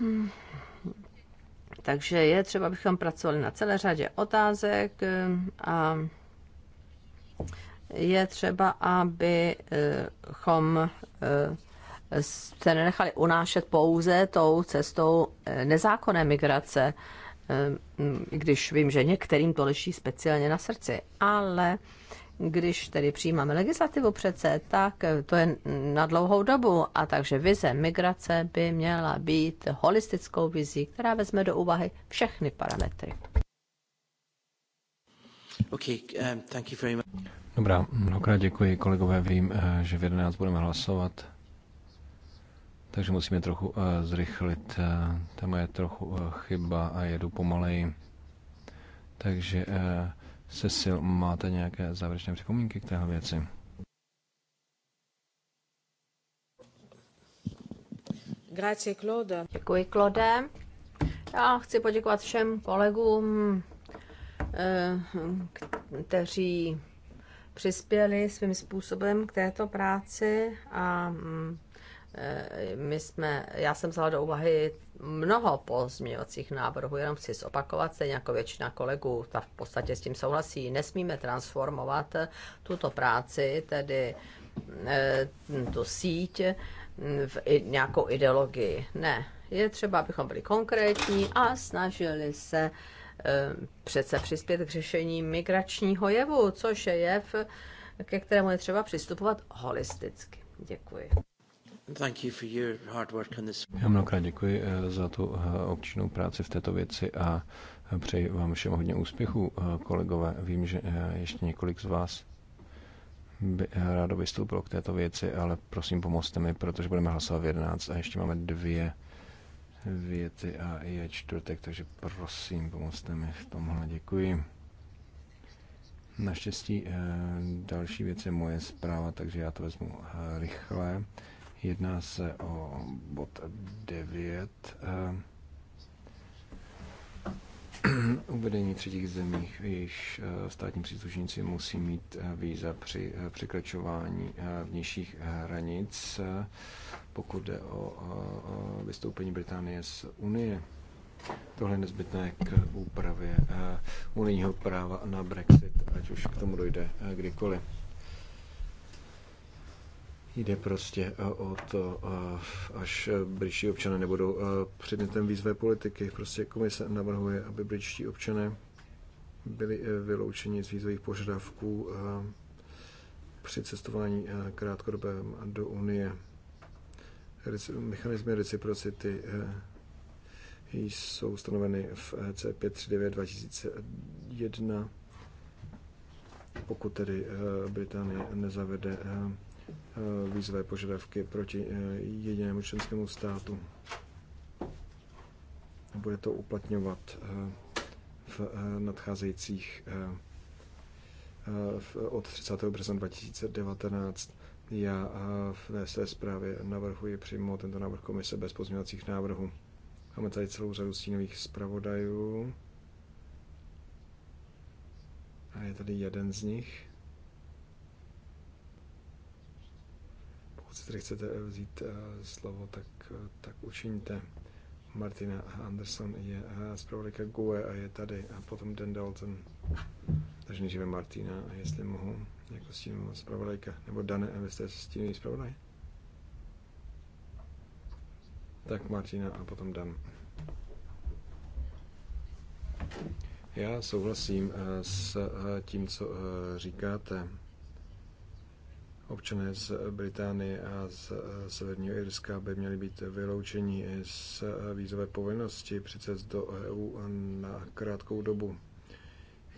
Hmm. Takže je třeba, abychom pracovali na celé řadě otázek eh, a je třeba, abychom eh, se nenechali unášet pouze tou cestou eh, nezákonné migrace, eh, když vím, že některým to leží speciálně na srdci. Ale když tedy přijímáme legislativu přece, tak to je na dlouhou dobu. A takže vize migrace by měla být holistickou vizí, která vezme do úvahy všechny parametry. Um, Dobrá, mnohokrát děkuji, kolegové, vím, eh, že v 11 budeme hlasovat, takže musíme trochu eh, zrychlit. Eh, Tam je trochu chyba a jedu pomaleji. Takže Cecil, máte nějaké závěrečné připomínky k téhle věci? Claude. Děkuji, Claude. Já chci poděkovat všem kolegům, Eh, kteří přispěli svým způsobem k této práci a mm, eh, my jsme, já jsem vzala do úvahy mnoho pozměňovacích návrhů, jenom chci zopakovat, stejně jako většina kolegů, ta v podstatě s tím souhlasí, nesmíme transformovat tuto práci, tedy eh, tu síť mm, v nějakou ideologii. Ne, je třeba, abychom byli konkrétní a snažili se Eh, přece přispět k řešení migračního jevu, což je jev, ke kterému je třeba přistupovat holisticky. Děkuji. Thank you for your hard work on this. Já mnohokrát děkuji eh, za tu eh, občinnou práci v této věci a přeji vám všem hodně úspěchů, kolegové. Vím, že ještě několik z vás by rádo vystoupilo k této věci, ale prosím pomozte mi, protože budeme hlasovat v 11 a ještě máme dvě věty a je čtvrtek, takže prosím, pomozte mi v tomhle. Děkuji. Naštěstí eh, další věc je moje zpráva, takže já to vezmu eh, rychle. Jedná se o bod 9 [CLEARS THROAT] uvedení třetích zemích, jejichž eh, státní příslušníci musí mít eh, víza při eh, překračování vnějších hranic, pokud jde o vystoupení Británie z Unie. Tohle je nezbytné k úpravě unijního práva na Brexit, ať už k tomu dojde kdykoliv. Jde prostě e, o to, e, až e, britští občané nebudou předmětem výzvé politiky. Prostě komise navrhuje, aby britští občané byli vyloučeni z výzových požadavků při cestování krátkodobém do Unie. Mechanizmy reciprocity jsou stanoveny v C539 2001, pokud tedy Británie nezavede Eh, výzvé požadavky proti eh, jedinému členskému státu. A bude to uplatňovat eh, v nadcházejících od 30. března 2019. Já v své zprávě navrhuji přímo tento návrh komise bez pozměňovacích návrhů. Máme tady celou řadu stínových zpravodajů. A je tady jeden z nich. Pokud si chcete eh, vzít eh, slovo, tak, eh, tak učiníte. Martina Anderson je zpravodajka GUE a je tady a potom Dan Dalton. Takže nejdříve Martina, a jestli mohu, jako s tím zpravodajka, nebo Dane, a vy jste s tím zpravodaj? Tak Martina a potom Dan. Já souhlasím s tím, co říkáte občané z Británie a z eh, Severního Irska by měli být vyloučeni z eh, vízové povinnosti přicest do EU na krátkou dobu.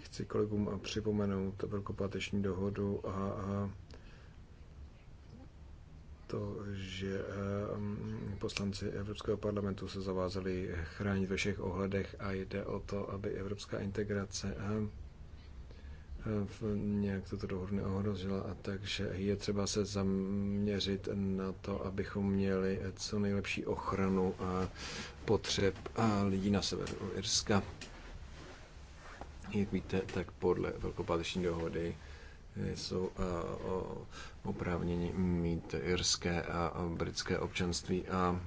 Chci kolegům připomenout velkopáteční dohodu a, a to, že eh, poslanci Evropského parlamentu se zavázali chránit ve všech ohledech a jde o to, aby evropská integrace v nějak toto dohodně ohrozila A takže je třeba se zaměřit na to, abychom měli co nejlepší ochranu a potřeb a lidí na severu Irska. Jak víte, tak podle velkopáteční dohody jsou eh, oprávněni mít irské a britské občanství a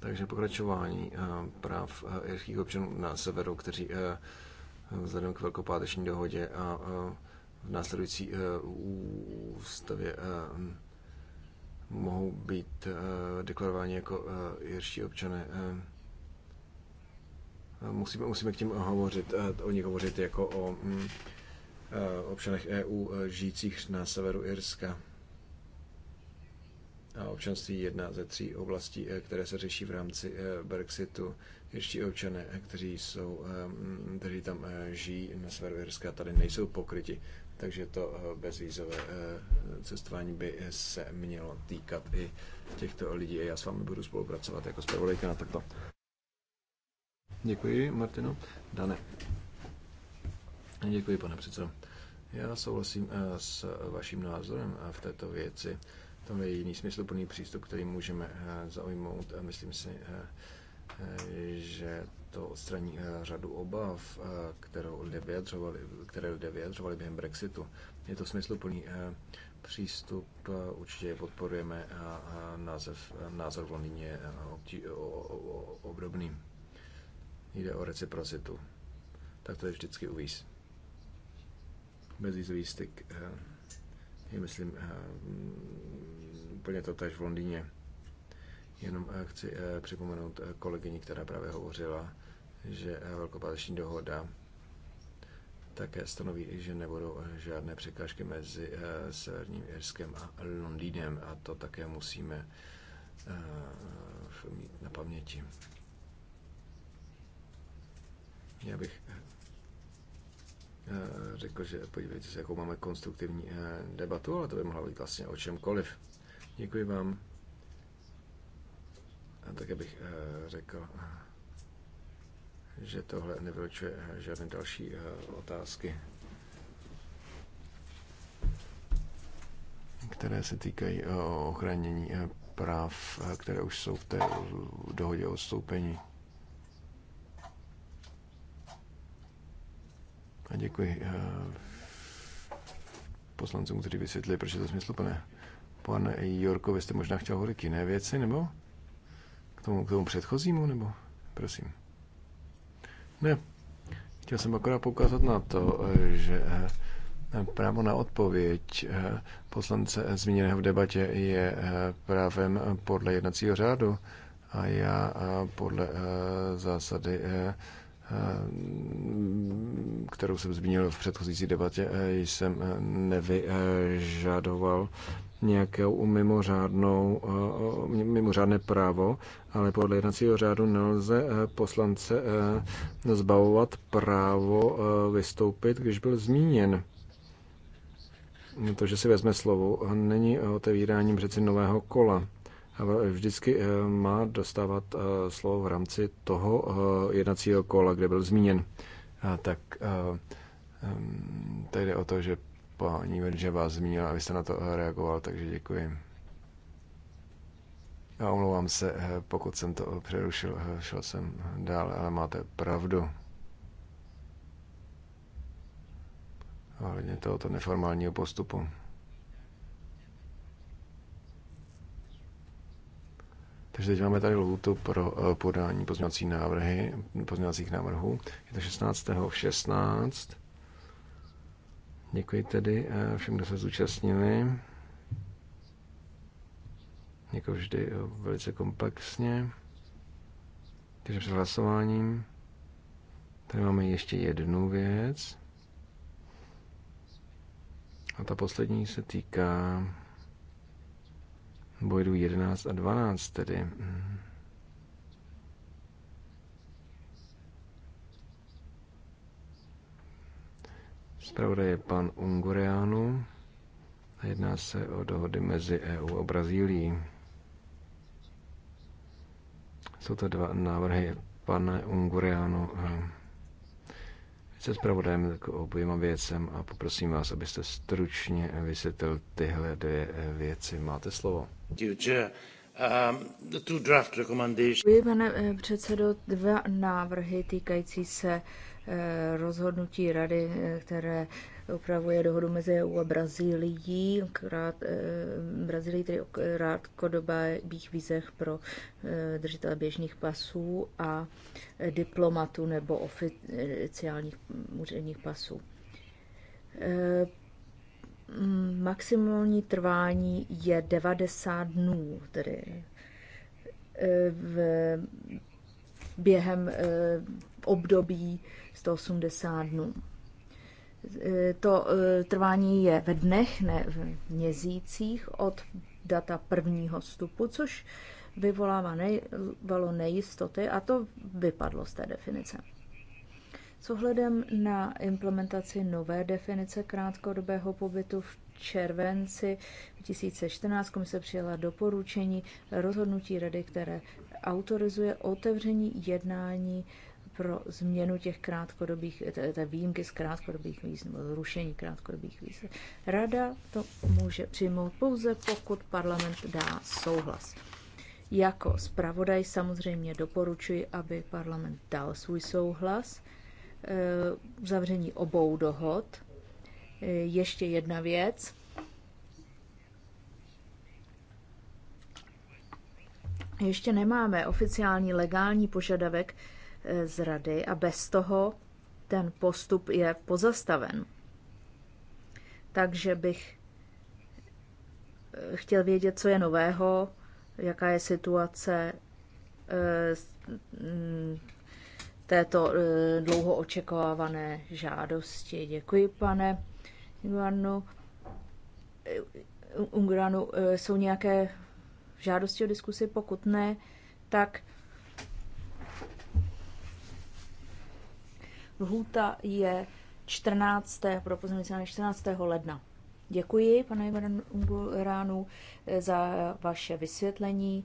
takže pokračování eh, práv eh, irských občanů na severu, kteří vzhledem k velkopáteční dohodě a v následující e, ústavě e, mohou být e, deklarováni jako jirští občané. Musíme, musíme k tím hovořit, o nich hovořit jako o občanech EU žijících na severu Irska. A občanství jedna ze tří oblastí, které se řeší v rámci Brexitu. Irští občané, eh, kteří, jsou, eh, mm, kteří tam eh, žijí na severu Irska, tady nejsou pokryti, takže to bezvízové cestování by se mělo týkat i těchto lidí a já s vámi budu spolupracovat jako zpravodajka na takto. Děkuji, Martino. Dane. Děkuji, pane předsedo. Já souhlasím s vaším názorem v této věci. To je jiný smysluplný přístup, který můžeme zaujmout a myslím si, že to odstraní eh, řadu obav, eh, kterou lidé které lidé vyjadřovali během Brexitu. Je to smysluplný eh, přístup, určitě je podporujeme a název, názor v Londýně je obdobný. Jde o reciprocitu. Tak to je vždycky uvíz. Bezvízový styk je, myslím, úplně to tež v Londýně Jenom eh, chci eh, připomenout eh, kolegyni, která právě hovořila, že velkopáteční dohoda také stanoví, že nebudou žádné překážky mezi Severním Jirskem a Londýnem a to také musíme mít na paměti. Já bych řekl, že podívejte se, jakou máme konstruktivní debatu, ale to by mohla být vlastně o čemkoliv. Děkuji vám. Tak také bych eh, řekl, eh, že tohle nevylučuje eh, žádné další otázky, které se týkají ochránění práv, které už jsou v té dohodě o odstoupení. A děkuji poslancům, kteří vysvětlili, proč je to smysluplné. Pan Jorko, vy jste možná chtěl hovořit jiné věci, nebo? K tomu, k tomu předchozímu, nebo? Prosím. Ne, chtěl jsem akorát poukázat na to, že eh, právo na odpověď eh, poslance zmíněného v debatě je eh, právem podle jednacího řádu a já podle zásady, kterou jsem zmínil v předchozí debatě, jsem nevyžadoval nějakou mimořádnou, eh, eh, mimořádné právo, ale podle jednacího řádu nelze eh, poslance zbavovat právo vystoupit, když byl zmíněn. To, že si vezme slovo, není otevíráním přeci nového kola. Vždycky má dostávat slovo v rámci toho jednacího kola, kde byl zmíněn. Tak tady jde o to, že paní Verževa zmínila, abyste na to eh, reagoval, takže děkuji. A omlouvám se, eh, pokud jsem to eh, přerušil, šel jsem dál, ale máte pravdu. Ohledně tohoto neformálního postupu. Takže teď máme tady lhůtu pro podání pozměňovací návrhy, pozměňovacích návrhů. Je to 16.16. 16. Děkuji tedy eh, všem, kdo se zúčastnili. Jako vždy eh, velice komplexně. Takže před hlasováním tady máme ještě jednu věc. A ta poslední se týká bojů 11 a 12 tedy. Zpravodaj je pan Ungureanu a jedná se o dohody mezi EU a Brazílií. Jsou to dva návrhy, pane Ungureanu. Se zpravodajem k oběma věcem a poprosím vás, abyste stručně vysvětlil tyhle dvě věci. Máte slovo. Um, Děkuji, pane eh, předsedo. Dva návrhy týkající se Eh, rozhodnutí rady, eh, které upravuje dohodu mezi EU a Brazílií, krát, eh, Brazílii tedy krátkodobých vízech pro držitele běžných pasů a diplomatů nebo oficiálních úředních pasů. Maximální trvání je 90 dnů, tedy v, během období 180 dnů. E, to e, trvání je ve dnech, ne v měsících od data prvního vstupu, což vyvolává nej, nejistoty a to vypadlo z té definice. S ohledem na implementaci nové definice krátkodobého pobytu v červenci 2014 komise přijala doporučení rozhodnutí rady, které autorizuje otevření jednání pro změnu těch krátkodobých, té výjimky z krátkodobých víz nebo rušení krátkodobých víz. Rada to může přijmout pouze, pokud parlament dá souhlas. Jako zpravodaj samozřejmě doporučuji, aby parlament dal svůj souhlas e, Zavření obou dohod. E, ještě jedna věc. Ještě nemáme oficiální legální požadavek Eh, z rady a bez toho ten postup je pozastaven. Takže bych eh, chtěl vědět, co je nového, jaká je situace eh, mm, této dlouho očekávané žádosti. Děkuji, pane Iguanu. Ungranu, jsou nějaké žádosti o diskusi? Pokud ne, tak Lhůta je 14. pro pozměnice 14. ledna. Děkuji, pane Ránu, za vaše vysvětlení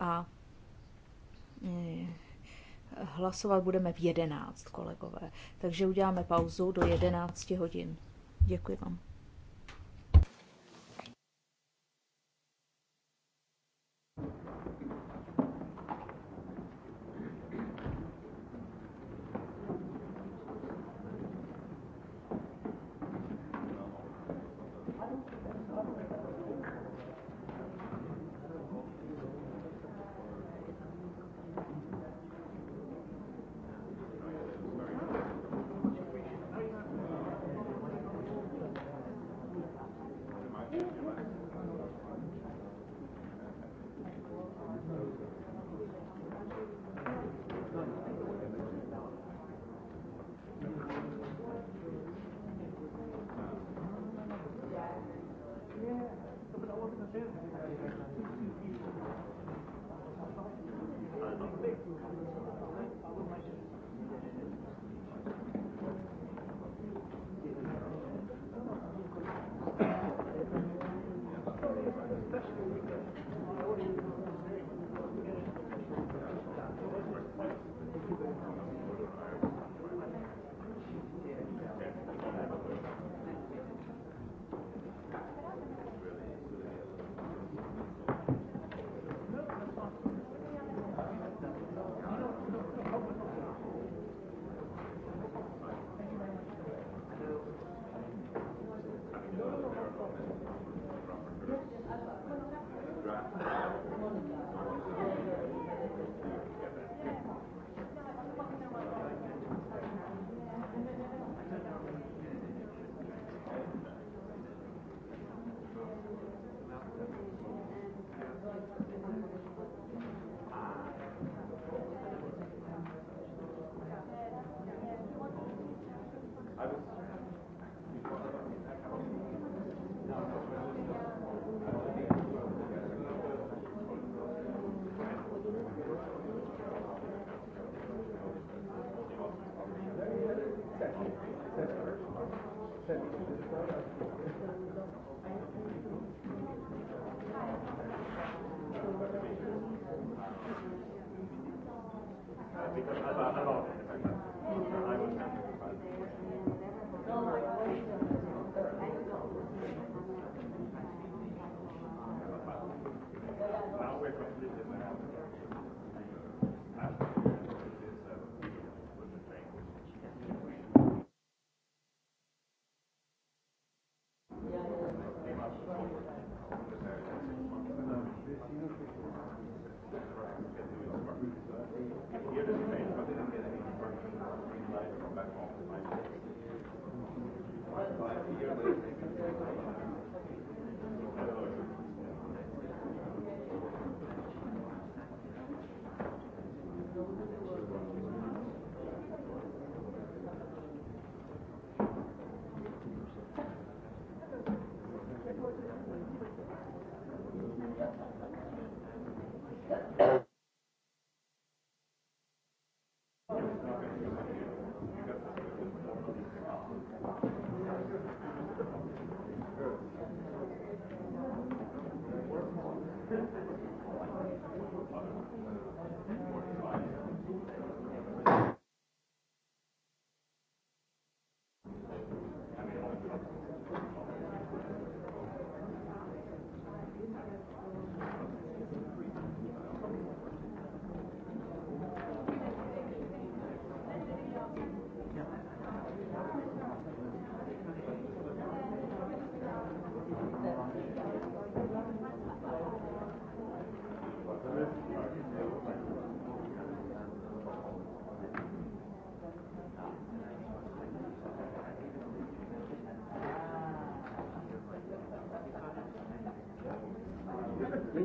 a eh, hlasovat budeme v 11, kolegové. Takže uděláme pauzu do 11 hodin. Děkuji vám.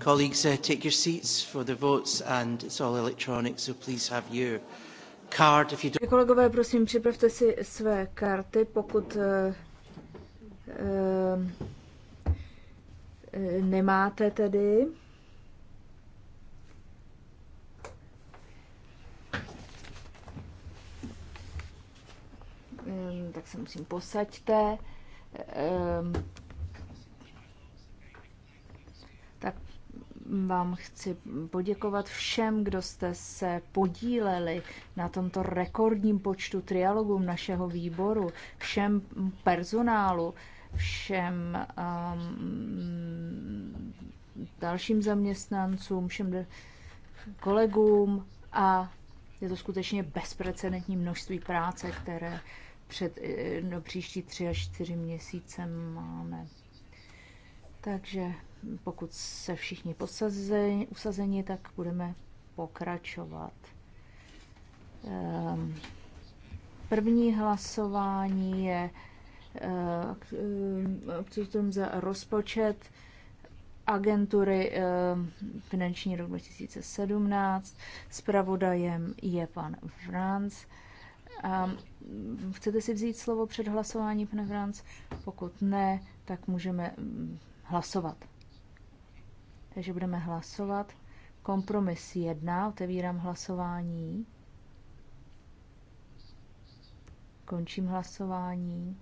Colleagues, uh, take your seats for the votes and it's all electronic, so please have your card if you don't... Kolegové, prosím, připravte si své karty, pokud uh, uh, nemáte tedy. Um, tak se musím posaďte. Um, vám chci poděkovat všem, kdo jste se podíleli na tomto rekordním počtu trialogů našeho výboru, všem personálu, všem um, dalším zaměstnancům, všem kolegům a je to skutečně bezprecedentní množství práce, které před eh, no, příští tři až čtyři měsíce máme. Takže pokud se všichni posazení, usazení, tak budeme pokračovat. Ehm, první hlasování je eh, za rozpočet agentury eh, finanční rok 2017. Spravodajem je pan Franz. A ehm, chcete si vzít slovo před hlasováním, pane Franz? Pokud ne, tak můžeme hm, hlasovat. Takže budeme hlasovat. Kompromis 1, otevírám hlasování. Končím hlasování.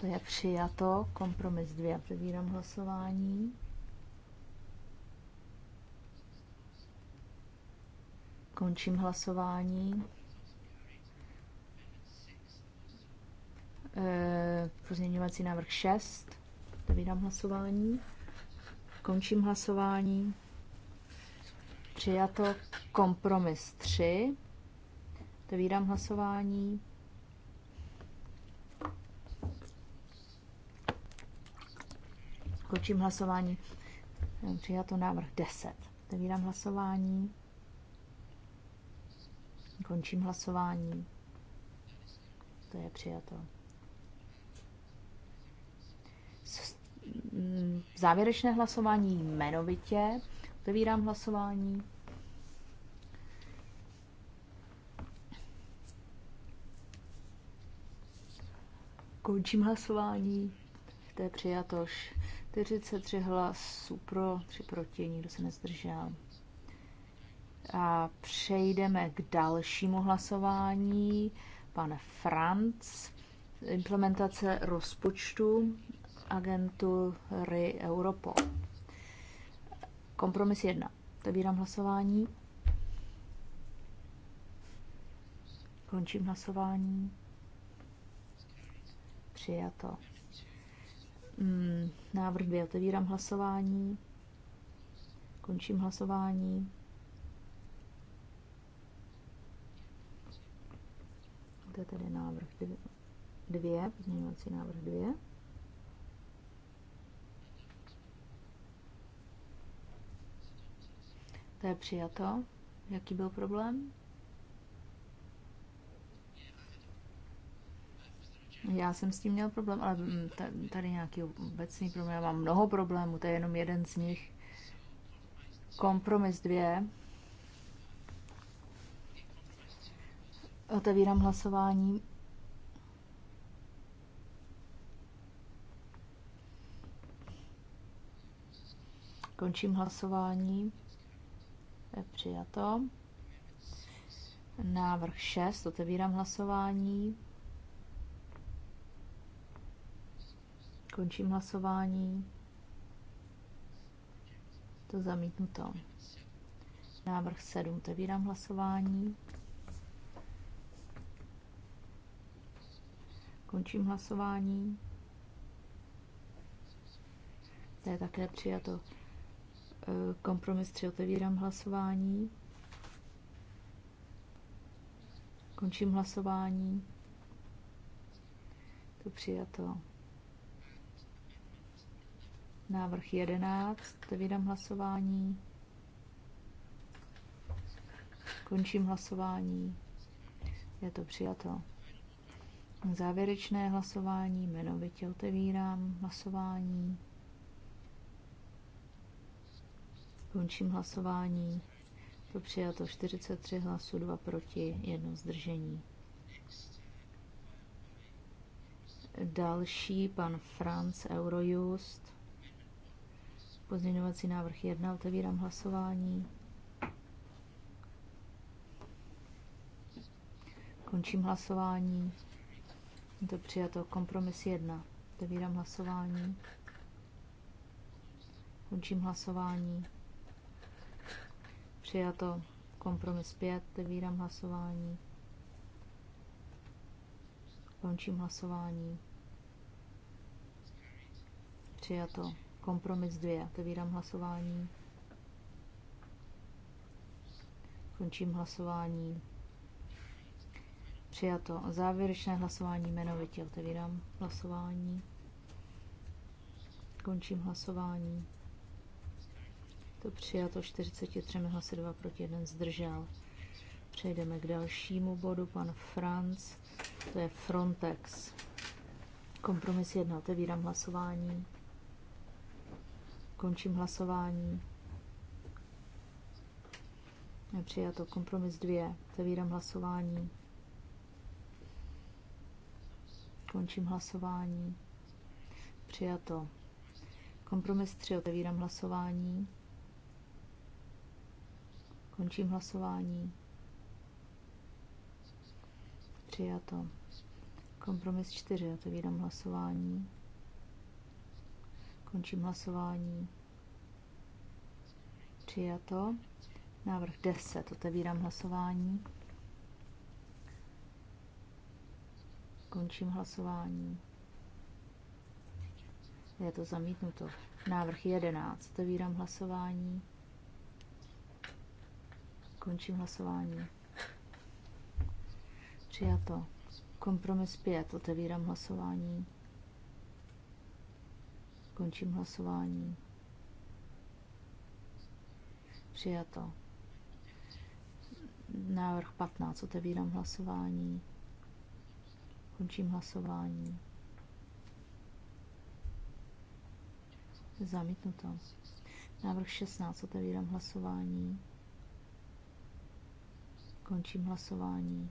To je přijato. Kompromis 2. Otevírám hlasování. Končím hlasování. Eh, pozměňovací návrh 6. Zavírám hlasování. Končím hlasování. Přijato kompromis 3. Otevírám hlasování. Končím hlasování. Eh, přijato návrh 10. Otevírám hlasování. Končím hlasování. To je přijato. Mm, závěrečné hlasování jmenovitě. Otevírám hlasování. Končím hlasování. To je přijatož. 43 hlasů pro, 3 proti, nikdo se nezdržel. A přejdeme k dalšímu hlasování. Pan Franc, implementace rozpočtu agentury Europol. Kompromis 1. Otevírám hlasování. Končím hlasování. Přijato. Mm, návrh 2. Otevírám hlasování. Končím hlasování. To je tedy návrh 2, pozměňovací návrh 2. To je přijato. Jaký byl problém? Já jsem s tím měl problém, ale tady nějaký obecný problém. Já mám mnoho problémů, to je jenom jeden z nich. Kompromis dvě. Otevírám hlasování. Končím hlasování je Přijato. Návrh 6. Otevírám hlasování. Končím hlasování. To zamítnuto. Návrh 7. Otevírám hlasování. Končím hlasování. To je také přijato. Kompromis 3 otevírám hlasování. Končím hlasování. To přijato. Návrh 11. Otevírám hlasování. Končím hlasování. Je to přijato. Závěrečné hlasování jmenovitě otevírám hlasování. Končím hlasování. To přijato 43 hlasů, 2 proti, 1 zdržení. Další, pan Franz Eurojust. Pozměňovací návrh 1, otevírám hlasování. Končím hlasování. To přijato kompromis 1. Otevírám hlasování. Končím hlasování. Přijato. Kompromis 5. vyvírám hlasování. Končím hlasování. Přijato. Kompromis 2. Otevírám hlasování. Končím hlasování. Přijato. Závěrečné hlasování jmenovitě. Otevírám hlasování. Končím hlasování. To přijato 43 hlasy 2 proti 1 zdržel. Přejdeme k dalšímu bodu, pan Franc, to je Frontex. Kompromis 1, otevírám hlasování. Končím hlasování. Přijato kompromis 2, otevírám hlasování. Končím hlasování. Přijato. Kompromis 3, otevírám hlasování. Končím hlasování. Přijato. Kompromis 4. Otevírám hlasování. Končím hlasování. Přijato. Návrh 10. Otevírám hlasování. Končím hlasování. Je to zamítnuto. Návrh 11. Otevírám hlasování. Končím hlasování. Přijato. Kompromis 5. Otevírám hlasování. Končím hlasování. Přijato. Návrh 15. Otevírám hlasování. Končím hlasování. Zamítnuto. Návrh 16. Otevírám hlasování. Končím hlasování.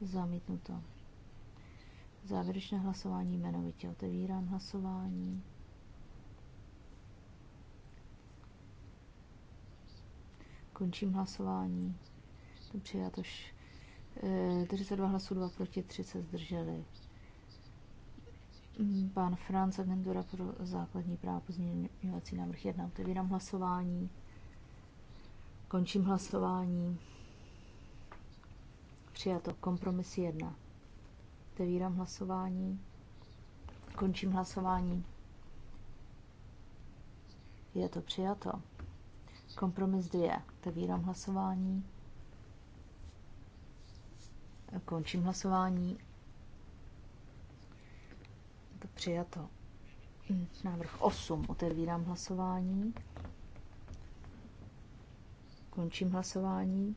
Zamítnuto. Závěrečné hlasování jmenovitě otevírám hlasování. Končím hlasování. To přijato 42 eh, hlasů, 2 proti, 3 se zdrželi. Mm, pan Franz, agentura pro základní právo, pozměňovací návrh 1. Otevírám hlasování. Končím hlasování. Přijato. Kompromis 1. Otevírám hlasování. Končím hlasování. Je to přijato. Kompromis 2. Otevírám hlasování. Končím hlasování. Je to přijato. Návrh 8. Otevírám hlasování. Končím hlasování.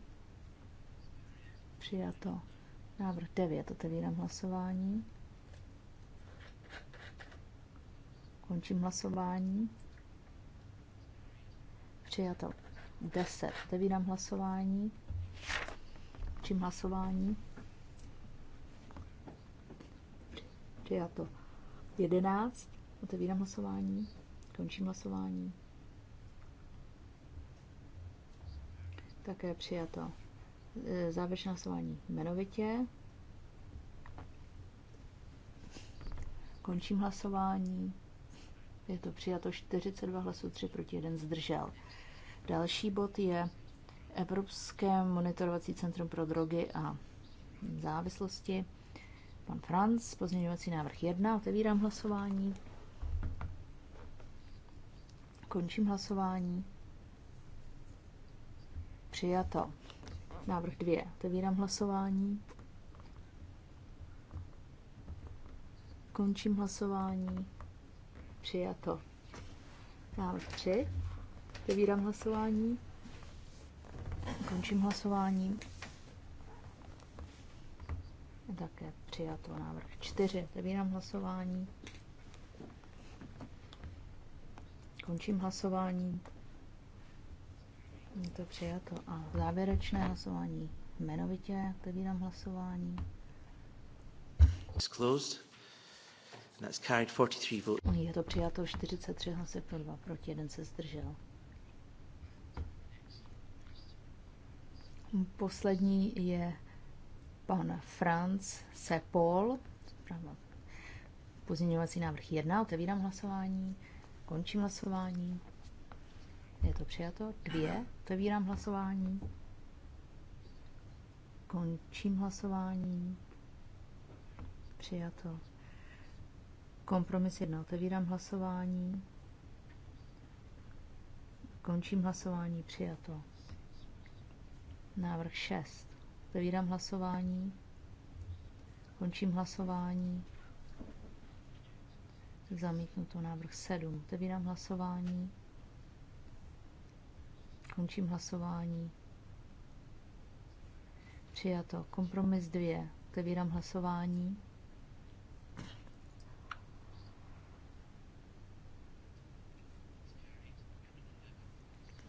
Přijato. Návrh 9. Otevírám hlasování. Končím hlasování. Přijato. 10. Otevírám hlasování. Končím hlasování. Přijato. 11. Otevírám hlasování. Končím hlasování. Také přijato. E, závěrečné hlasování jmenovitě. Končím hlasování. Je to přijato 42 hlasů, 3 proti 1 zdržel. Další bod je Evropské monitorovací centrum pro drogy a závislosti. Pan Franz, pozměňovací návrh 1, otevírám hlasování. Končím hlasování. Přijato. Návrh dvě. Otevírám hlasování. Končím hlasování. Přijato. Návrh tři. Otevírám hlasování. Končím hlasování. Také přijato návrh čtyři. Otevírám hlasování. Končím hlasování. Je to přijato. A závěrečné hlasování jmenovitě. Otevírám hlasování. It's closed. And that's carried 43 votes. Je to přijato 43 hlasy pro 2, proti 1 se zdržel. Poslední je pan Franz Sepol. Pozměňovací návrh 1. Otevírám hlasování. Končím hlasování. Je to přijato. Dvě. Otevírám hlasování. Končím hlasování. Přijato. Kompromis jedna. Otevírám hlasování. Končím hlasování. Přijato. Návrh 6. Otevírám hlasování. Končím hlasování. Zamítnuto návrh 7. Otevírám hlasování. Končím hlasování. Přijato. Kompromis 2. Otevírám hlasování.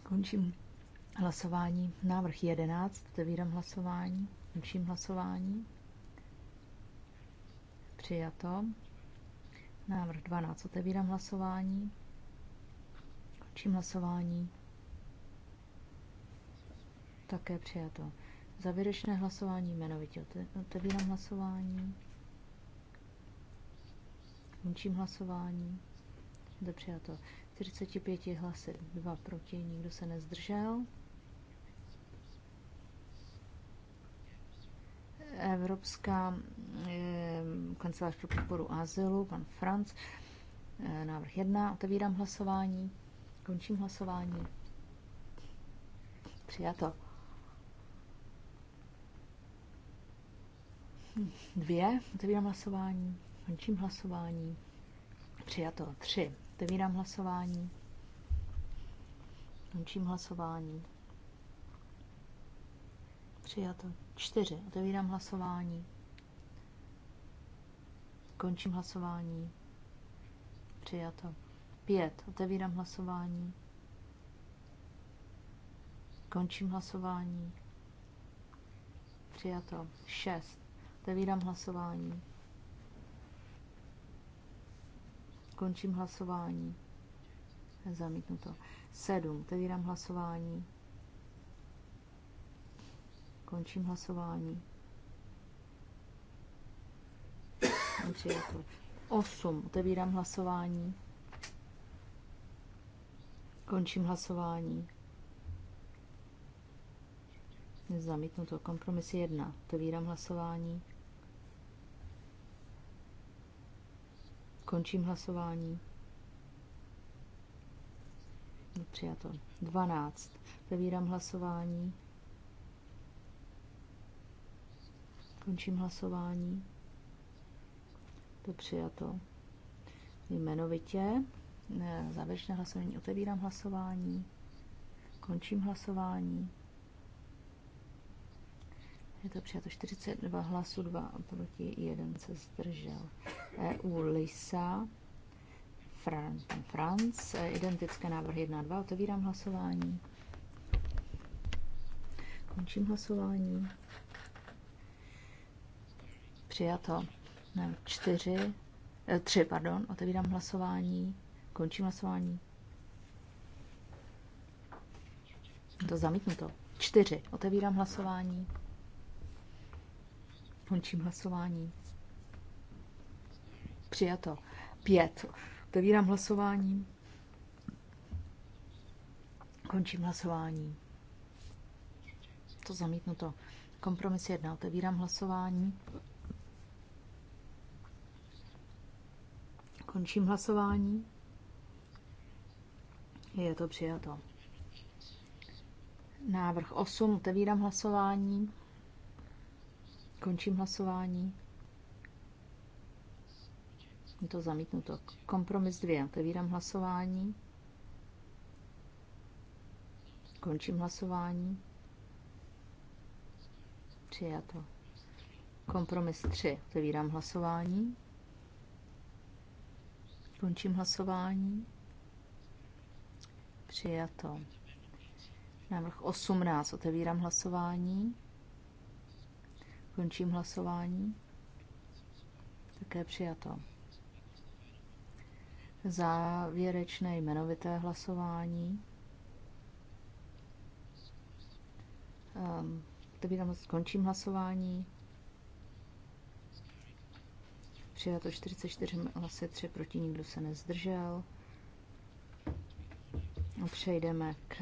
Končím hlasování. Návrh 11. Otevírám hlasování. Končím hlasování. Přijato. Návrh 12. Otevírám hlasování. Končím hlasování. Také přijato. Závěrečné hlasování jmenovitě. Otevírám hlasování. Končím hlasování. Dobře přijato. 45 hlasy, 2 proti, nikdo se nezdržel. Evropská eh, kancelář pro podporu azylu, pan Franc. Eh, návrh 1. Otevírám hlasování. Končím hlasování. Přijato. Dvě. Otevírám hlasování. Končím hlasování. Přijato. Tři. Otevírám hlasování. Končím hlasování. Přijato. Čtyři. Otevírám hlasování. Končím hlasování. Přijato. Pět. Otevírám hlasování. Končím hlasování. Přijato. Šest. Otevírám hlasování. Končím hlasování. Zamítnuto. Sedm. Otevírám hlasování. Končím hlasování. Přijato. Osm. Otevírám hlasování. Končím hlasování. Zamítnuto. Kompromis 1. Otevírám hlasování. Končím hlasování. Přijato. 12. Otevírám hlasování. Končím hlasování. To přijato. Jmenovitě. Závěrečné hlasování. Otevírám hlasování. Končím hlasování. Je to přijato 42 hlasů, 2 proti, 1 se zdržel. EU Lisa, Fran, Franc, e, identické návrhy 1 a 2. Otevírám hlasování. Končím hlasování. Přijato. Ne, 4, 3, e, pardon, otevírám hlasování. Končím hlasování. To zamítnuto. 4. Otevírám hlasování. Končím hlasování. Přijato. Pět. Otevírám hlasování. Končím hlasování. To zamítnuto. Kompromis jedna. Otevírám hlasování. Končím hlasování. Je to přijato. Návrh 8. Otevírám hlasování. Končím hlasování. Je to zamítnuto. Kompromis 2. Otevírám hlasování. Končím hlasování. Přijato. Kompromis 3. Otevírám hlasování. Končím hlasování. Přijato. Návrh 18. Otevírám hlasování. Končím hlasování. Také přijato. Závěrečné jmenovité hlasování. Um, ehm, takže tam skončím hlasování. Přijato 44 hlasy, 3 proti, nikdo se nezdržel. A přejdeme k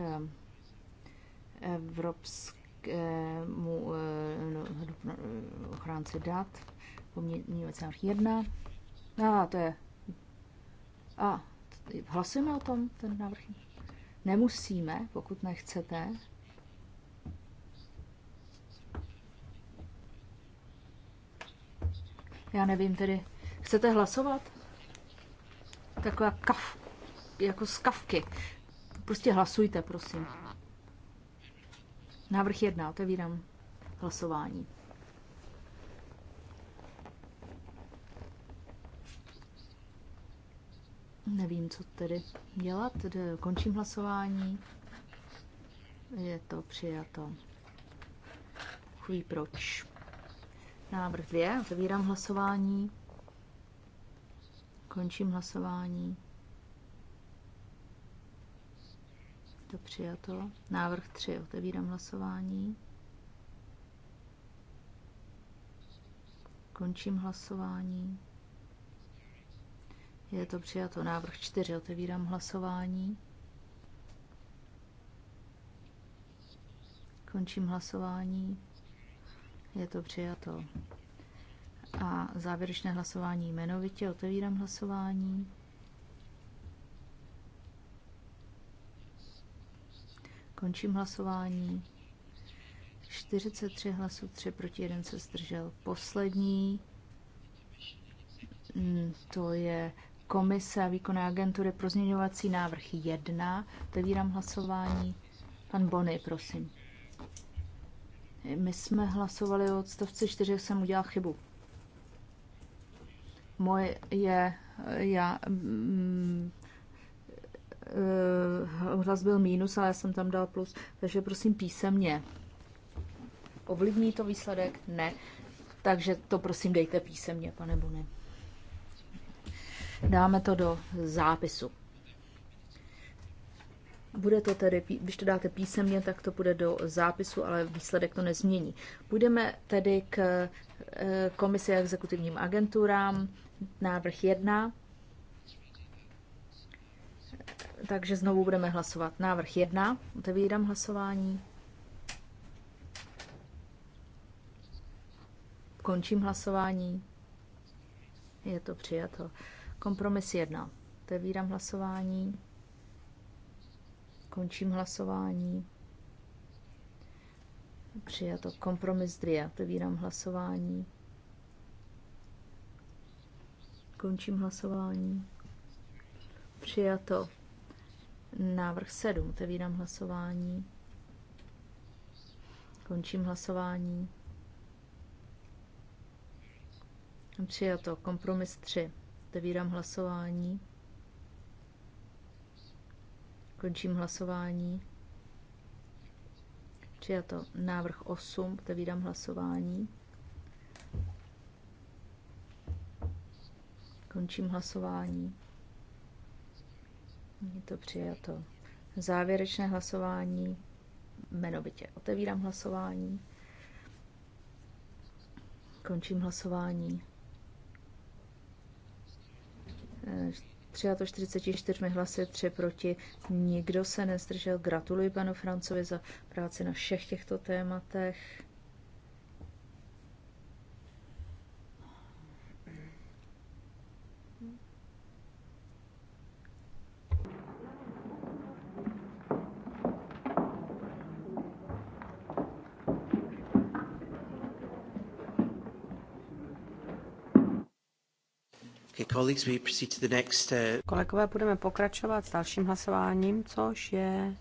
Evropské evropskému eh, eh, no, eh, ochránci dat, poměrnic 1. A ah, to je. A ah, hlasujeme o tom, ten návrh? Nemusíme, pokud nechcete. Já nevím tedy. Chcete hlasovat? Taková kaf, jako z kafky. Prostě hlasujte, prosím. Návrh jedna, Otevírám hlasování. Nevím, co tedy dělat. Končím hlasování. Je to přijato. Chuj proč. Návrh dvě, Otevírám hlasování. Končím hlasování. to přijato. Návrh 3, otevírám hlasování. Končím hlasování. Je to přijato. Návrh 4, otevírám hlasování. Končím hlasování. Je to přijato. A závěrečné hlasování jmenovitě. Otevírám hlasování. Končím hlasování. 43 hlasů, 3 proti 1 se zdržel. Poslední, mm, to je Komise a výkonné agentury pro změňovací návrh 1. Otevírám hlasování. Pan Bony, prosím. My jsme hlasovali o odstavci 4, jsem udělal chybu. Moje je, já, mm, uh, hlas byl mínus, ale já jsem tam dal plus, takže prosím písemně. Ovlivní to výsledek? Ne. Takže to prosím dejte písemně, pane Buny. Dáme to do zápisu. Bude to tedy, když to dáte písemně, tak to bude do zápisu, ale výsledek to nezmění. Půjdeme tedy k eh, komisi a exekutivním agenturám. Návrh 1. Takže znovu budeme hlasovat. Návrh 1. Otevírám hlasování. Končím hlasování. Je to přijato. Kompromis 1. Otevírám hlasování. Končím hlasování. Přijato. Kompromis 2. Otevírám hlasování. Končím hlasování. Přijato. Návrh 7. Otevírám hlasování. Končím hlasování. Přijato. Kompromis 3. Otevírám hlasování. Končím hlasování. Přijato. Návrh 8. Otevírám hlasování. Končím hlasování. Je to přijato. Závěrečné hlasování jmenovitě. Otevírám hlasování. Končím hlasování. Přijato 44 hlasy, 3 proti. Nikdo se nezdržel. Gratuluji panu Francovi za práci na všech těchto tématech. Uh, Kolegové, budeme pokračovat s dalším hlasováním, což je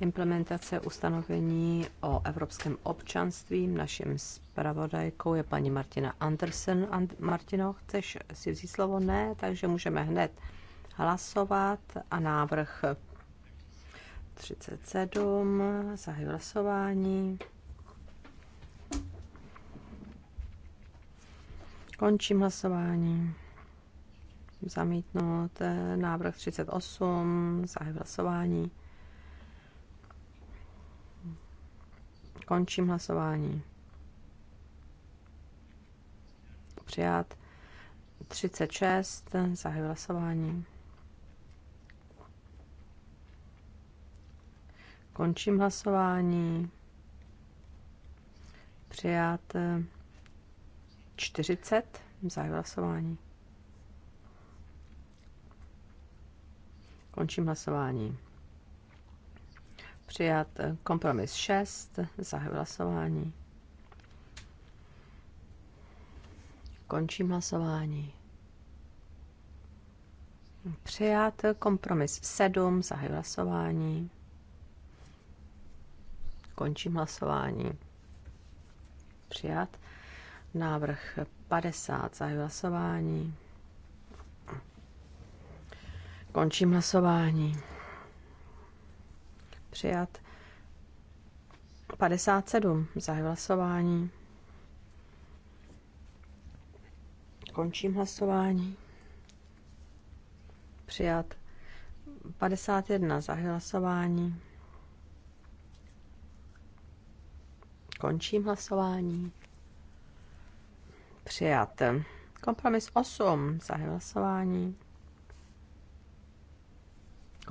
implementace ustanovení o evropském občanství. Naším zpravodajkou je paní Martina Andersen. And- Martino, chceš si vzít slovo? Ne, takže můžeme hned hlasovat a návrh 37, zahajuji hlasování. Končím hlasování zamítnout. Eh, návrh 38, zahájím hlasování. Končím hlasování. Přijat 36, zahájím hlasování. Končím hlasování. Přijat 40, eh, zahájím hlasování. Končím hlasování. Přijat kompromis 6, zahajuji hlasování. Končím hlasování. Přijat kompromis 7, zahajuji hlasování. Končím hlasování. Přijat návrh 50, zahajuji hlasování. Končím hlasování. Přijat. 57. za hlasování. Končím hlasování. Přijat. 51. za hlasování. Končím hlasování. Přijat. Kompromis 8. za hlasování.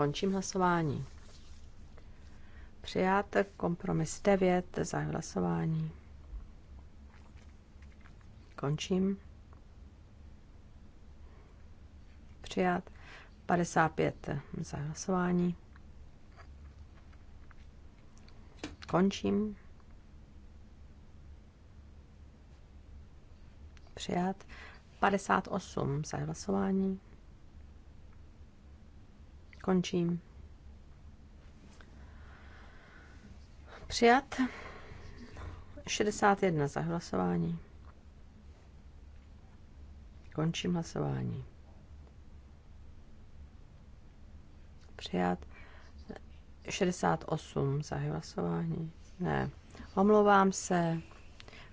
Končím hlasování. Přijat kompromis 9, za hlasování. Končím. Přijat 55 za hlasování. Končím. Přijat 58 za hlasování. Končím. Přijat. 61 za hlasování. Končím hlasování. Přijat. 68 za hlasování. Ne. Omlouvám se.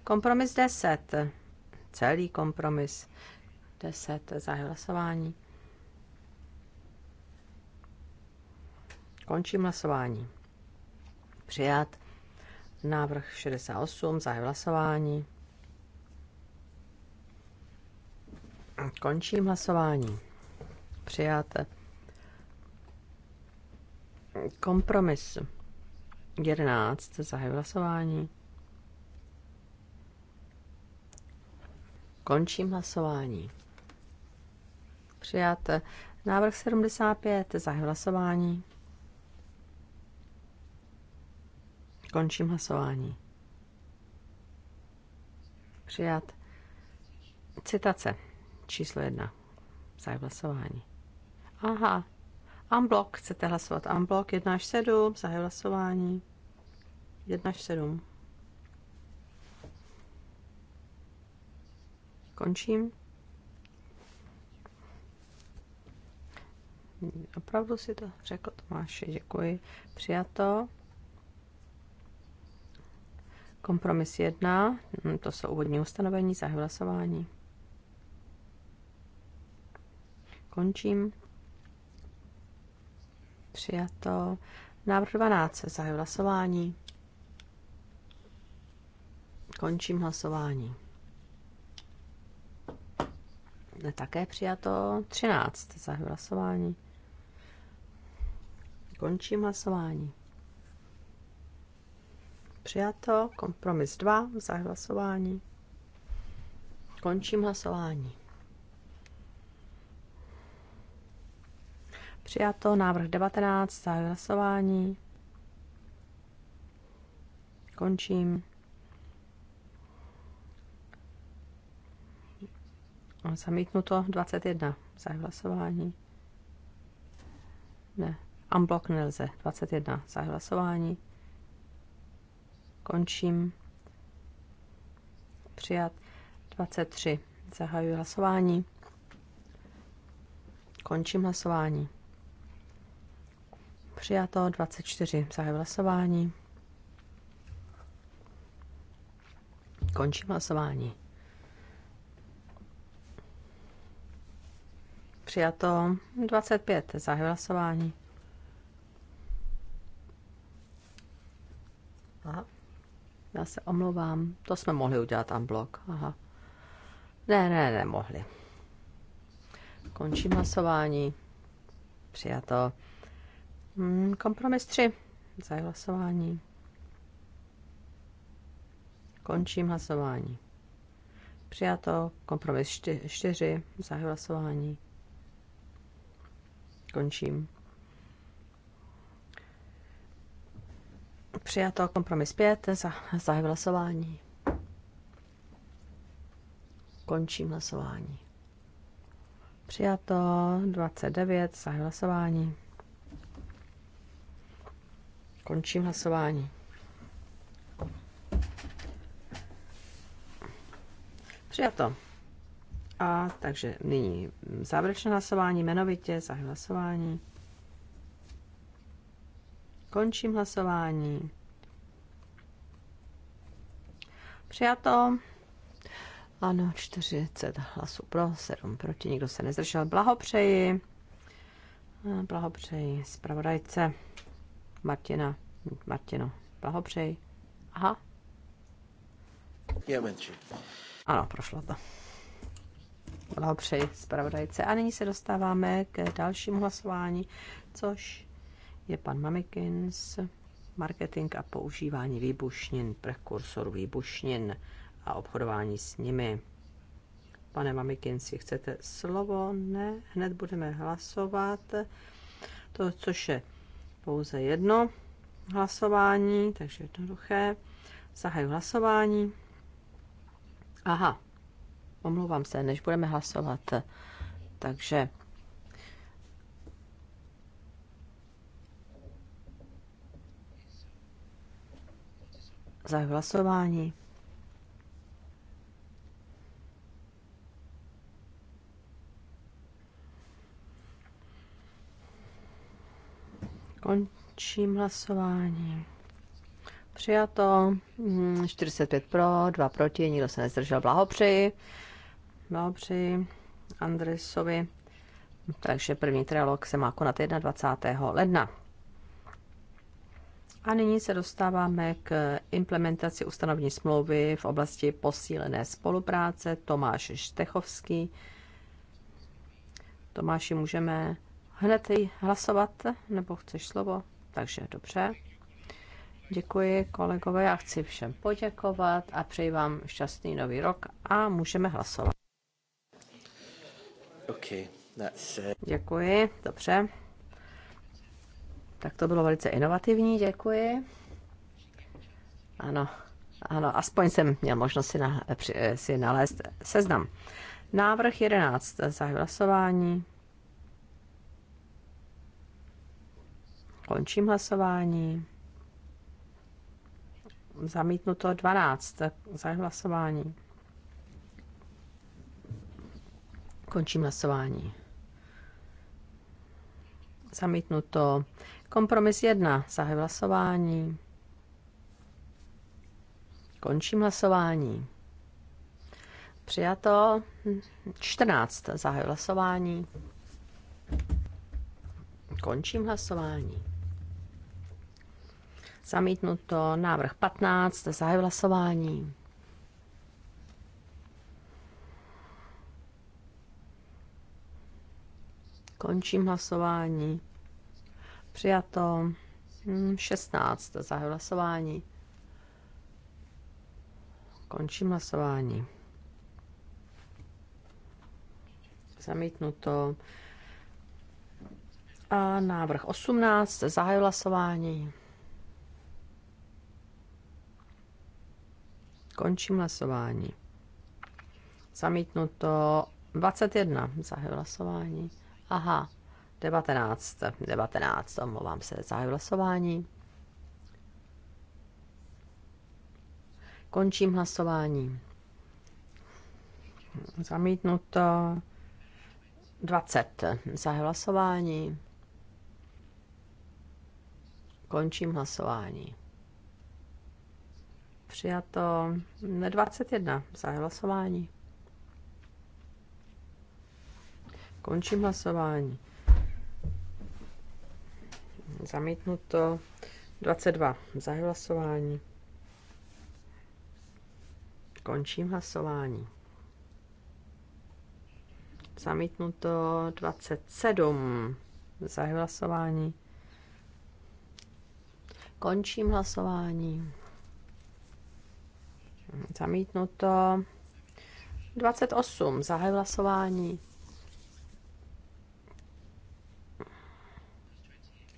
Kompromis 10. Celý kompromis 10 za hlasování. Končím hlasování. Přijat. Návrh 68, zahajuji hlasování. Končím hlasování. Přijat. Kompromis 11, zahajuji hlasování. Končím hlasování. Přijat. Návrh 75, zahajuji hlasování. Končím hlasování. Přijat. Citace. Číslo jedna. Zahajuji hlasování. Aha. Unblock. Chcete hlasovat unblock 1 až 7. Zahajuji hlasování. 1 až 7. Končím. Opravdu si to řekl Tomáši, děkuji. Přijato. Kompromis 1, mm, to jsou úvodní ustanovení, za hlasování. Končím. Přijato. Návrh 12, za hlasování. Končím hlasování. Ne, Také přijato 13 za hlasování. Končím hlasování. Přijato. Kompromis 2. Zahajuji hlasování. Končím hlasování. Přijato. Návrh 19. Zahajuji hlasování. Končím. Zamítnuto 21. Zahajuji hlasování. Ne. Unblock nelze. 21. Zahajuji hlasování. Končím. Přijat 23. Zahajuji hlasování. Končím hlasování. Přijato 24. Zahajuji hlasování. Končím hlasování. Přijato 25. Zahajuji hlasování. Aha. Já se omlouvám. To jsme mohli udělat unblock. Aha. Ne, ne, nemohli. Končím hlasování. Přijato. Hmm, kompromis 3. Zaj hlasování. Končím hlasování. Přijato. Kompromis 4. Zaj hlasování. Končím. Přijato kompromis 5, za, zahajuji hlasování. Končím hlasování. Přijato 29, za hlasování. Končím hlasování. Přijato. A takže nyní závěrečné hlasování, jmenovitě za hlasování. Končím hlasování. Přijato. Ano, 40 hlasů pro, 7 proti, nikdo se nezdržel. Blahopřeji. Blahopřeji zpravodajce Martina. Martino, blahopřeji. Aha. Je menší. Ano, prošlo to. Blahopřeji zpravodajce. A nyní se dostáváme k dalšímu hlasování, což je pan Mamikins marketing a používání výbušnin, prekursorů výbušnin a obchodování s nimi. Pane Mamikinci, chcete slovo? Ne, hned budeme hlasovat. To, což je pouze jedno hlasování, takže jednoduché. Zahaju hlasování. Aha, omlouvám se, než budeme hlasovat. Takže za hlasování. Končím hlasování. Přijato 45 hmm, pro, 2 proti, nikdo se nezdržel. Blahopřeji. Blahopřeji Andresovi. Takže první trialog se má konat 21. ledna. A nyní se dostáváme k implementaci ustanovení smlouvy v oblasti posílené spolupráce. Tomáš Štechovský. Tomáši, můžeme hned hlasovat, nebo chceš slovo? Takže dobře. Děkuji kolegové, já chci všem poděkovat a přeji vám šťastný nový rok a můžeme hlasovat. Okay, that's, uh... Děkuji, dobře. Tak to bylo velice inovativní, děkuji. Ano, ano, aspoň jsem měl možnost si, na, při, eh, si nalézt seznam. Návrh 11. Zahajuji hlasování. Končím hlasování. Zamítnuto 12. Zahajuji hlasování. Končím hlasování. Zamítnuto Kompromis 1. Zahaj hlasování. Končím hlasování. Přijato. 14. Zahaj hlasování. Končím hlasování. Zamítnuto. Návrh 15. Zahaj hlasování. Končím hlasování. Přijato 16. Hm, Zahajuji hlasování. Končím hlasování. Zamítnuto. A návrh 18. Zahajuji hlasování. Končím hlasování. Zamítnuto 21. Zahajuji hlasování. Aha, 19, 19, omlouvám se, zahajuji hlasování. Končím hlasování. Zamítnuto 20. Zahajuji hlasování. Končím hlasování. Přijato 21. Zahajuji hlasování. Končím hlasování zamítnuto. 22 za hlasování. Končím hlasování. Zamítnuto 27 za hlasování. Končím hlasování. Zamítnuto 28 za hlasování.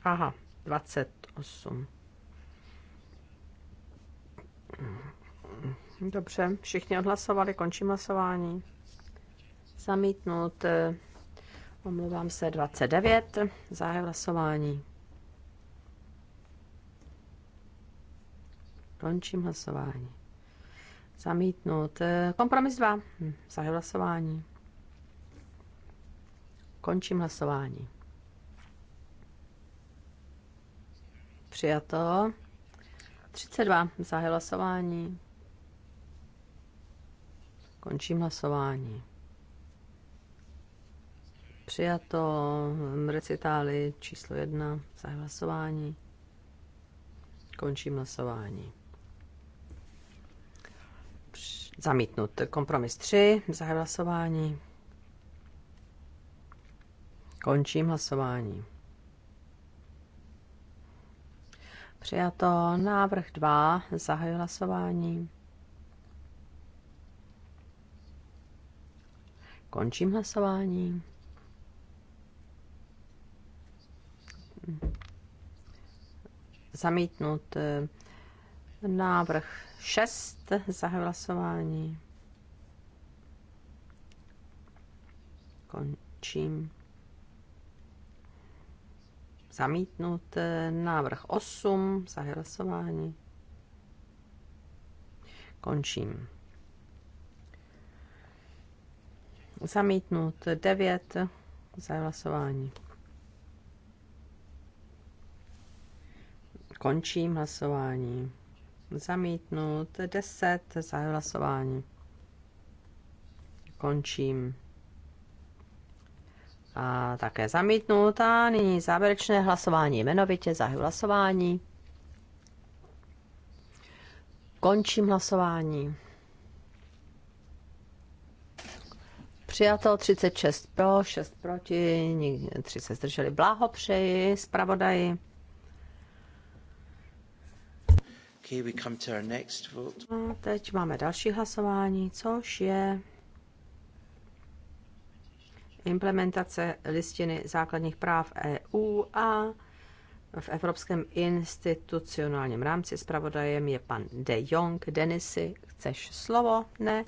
Aha, 28. Dobře, všichni odhlasovali, končím hlasování. Zamítnout, eh, omlouvám se, 29, zahájím hlasování. Končím hlasování. Zamítnout, eh, kompromis 2, hm, zahájím hlasování. Končím hlasování. Přijato. 32. Zahy hlasování. Končím hlasování. Přijato recitály číslo 1 Zahy hlasování. Končím hlasování. Zamítnut kompromis 3 Zahy hlasování. Končím hlasování. Přijato návrh 2. Zahajuji hlasování. Končím hlasování. Zamítnut návrh 6. Zahajuji hlasování. Končím zamítnut. E, návrh 8, zahy hlasování. Končím. Zamítnut 9, zahy hlasování. Končím hlasování. Zamítnut 10, za hlasování. Končím a také zamítnut. A nyní závěrečné hlasování jmenovitě, za hlasování. Končím hlasování. Přijato 36 pro, 6 proti, 3 se zdrželi. Blahopřeji zpravodaji. Okay, we come to our next vote. A teď máme další hlasování, což je implementace listiny základních práv EU a v Evropském institucionálním rámci zpravodajem je pan De Jong. Denisy, chceš slovo? Ne?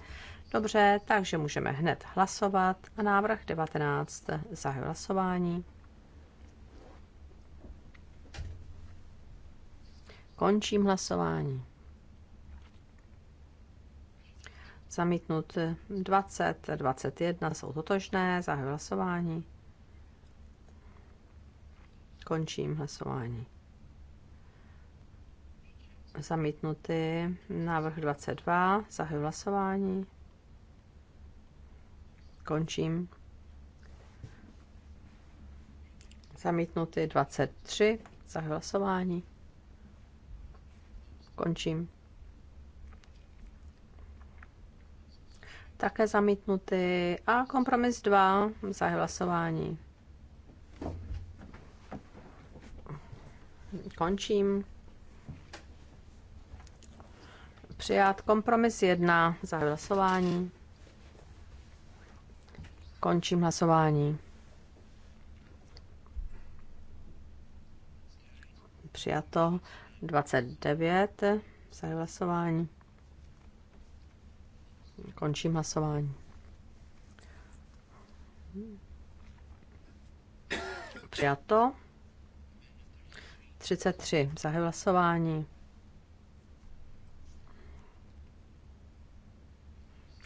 Dobře, takže můžeme hned hlasovat. A návrh 19. za hlasování. Končím hlasování. zamítnut 20, 21 jsou totožné, zahajuji hlasování. Končím hlasování. Zamítnutý návrh 22, zahajuji hlasování. Končím. Zamítnutý 23, zahajuji hlasování. Končím. také zamítnuty. A kompromis 2, za hlasování. Končím. Přijat kompromis 1, za hlasování. Končím hlasování. Přijato 29, za hlasování. Končím hlasování. Přijato. 33. Zahy hlasování.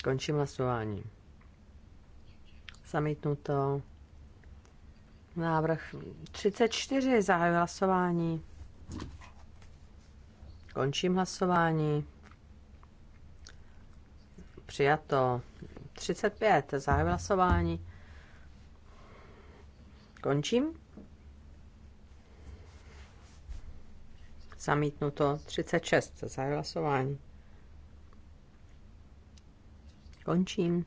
Končím hlasování. Zamítnuto. Návrh 34. Zahy hlasování. Končím hlasování. Přijato. 35. Zahájím hlasování. Končím. Zamítnuto. 36. Zahájím hlasování. Končím.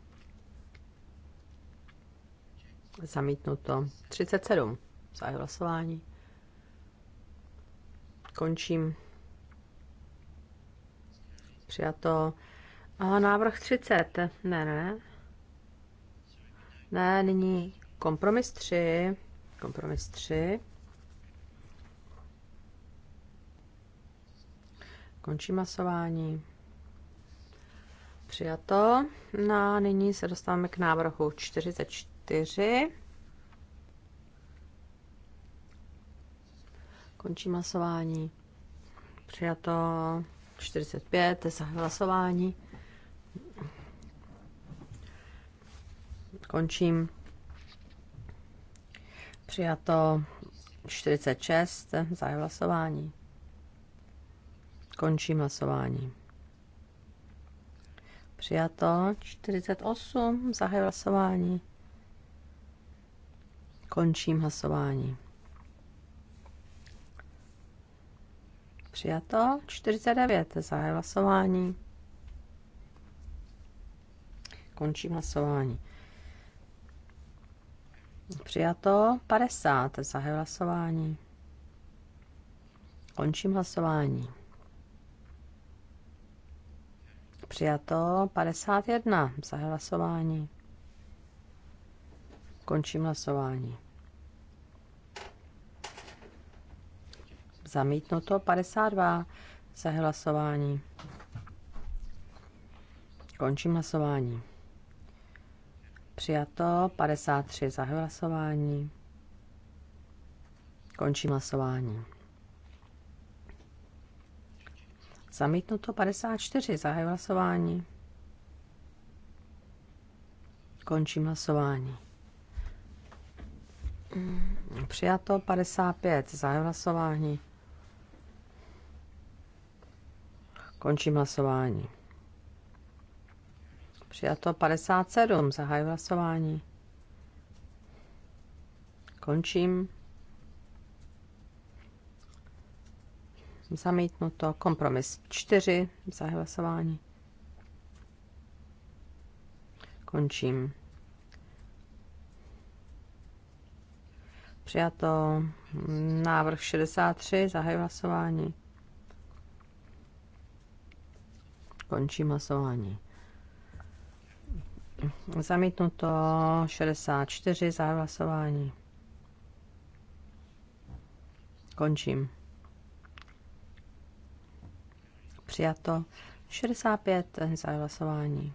Zamítnuto. 37. Zahájím hlasování. Končím. Přijato. A návrh 30. Ne, ne. Ne, nyní kompromis 3. Kompromis 3. Končí masování. Přijato. No a nyní se dostáváme k návrhu 44. Končí masování. Přijato 45. Zahlasování. hlasování. Končím. Přijato 46, za hlasování. Končím hlasování. Přijato 48, za hlasování. Končím hlasování. Přijato 49, za hlasování. Končím hlasování. Přijato 50. Zahaj hlasování. Končím hlasování. Přijato 51. Zahaj hlasování. Končím hlasování. Zamítnuto 52. Zahaj hlasování. Končím hlasování. Přijato 53 za hlasování. Končím hlasování. Zamítnuto 54 za hlasování. Končím hlasování. Přijato 55 za hlasování. Končím hlasování. Přijato 57. Zahaj hlasování. Končím. Zamítnuto. Kompromis 4. Zahaj hlasování. Končím. Přijato návrh 63. Zahaj hlasování. Končím hlasování. Zamítnuto 64 za hlasování. Končím. Přijato 65 za hlasování.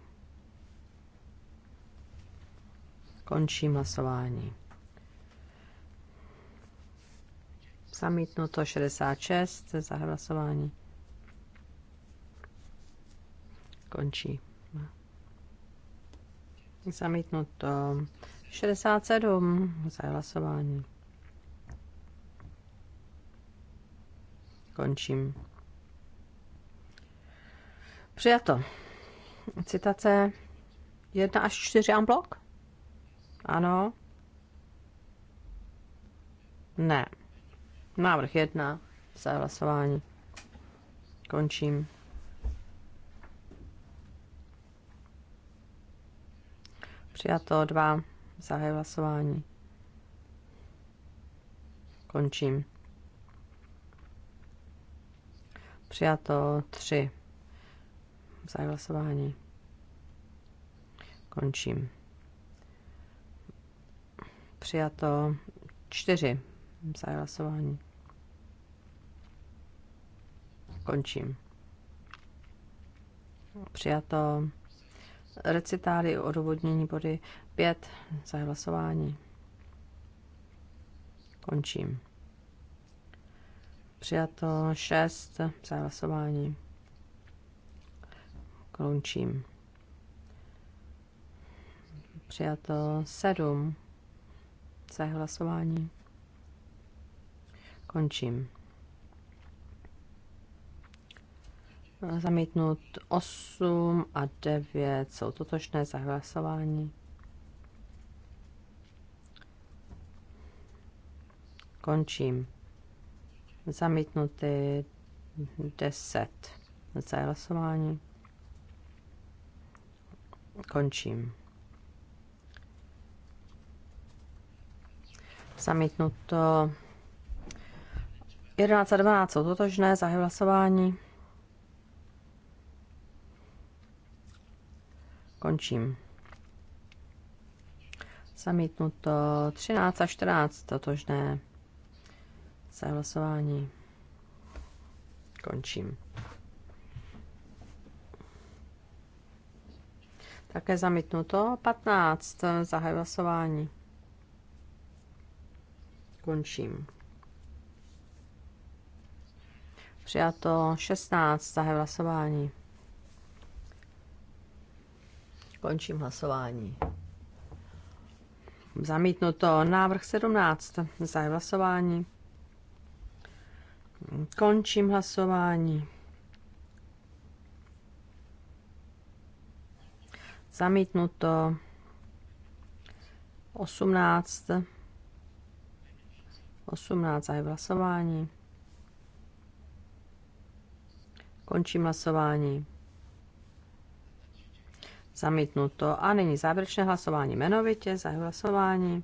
Končím hlasování. Zamítnuto 66 za hlasování. Končí. Zamítnuto 67 za hlasování. Končím. Přijato. Citace 1 až 4 amblok? Ano. Ne. Návrh 1 za hlasování. Končím. Přijato dva Zahaj hlasování. Končím. Přijato tři Zahaj hlasování. Končím. Přijato čtyři Zahaj hlasování. Končím. Přijato recitály o odůvodnění body 5 za hlasování. Končím. Přijato 6 za hlasování. Končím. Přijato 7 za hlasování. Končím. Zamítnut 8 a 9 jsou totožné za hlasování. Končím. Zamítnuty 10 za hlasování. Končím. Zamítnuto 11 a 12 jsou totožné, za hlasování. Končím. Zamítnuto 13 a 14, totožné. Se hlasování. Končím. Také zamítnuto 15, zahaj hlasování. Končím. Přijato 16, zahaj hlasování. Končím hlasování. Zamítnuto. Návrh 17. Za hlasování. Končím hlasování. Zamítnuto. 18. 18. za hlasování. Končím hlasování. Zamítnuto. A nyní závěrečné hlasování jmenovitě. Zahajuji hlasování.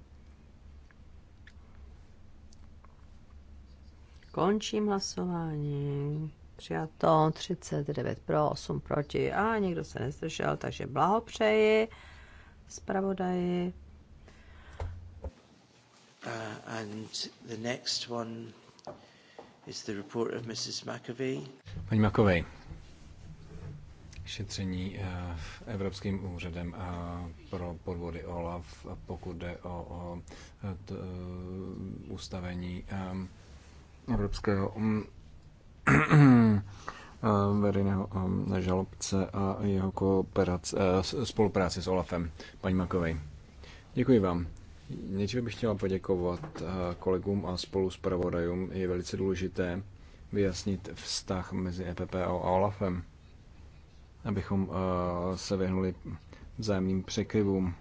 Končím hlasování. Přijato 39 pro, 8 proti a nikdo se nezdržel, takže blahopřeji zpravodaji. Uh, and the next one is the report of Mrs. McAvey. Paní McAvey šetření eh, Evropským úřadem eh, pro podvody OLAF, pokud jde o, o eh, t, ustavení Evropského mm, [CLEARS THROAT] veřejného žalobce a jeho kooperace, spolupráci s OLAFem. Paní Makovej, děkuji vám. Nejdříve bych chtěla poděkovat kolegům a spolu s pravodajům. Je velice důležité vyjasnit vztah mezi EPPO a OLAFem abychom eh, se vyhnuli vzájemným překryvům.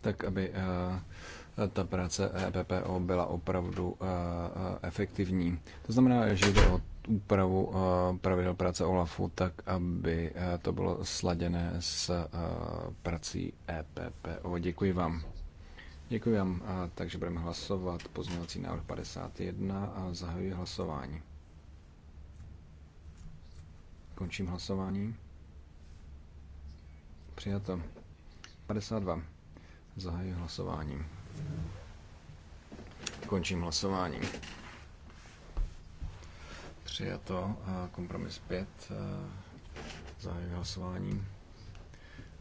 Tak, aby eh, ta práce EPPO byla opravdu eh, efektivní. To znamená, že jde o úpravu pravidel práce OLAFu tak, aby to bylo sladěné s prací EPPO. Děkuji vám. Děkuji vám. Takže budeme hlasovat pozměňovací návrh 51 a zahajuji hlasování. Končím hlasování. Přijato. 52. Zahajuji hlasování. Končím hlasování. Přijato. Kompromis 5. Zahajuji hlasování.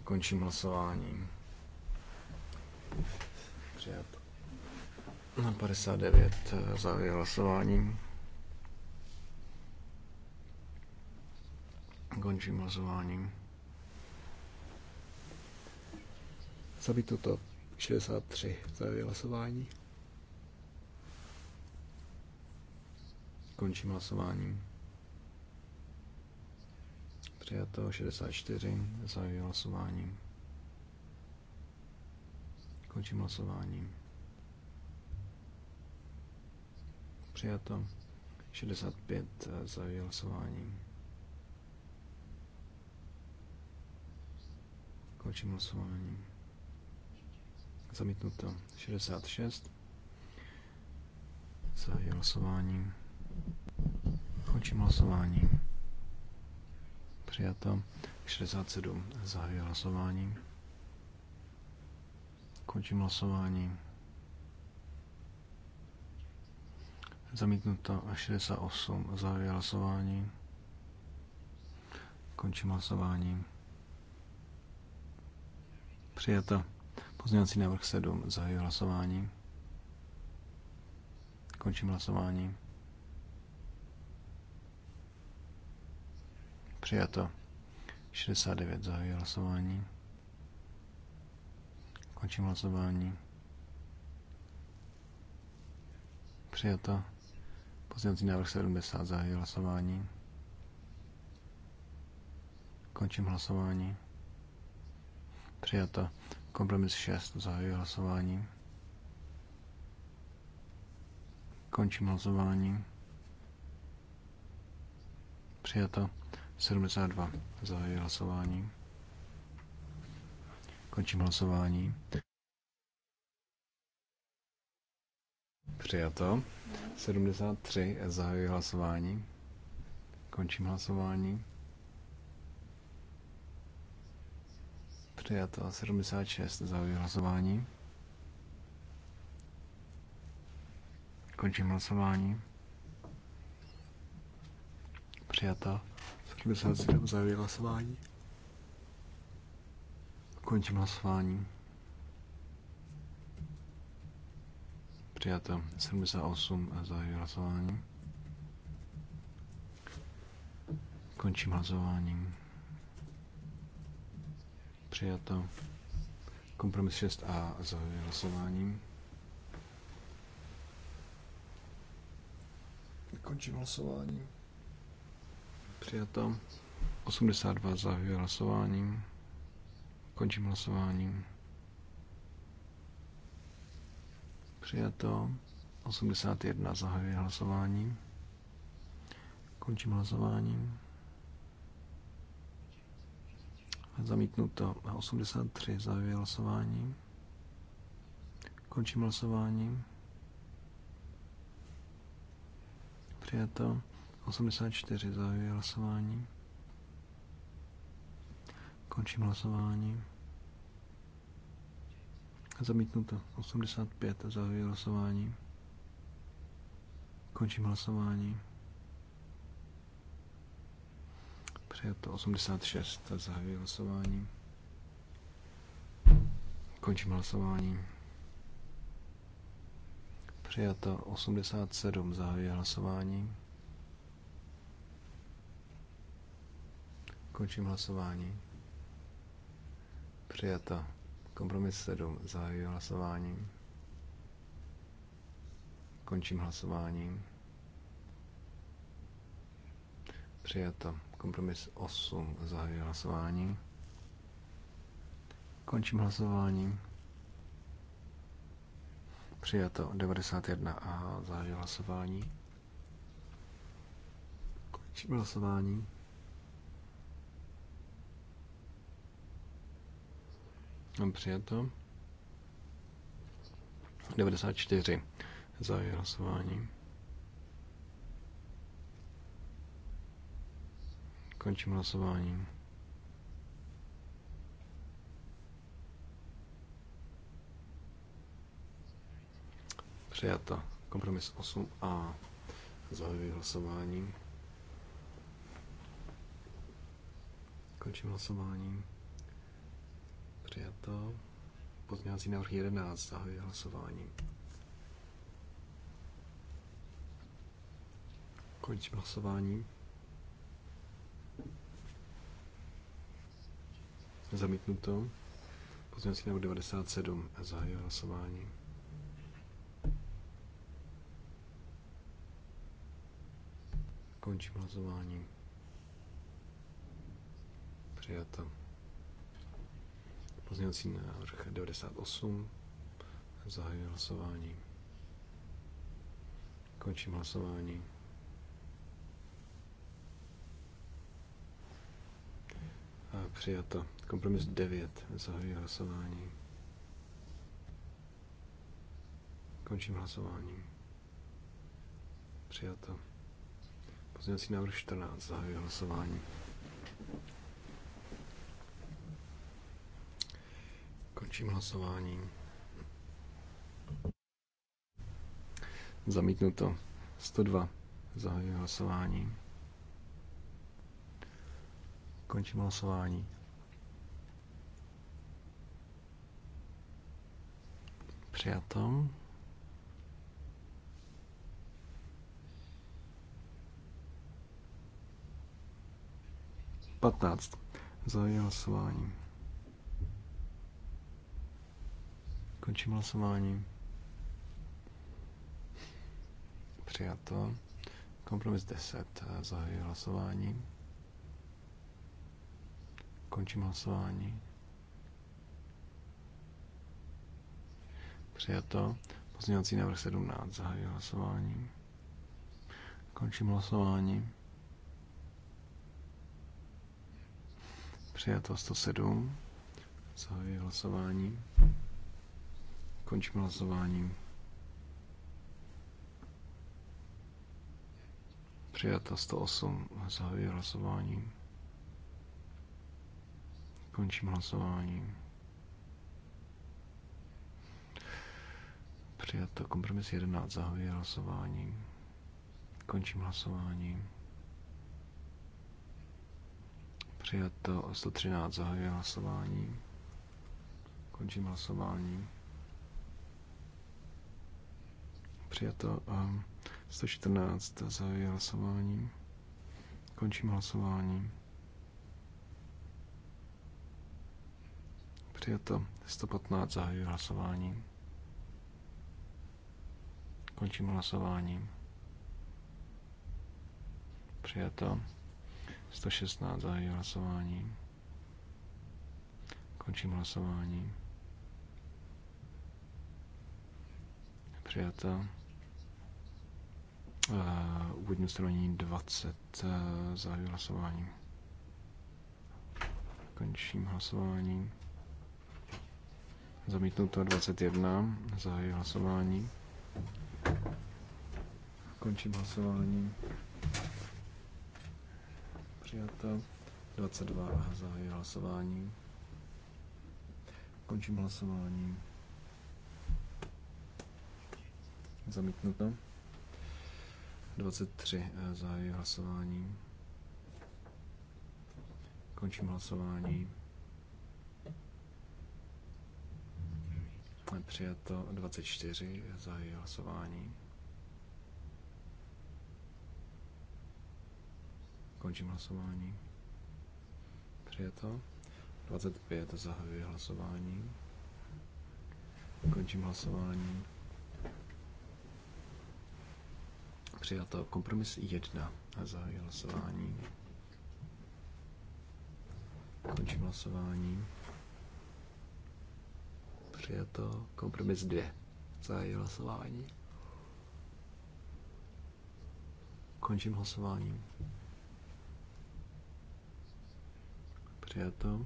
Končím hlasování. Přijato Na 59 zahajuji hlasování. Končím hlasováním. Zabít to 63 za hlasování. Končím hlasováním. Přijato 64 za hlasování. Končím hlasováním. Přijato 65 za hlasování. Končím hlasování. Zamítnuto 66. Zahajuji hlasování. Končím hlasování. Přijato 67. Zahajuji hlasování. Končím hlasování. Zamítnuto 68. Zahajuji hlasování. Končím hlasování. Přijato. Pozměňovací návrh 7. Zahajuji hlasování. Končím hlasování. Přijato. 69. Zahajuji hlasování. Končím hlasování. Přijato. Pozměňovací návrh 70. Zahajuji hlasování. Končím hlasování. Přijata. Kompromis 6. Zahajuji hlasování. Končím hlasování. Přijata. 72. Zahajuji hlasování. Končím hlasování. Přijato. 73. Zahajuji hlasování. Končím hlasování. Přijato 76. za vyhlasování. Končím hlasování. Přijato 77. za vyhlasování. Končím hlasování. Přijato 78. za hlasování. Končím hlasováním. Přijato. Kompromis 6a. Zahajuji hlasováním. Končím hlasování. Přijato. 82 zahajuji hlasováním. Končím hlasováním. Přijato. 81 zahajuji hlasováním. Končím hlasováním. Zamítnuto 83. Zahajuji hlasování. Končím hlasování. Přijato 84. Zahajuji hlasování. Končím hlasování. Zamítnuto 85. za hlasování. Končím hlasování. Přijato 86. Zahajuji hlasování. Končím hlasování. Přijato 87. Zahajuji hlasování. Končím hlasování. Přijato. Kompromis 7. Zahajuji hlasování. Končím hlasování. Přijato. Kompromis 8. Zahajuji hlasování. Končím hlasování. Přijato 91 a zahajuji hlasování. Končím hlasování. Mám přijato. 94. Zahajuji hlasování. Končím hlasováním. Přijata. Kompromis 8a. Zahajuji hlasování. Končím hlasování. Přijato. Pozměňovací návrh 11. Zahajuji hlasování. Končím hlasování. Zamítnuto. Pozměňovací návrh 97. Zahajuji hlasování. Končím hlasování. Přijato. Pozměňovací návrh 98. Zahajuji hlasování. Končím hlasování. Přijato. Kompromis 9. Zahajuji hlasování. Končím hlasování. Přijato. Pozměňovací návrh 14. Zahajuji hlasování. Končím hlasování. Zamítnuto. 102. Zahajuji hlasování. Končím hlasování. Přijato. Patnáct. Zahajuji hlasování. Končím hlasování. Přijato. Kompromis 10. Zahajuji hlasování. Končím hlasování. Přijato. Pozměňovací návrh 17. Zahajuji hlasování. Končím hlasování. Přijato 107. Zahajuji hlasování. Končím hlasování. Přijato 108. Zahajuji hlasování. Končím hlasování. Přijato kompromis 11. Zahajuji hlasování. Končím hlasování. Přijato 113. Zahajuji hlasování. Končím hlasování. Přijato 114. Zahajuji hlasování. Končím hlasování. Přijato 115, zahajuji hlasování. Končím hlasování. Přijato 116, zahajuji hlasování. Končím hlasování. Přijato. Uh, úvodní ustanovení 20, uh, eh, zahajuji hlasování. Končím hlasování. Zamítnuto 21. Zahajuji hlasování. Končím hlasování. Přijato. 22. Zahajuji hlasování. Končím hlasování. Zamítnuto. 23. Zahajuji hlasování. Končím hlasování. Přijato 24, zahajuji hlasování. Končím hlasování. Přijato. 25, zahajuji hlasování. Končím hlasování. Přijato. Kompromis 1, zahajuji hlasování. Končím hlasování je to Kompromis 2. její hlasování. Končím hlasování. Přijato.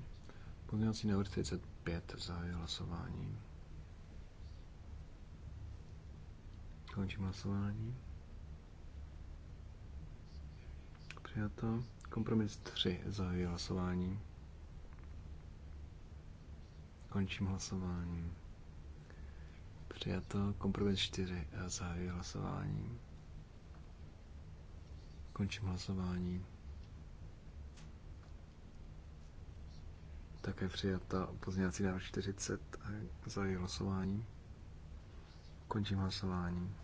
Pozměňovací návrh 35. za její hlasování. Končím hlasování. Přijato. Kompromis 3. za její hlasování. Končím hlasování. Přijato. Kompromis 4. Zahajuji hlasování. Končím hlasování. Také přijata pozměňovací návrh 40. a Zahajuji hlasování. Končím hlasování.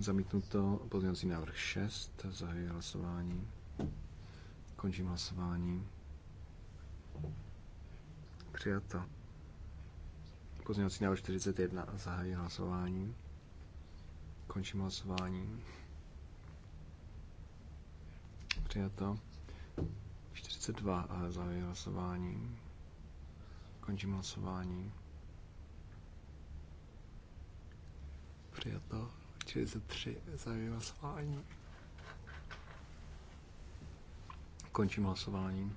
Zamítnuto pozměňovací návrh 6. Zahajuji hlasování. Končím hlasování. Přijato. Pozměňovací návrh 41. Zahájí hlasování. Končím hlasování. Přijato. 42. Zahájí hlasování. Končím hlasování. Přijato. 43. Zahájí hlasování. Končím hlasování.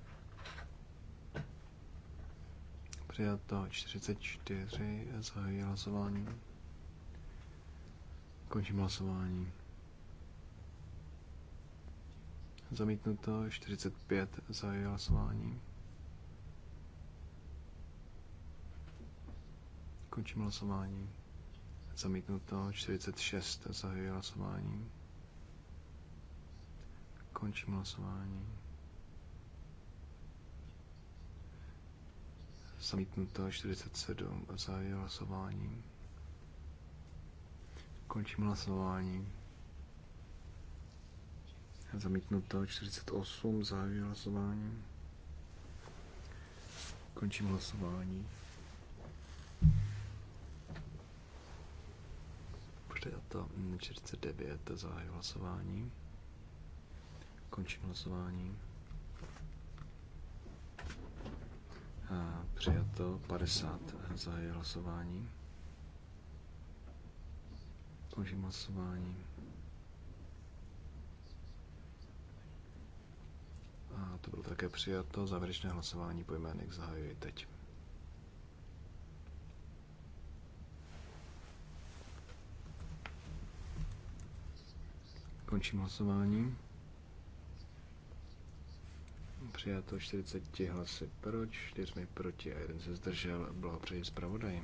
Přijato 44, zahajuji hlasování. Končím hlasování. Zamítnuto 45, zahajuji hlasování. Končím hlasování. Zamítnuto 46, zahajuji hlasování. Končím hlasování. Zamítnuto 47. a Zahajuji hlasování. Končím hlasování. Zamítnuto 48. Zahajuji hlasování. Končím hlasování. Přijato 49. Zahajuji hlasování. Končím hlasování. přijato 50 za hlasování. Končím hlasování. A to bylo také přijato. Závěrečné hlasování po jménech zahajuji teď. Končím hlasování. Přijato 40 hlasy pro, 4 proti a jeden se zdržel. Blahopřeji zpravodaji.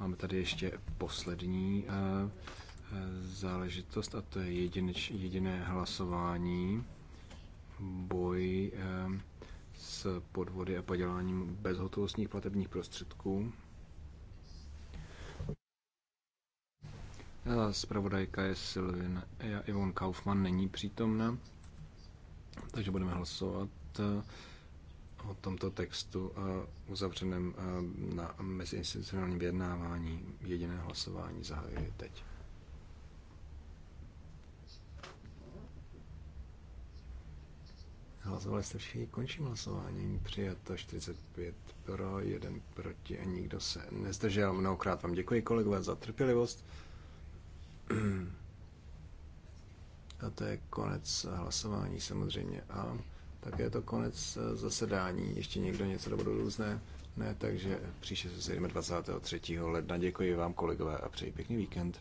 Máme tady ještě poslední eh, eh, záležitost a to je jedineč, jediné hlasování boj eh, s podvody a paděláním bezhotovostních platebních prostředků. Spravodajka je Silvina Ivon Kaufman není přítomna. Takže budeme hlasovat eh, o tomto textu uzavřeném eh, na meziinstitucionálním vyjednávání. Jediné hlasování zahajuje teď. Hlasovali jste všichni, končím hlasování. Přijato 45 pro, 1 proti a nikdo se nezdržel. Mnohokrát vám děkuji, kolegové, za trpělivost. [CLEARS THROAT] A to je konec hlasování samozřejmě. A tak je to konec eh, zasedání. Ještě někdo něco nebo různé? Ne, takže příště se sejdeme 23. ledna. Děkuji vám, kolegové, a přeji pěkný víkend.